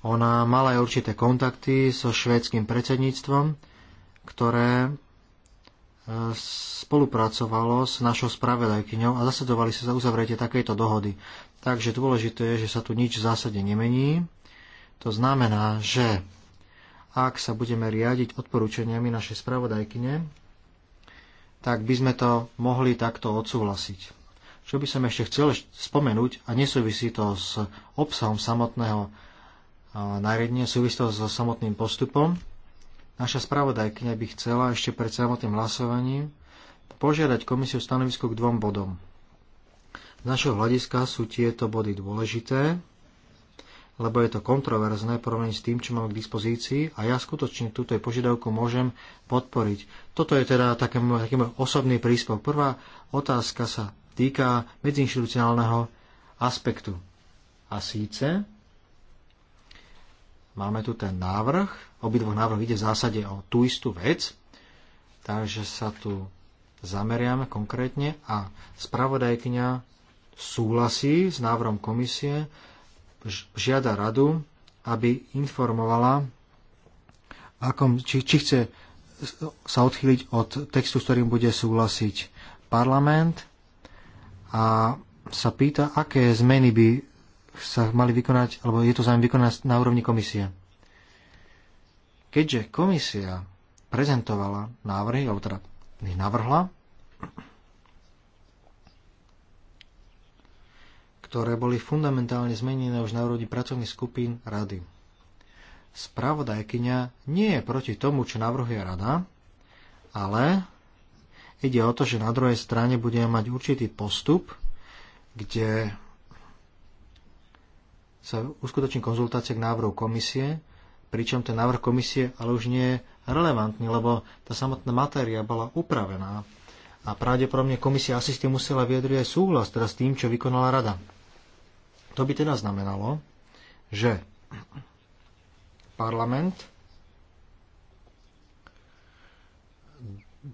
Ona mala aj určité kontakty so švédským predsedníctvom, ktoré spolupracovalo s našou spravedajkyňou a zasadovali sa za uzavretie takejto dohody. Takže dôležité je, že sa tu nič v zásade nemení. To znamená, že ak sa budeme riadiť odporúčaniami našej spravodajkyne, tak by sme to mohli takto odsúhlasiť. Čo by som ešte chcel spomenúť, a nesúvisí to s obsahom samotného nariadenia, súvisí to so samotným postupom, Naša spravodajkňa by chcela ešte pred samotným hlasovaním požiadať komisiu stanovisko k dvom bodom. Z našho hľadiska sú tieto body dôležité, lebo je to kontroverzné porovnaní s tým, čo mám k dispozícii a ja skutočne túto požiadavku môžem podporiť. Toto je teda taký môj, taký môj osobný príspevok. Prvá otázka sa týka medziinstitucionálneho aspektu. A síce máme tu ten návrh obidvoch návrhov ide v zásade o tú istú vec, takže sa tu zameriame konkrétne a spravodajkňa súhlasí s návrhom komisie, žiada radu, aby informovala, akom, či, či chce sa odchýliť od textu, s ktorým bude súhlasiť parlament a sa pýta, aké zmeny by sa mali vykonať, alebo je to zájem vykonať na úrovni komisie. Keďže komisia prezentovala návrhy, alebo teda ich navrhla, ktoré boli fundamentálne zmenené už na úrovni pracovných skupín rady. Spravodajkyňa nie je proti tomu, čo navrhuje rada, ale ide o to, že na druhej strane budeme mať určitý postup, kde sa uskutoční konzultácia k návrhu komisie pričom ten návrh komisie ale už nie je relevantný, lebo tá samotná matéria bola upravená a pravdepodobne komisia asi s tým musela vyjadriť aj súhlas teda s tým, čo vykonala rada. To by teda znamenalo, že parlament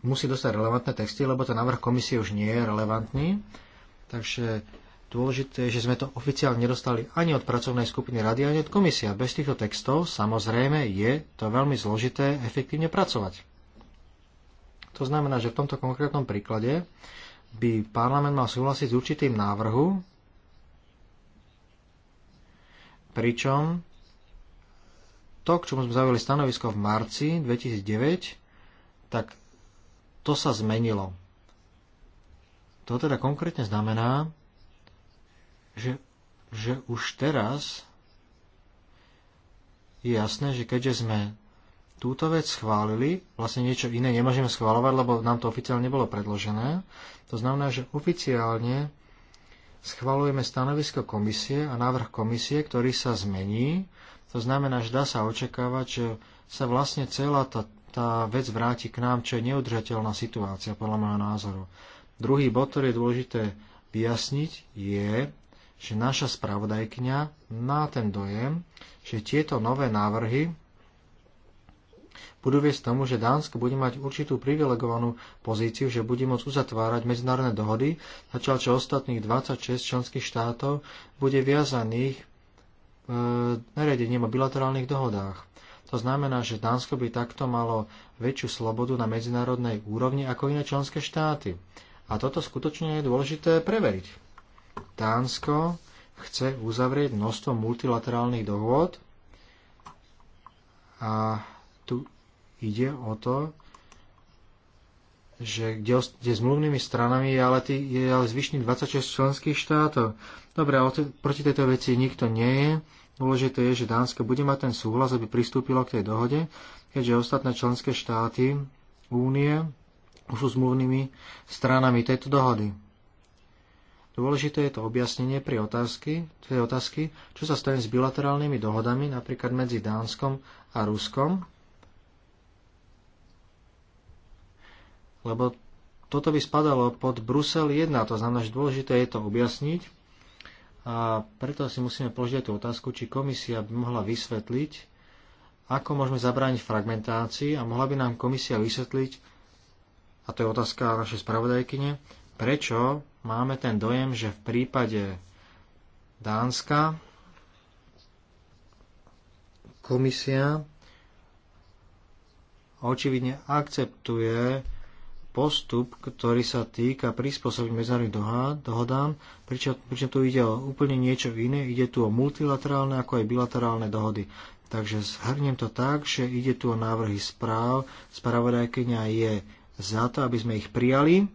musí dostať relevantné texty, lebo ten návrh komisie už nie je relevantný. Takže Dôležité je, že sme to oficiálne nedostali ani od pracovnej skupiny rady, ani od komisia. Bez týchto textov samozrejme je to veľmi zložité efektívne pracovať. To znamená, že v tomto konkrétnom príklade by parlament mal súhlasiť s určitým návrhu, pričom to, k čomu sme zaujali stanovisko v marci 2009, tak to sa zmenilo. To teda konkrétne znamená, že, že už teraz je jasné, že keďže sme túto vec schválili, vlastne niečo iné nemôžeme schváľovať, lebo nám to oficiálne nebolo predložené. To znamená, že oficiálne schvalujeme stanovisko komisie a návrh komisie, ktorý sa zmení. To znamená, že dá sa očakávať, že sa vlastne celá tá, tá vec vráti k nám, čo je neudržateľná situácia, podľa môjho názoru. Druhý bod, ktorý je dôležité vyjasniť, je, že naša spravodajkňa má ten dojem, že tieto nové návrhy budú viesť tomu, že Dánsko bude mať určitú privilegovanú pozíciu, že bude môcť uzatvárať medzinárodné dohody, zatiaľ čo ostatných 26 členských štátov bude viazaných e, nariadením o bilaterálnych dohodách. To znamená, že Dánsko by takto malo väčšiu slobodu na medzinárodnej úrovni ako iné členské štáty. A toto skutočne je dôležité preveriť. Dánsko chce uzavrieť množstvo multilaterálnych dohôd a tu ide o to, že kde, kde zmluvnými stranami je ale, tý, je ale zvyšný 26 členských štátov. Dobre, ale te, proti tejto veci nikto nie je. Dôležité je, že Dánsko bude mať ten súhlas, aby pristúpilo k tej dohode, keďže ostatné členské štáty únie už sú zmluvnými stranami tejto dohody. Dôležité je to objasnenie pri otázky, tej otázky, čo sa stane s bilaterálnymi dohodami, napríklad medzi Dánskom a Ruskom, lebo toto by spadalo pod Brusel 1, to znamená, že dôležité je to objasniť a preto si musíme položiť tú otázku, či komisia by mohla vysvetliť, ako môžeme zabrániť fragmentácii a mohla by nám komisia vysvetliť, a to je otázka našej spravodajkyne, prečo máme ten dojem, že v prípade Dánska komisia očividne akceptuje postup, ktorý sa týka prispôsobiť medzinárodným dohodám, pričom, pričom tu ide o úplne niečo iné, ide tu o multilaterálne ako aj bilaterálne dohody. Takže zhrnem to tak, že ide tu o návrhy správ, spravodajkynia je za to, aby sme ich prijali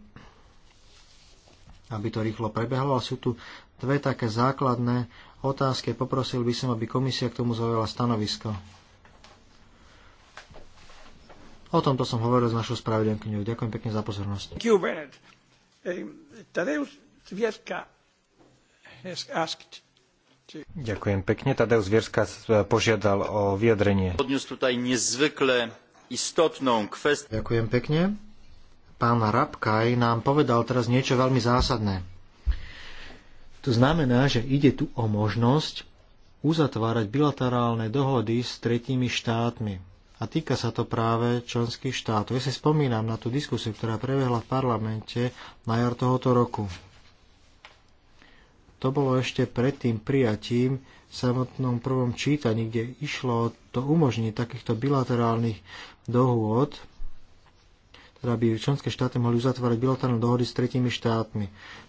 aby to rýchlo prebehlo, ale sú tu dve také základné otázky. Poprosil by som, aby komisia k tomu zaujala stanovisko. O tomto som hovoril s našou spravodajkyňou. Ďakujem pekne za pozornosť. Eh, Ďakujem pekne. Tadeusz Vierska požiadal o vyjadrenie. Ďakujem pekne pán Rabkaj nám povedal teraz niečo veľmi zásadné. To znamená, že ide tu o možnosť uzatvárať bilaterálne dohody s tretími štátmi. A týka sa to práve členských štátov. Ja si spomínam na tú diskusiu, ktorá prebehla v parlamente na jar tohoto roku. To bolo ešte pred tým prijatím v samotnom prvom čítaní, kde išlo to umožniť takýchto bilaterálnych dohôd teda by členské štáty mohli uzatvárať bilaterálne dohody s tretími štátmi.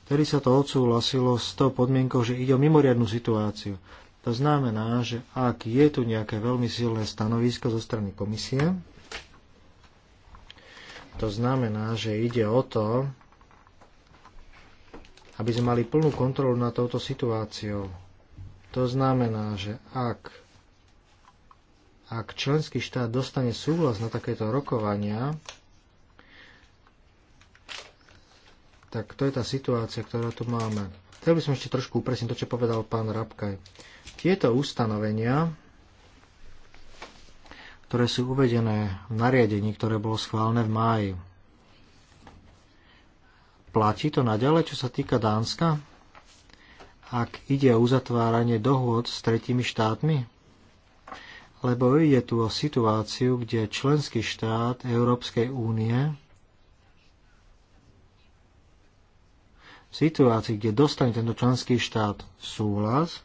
Tedy sa to odsúhlasilo s tou podmienkou, že ide o mimoriadnú situáciu. To znamená, že ak je tu nejaké veľmi silné stanovisko zo strany komisie, to znamená, že ide o to, aby sme mali plnú kontrolu nad touto situáciou. To znamená, že ak, ak členský štát dostane súhlas na takéto rokovania, Tak to je tá situácia, ktorá tu máme. Chcel by som ešte trošku upresniť to, čo povedal pán Rabkaj. Tieto ustanovenia, ktoré sú uvedené v nariadení, ktoré bolo schválené v máji, platí to naďalej, čo sa týka Dánska? Ak ide o uzatváranie dohôd s tretími štátmi? Lebo ide tu o situáciu, kde členský štát Európskej únie v situácii, kde dostane tento členský štát súhlas,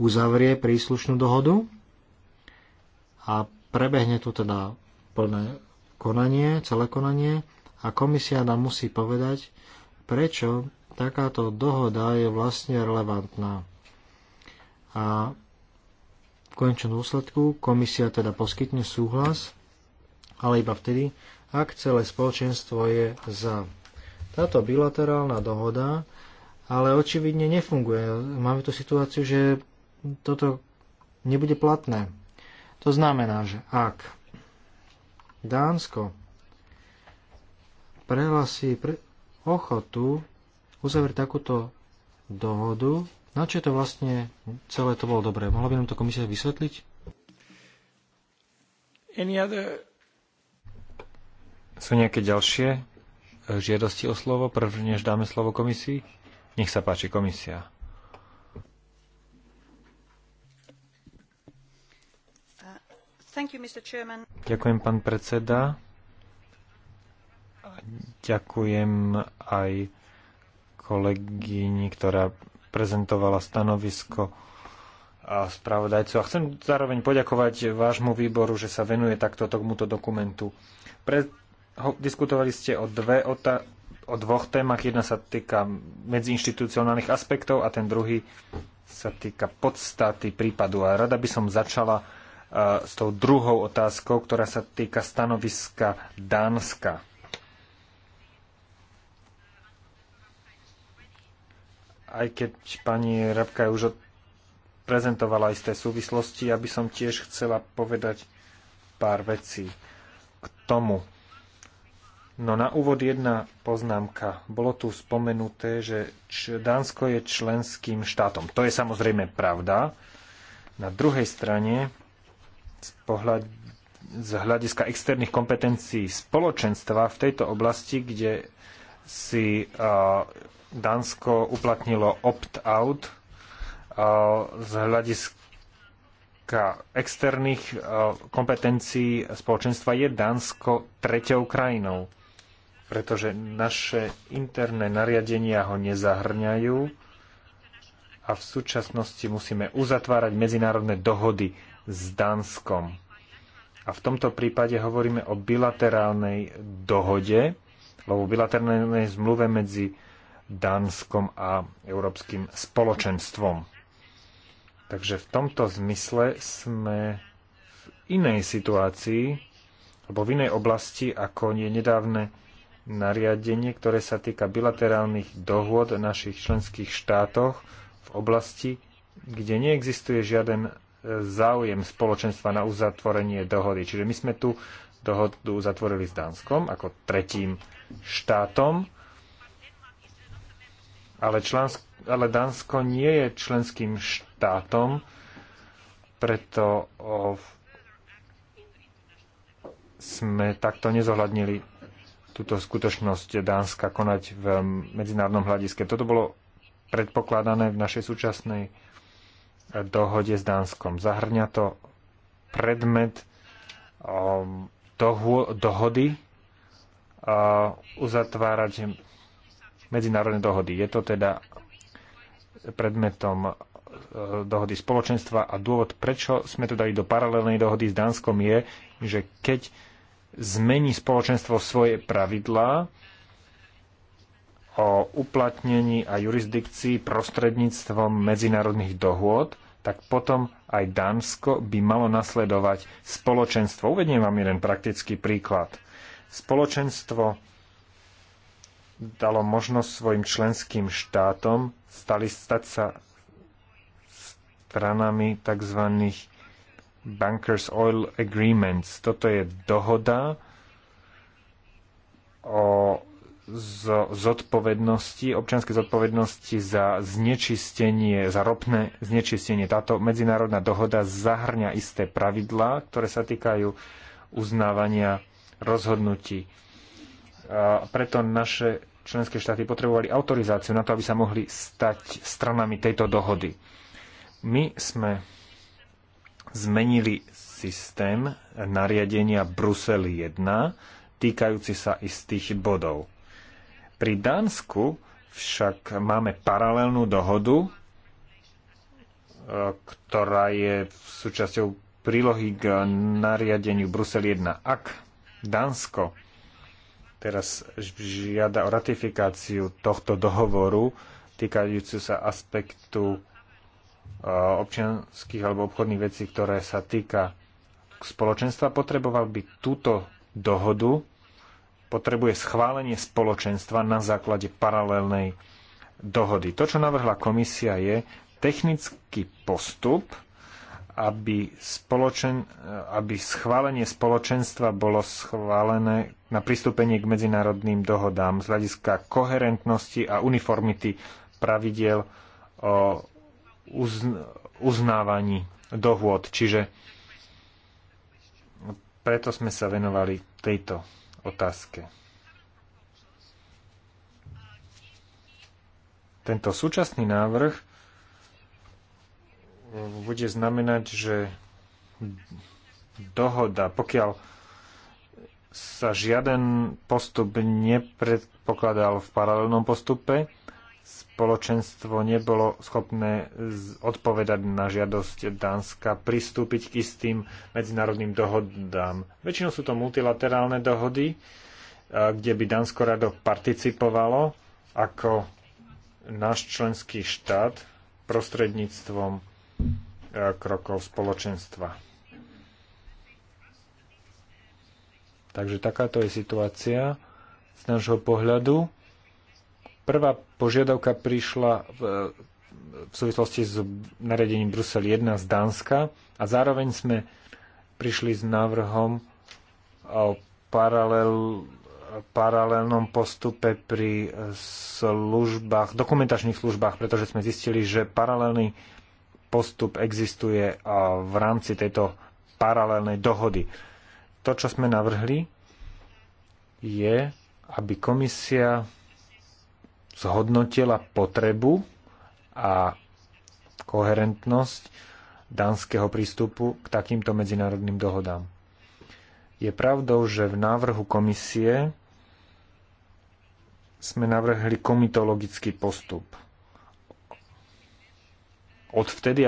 uzavrie príslušnú dohodu a prebehne tu teda plné konanie, celé konanie a komisia nám musí povedať, prečo takáto dohoda je vlastne relevantná. A v končnom dôsledku komisia teda poskytne súhlas, ale iba vtedy, ak celé spoločenstvo je za táto bilaterálna dohoda ale očividne nefunguje. Máme tu situáciu, že toto nebude platné. To znamená, že ak Dánsko prehlasí pre ochotu uzavrieť takúto dohodu, na čo to vlastne celé to bolo dobré? Mohla by nám to komisia vysvetliť? Any other... Sú nejaké ďalšie žiadosti o slovo, prv než dáme slovo komisii? Nech sa páči komisia. Uh, you, Ďakujem, pán predseda. Ďakujem aj kolegyni, ktorá prezentovala stanovisko a spravodajcu. A chcem zároveň poďakovať vášmu výboru, že sa venuje takto tomuto dokumentu. Pre diskutovali ste o, dve, ta, o dvoch témach. Jedna sa týka medziinštitucionálnych aspektov a ten druhý sa týka podstaty prípadu. A rada by som začala uh, s tou druhou otázkou, ktorá sa týka stanoviska Dánska. Aj keď pani Rabka už prezentovala isté súvislosti, ja by som tiež chcela povedať pár vecí k tomu No na úvod jedna poznámka. Bolo tu spomenuté, že Dánsko je členským štátom. To je samozrejme pravda. Na druhej strane, z, pohľad, z hľadiska externých kompetencií spoločenstva v tejto oblasti, kde si uh, Dánsko uplatnilo opt-out uh, z hľadiska externých uh, kompetencií spoločenstva, je Dánsko treťou krajinou pretože naše interné nariadenia ho nezahrňajú a v súčasnosti musíme uzatvárať medzinárodné dohody s Dánskom. A v tomto prípade hovoríme o bilaterálnej dohode, lebo bilaterálnej zmluve medzi Dánskom a Európskym spoločenstvom. Takže v tomto zmysle sme v inej situácii, alebo v inej oblasti, ako je nedávne nariadenie, ktoré sa týka bilaterálnych dohôd našich členských štátoch v oblasti, kde neexistuje žiaden e, záujem spoločenstva na uzatvorenie dohody. Čiže my sme tu dohodu uzatvorili s Dánskom ako tretím štátom, ale, člensk- ale Dánsko nie je členským štátom, preto sme takto nezohľadnili túto skutočnosť Dánska konať v medzinárodnom hľadiske. Toto bolo predpokladané v našej súčasnej dohode s Dánskom. Zahrňa to predmet um, dohody uh, uzatvárať medzinárodné dohody. Je to teda predmetom uh, dohody spoločenstva a dôvod, prečo sme to dali do paralelnej dohody s Dánskom je, že keď zmení spoločenstvo svoje pravidlá o uplatnení a jurisdikcii prostredníctvom medzinárodných dohôd, tak potom aj Dánsko by malo nasledovať spoločenstvo. Uvediem vám jeden praktický príklad. Spoločenstvo dalo možnosť svojim členským štátom stali stať sa stranami tzv. Bankers Oil Agreements. Toto je dohoda o zodpovednosti, občianskej zodpovednosti za znečistenie, za ropné znečistenie. Táto medzinárodná dohoda zahrňa isté pravidlá, ktoré sa týkajú uznávania rozhodnutí. A preto naše členské štáty potrebovali autorizáciu na to, aby sa mohli stať stranami tejto dohody. My sme zmenili systém nariadenia Brusel 1 týkajúci sa istých bodov. Pri Dánsku však máme paralelnú dohodu, e, ktorá je súčasťou prílohy k nariadeniu Brusel 1. Ak Dánsko teraz žiada o ratifikáciu tohto dohovoru týkajúcu sa aspektu občianských alebo obchodných vecí, ktoré sa týka spoločenstva, potreboval by túto dohodu, potrebuje schválenie spoločenstva na základe paralelnej dohody. To, čo navrhla komisia, je technický postup, aby, spoločen, aby schválenie spoločenstva bolo schválené na pristúpenie k medzinárodným dohodám z hľadiska koherentnosti a uniformity pravidiel o uznávaní dohôd. Čiže preto sme sa venovali tejto otázke. Tento súčasný návrh bude znamenať, že dohoda, pokiaľ sa žiaden postup nepredpokladal v paralelnom postupe, spoločenstvo nebolo schopné odpovedať na žiadosť Dánska pristúpiť k istým medzinárodným dohodám. Väčšinou sú to multilaterálne dohody, kde by Dánsko rado participovalo ako náš členský štát prostredníctvom krokov spoločenstva. Takže takáto je situácia z nášho pohľadu Prvá požiadavka prišla v, v súvislosti s naredením Brusel 1 z Dánska a zároveň sme prišli s návrhom o paralel, paralelnom postupe pri službách, dokumentačných službách, pretože sme zistili, že paralelný postup existuje v rámci tejto paralelnej dohody. To, čo sme navrhli, je, aby komisia zhodnotila potrebu a koherentnosť dánskeho prístupu k takýmto medzinárodným dohodám. Je pravdou, že v návrhu komisie sme navrhli komitologický postup. Odvtedy,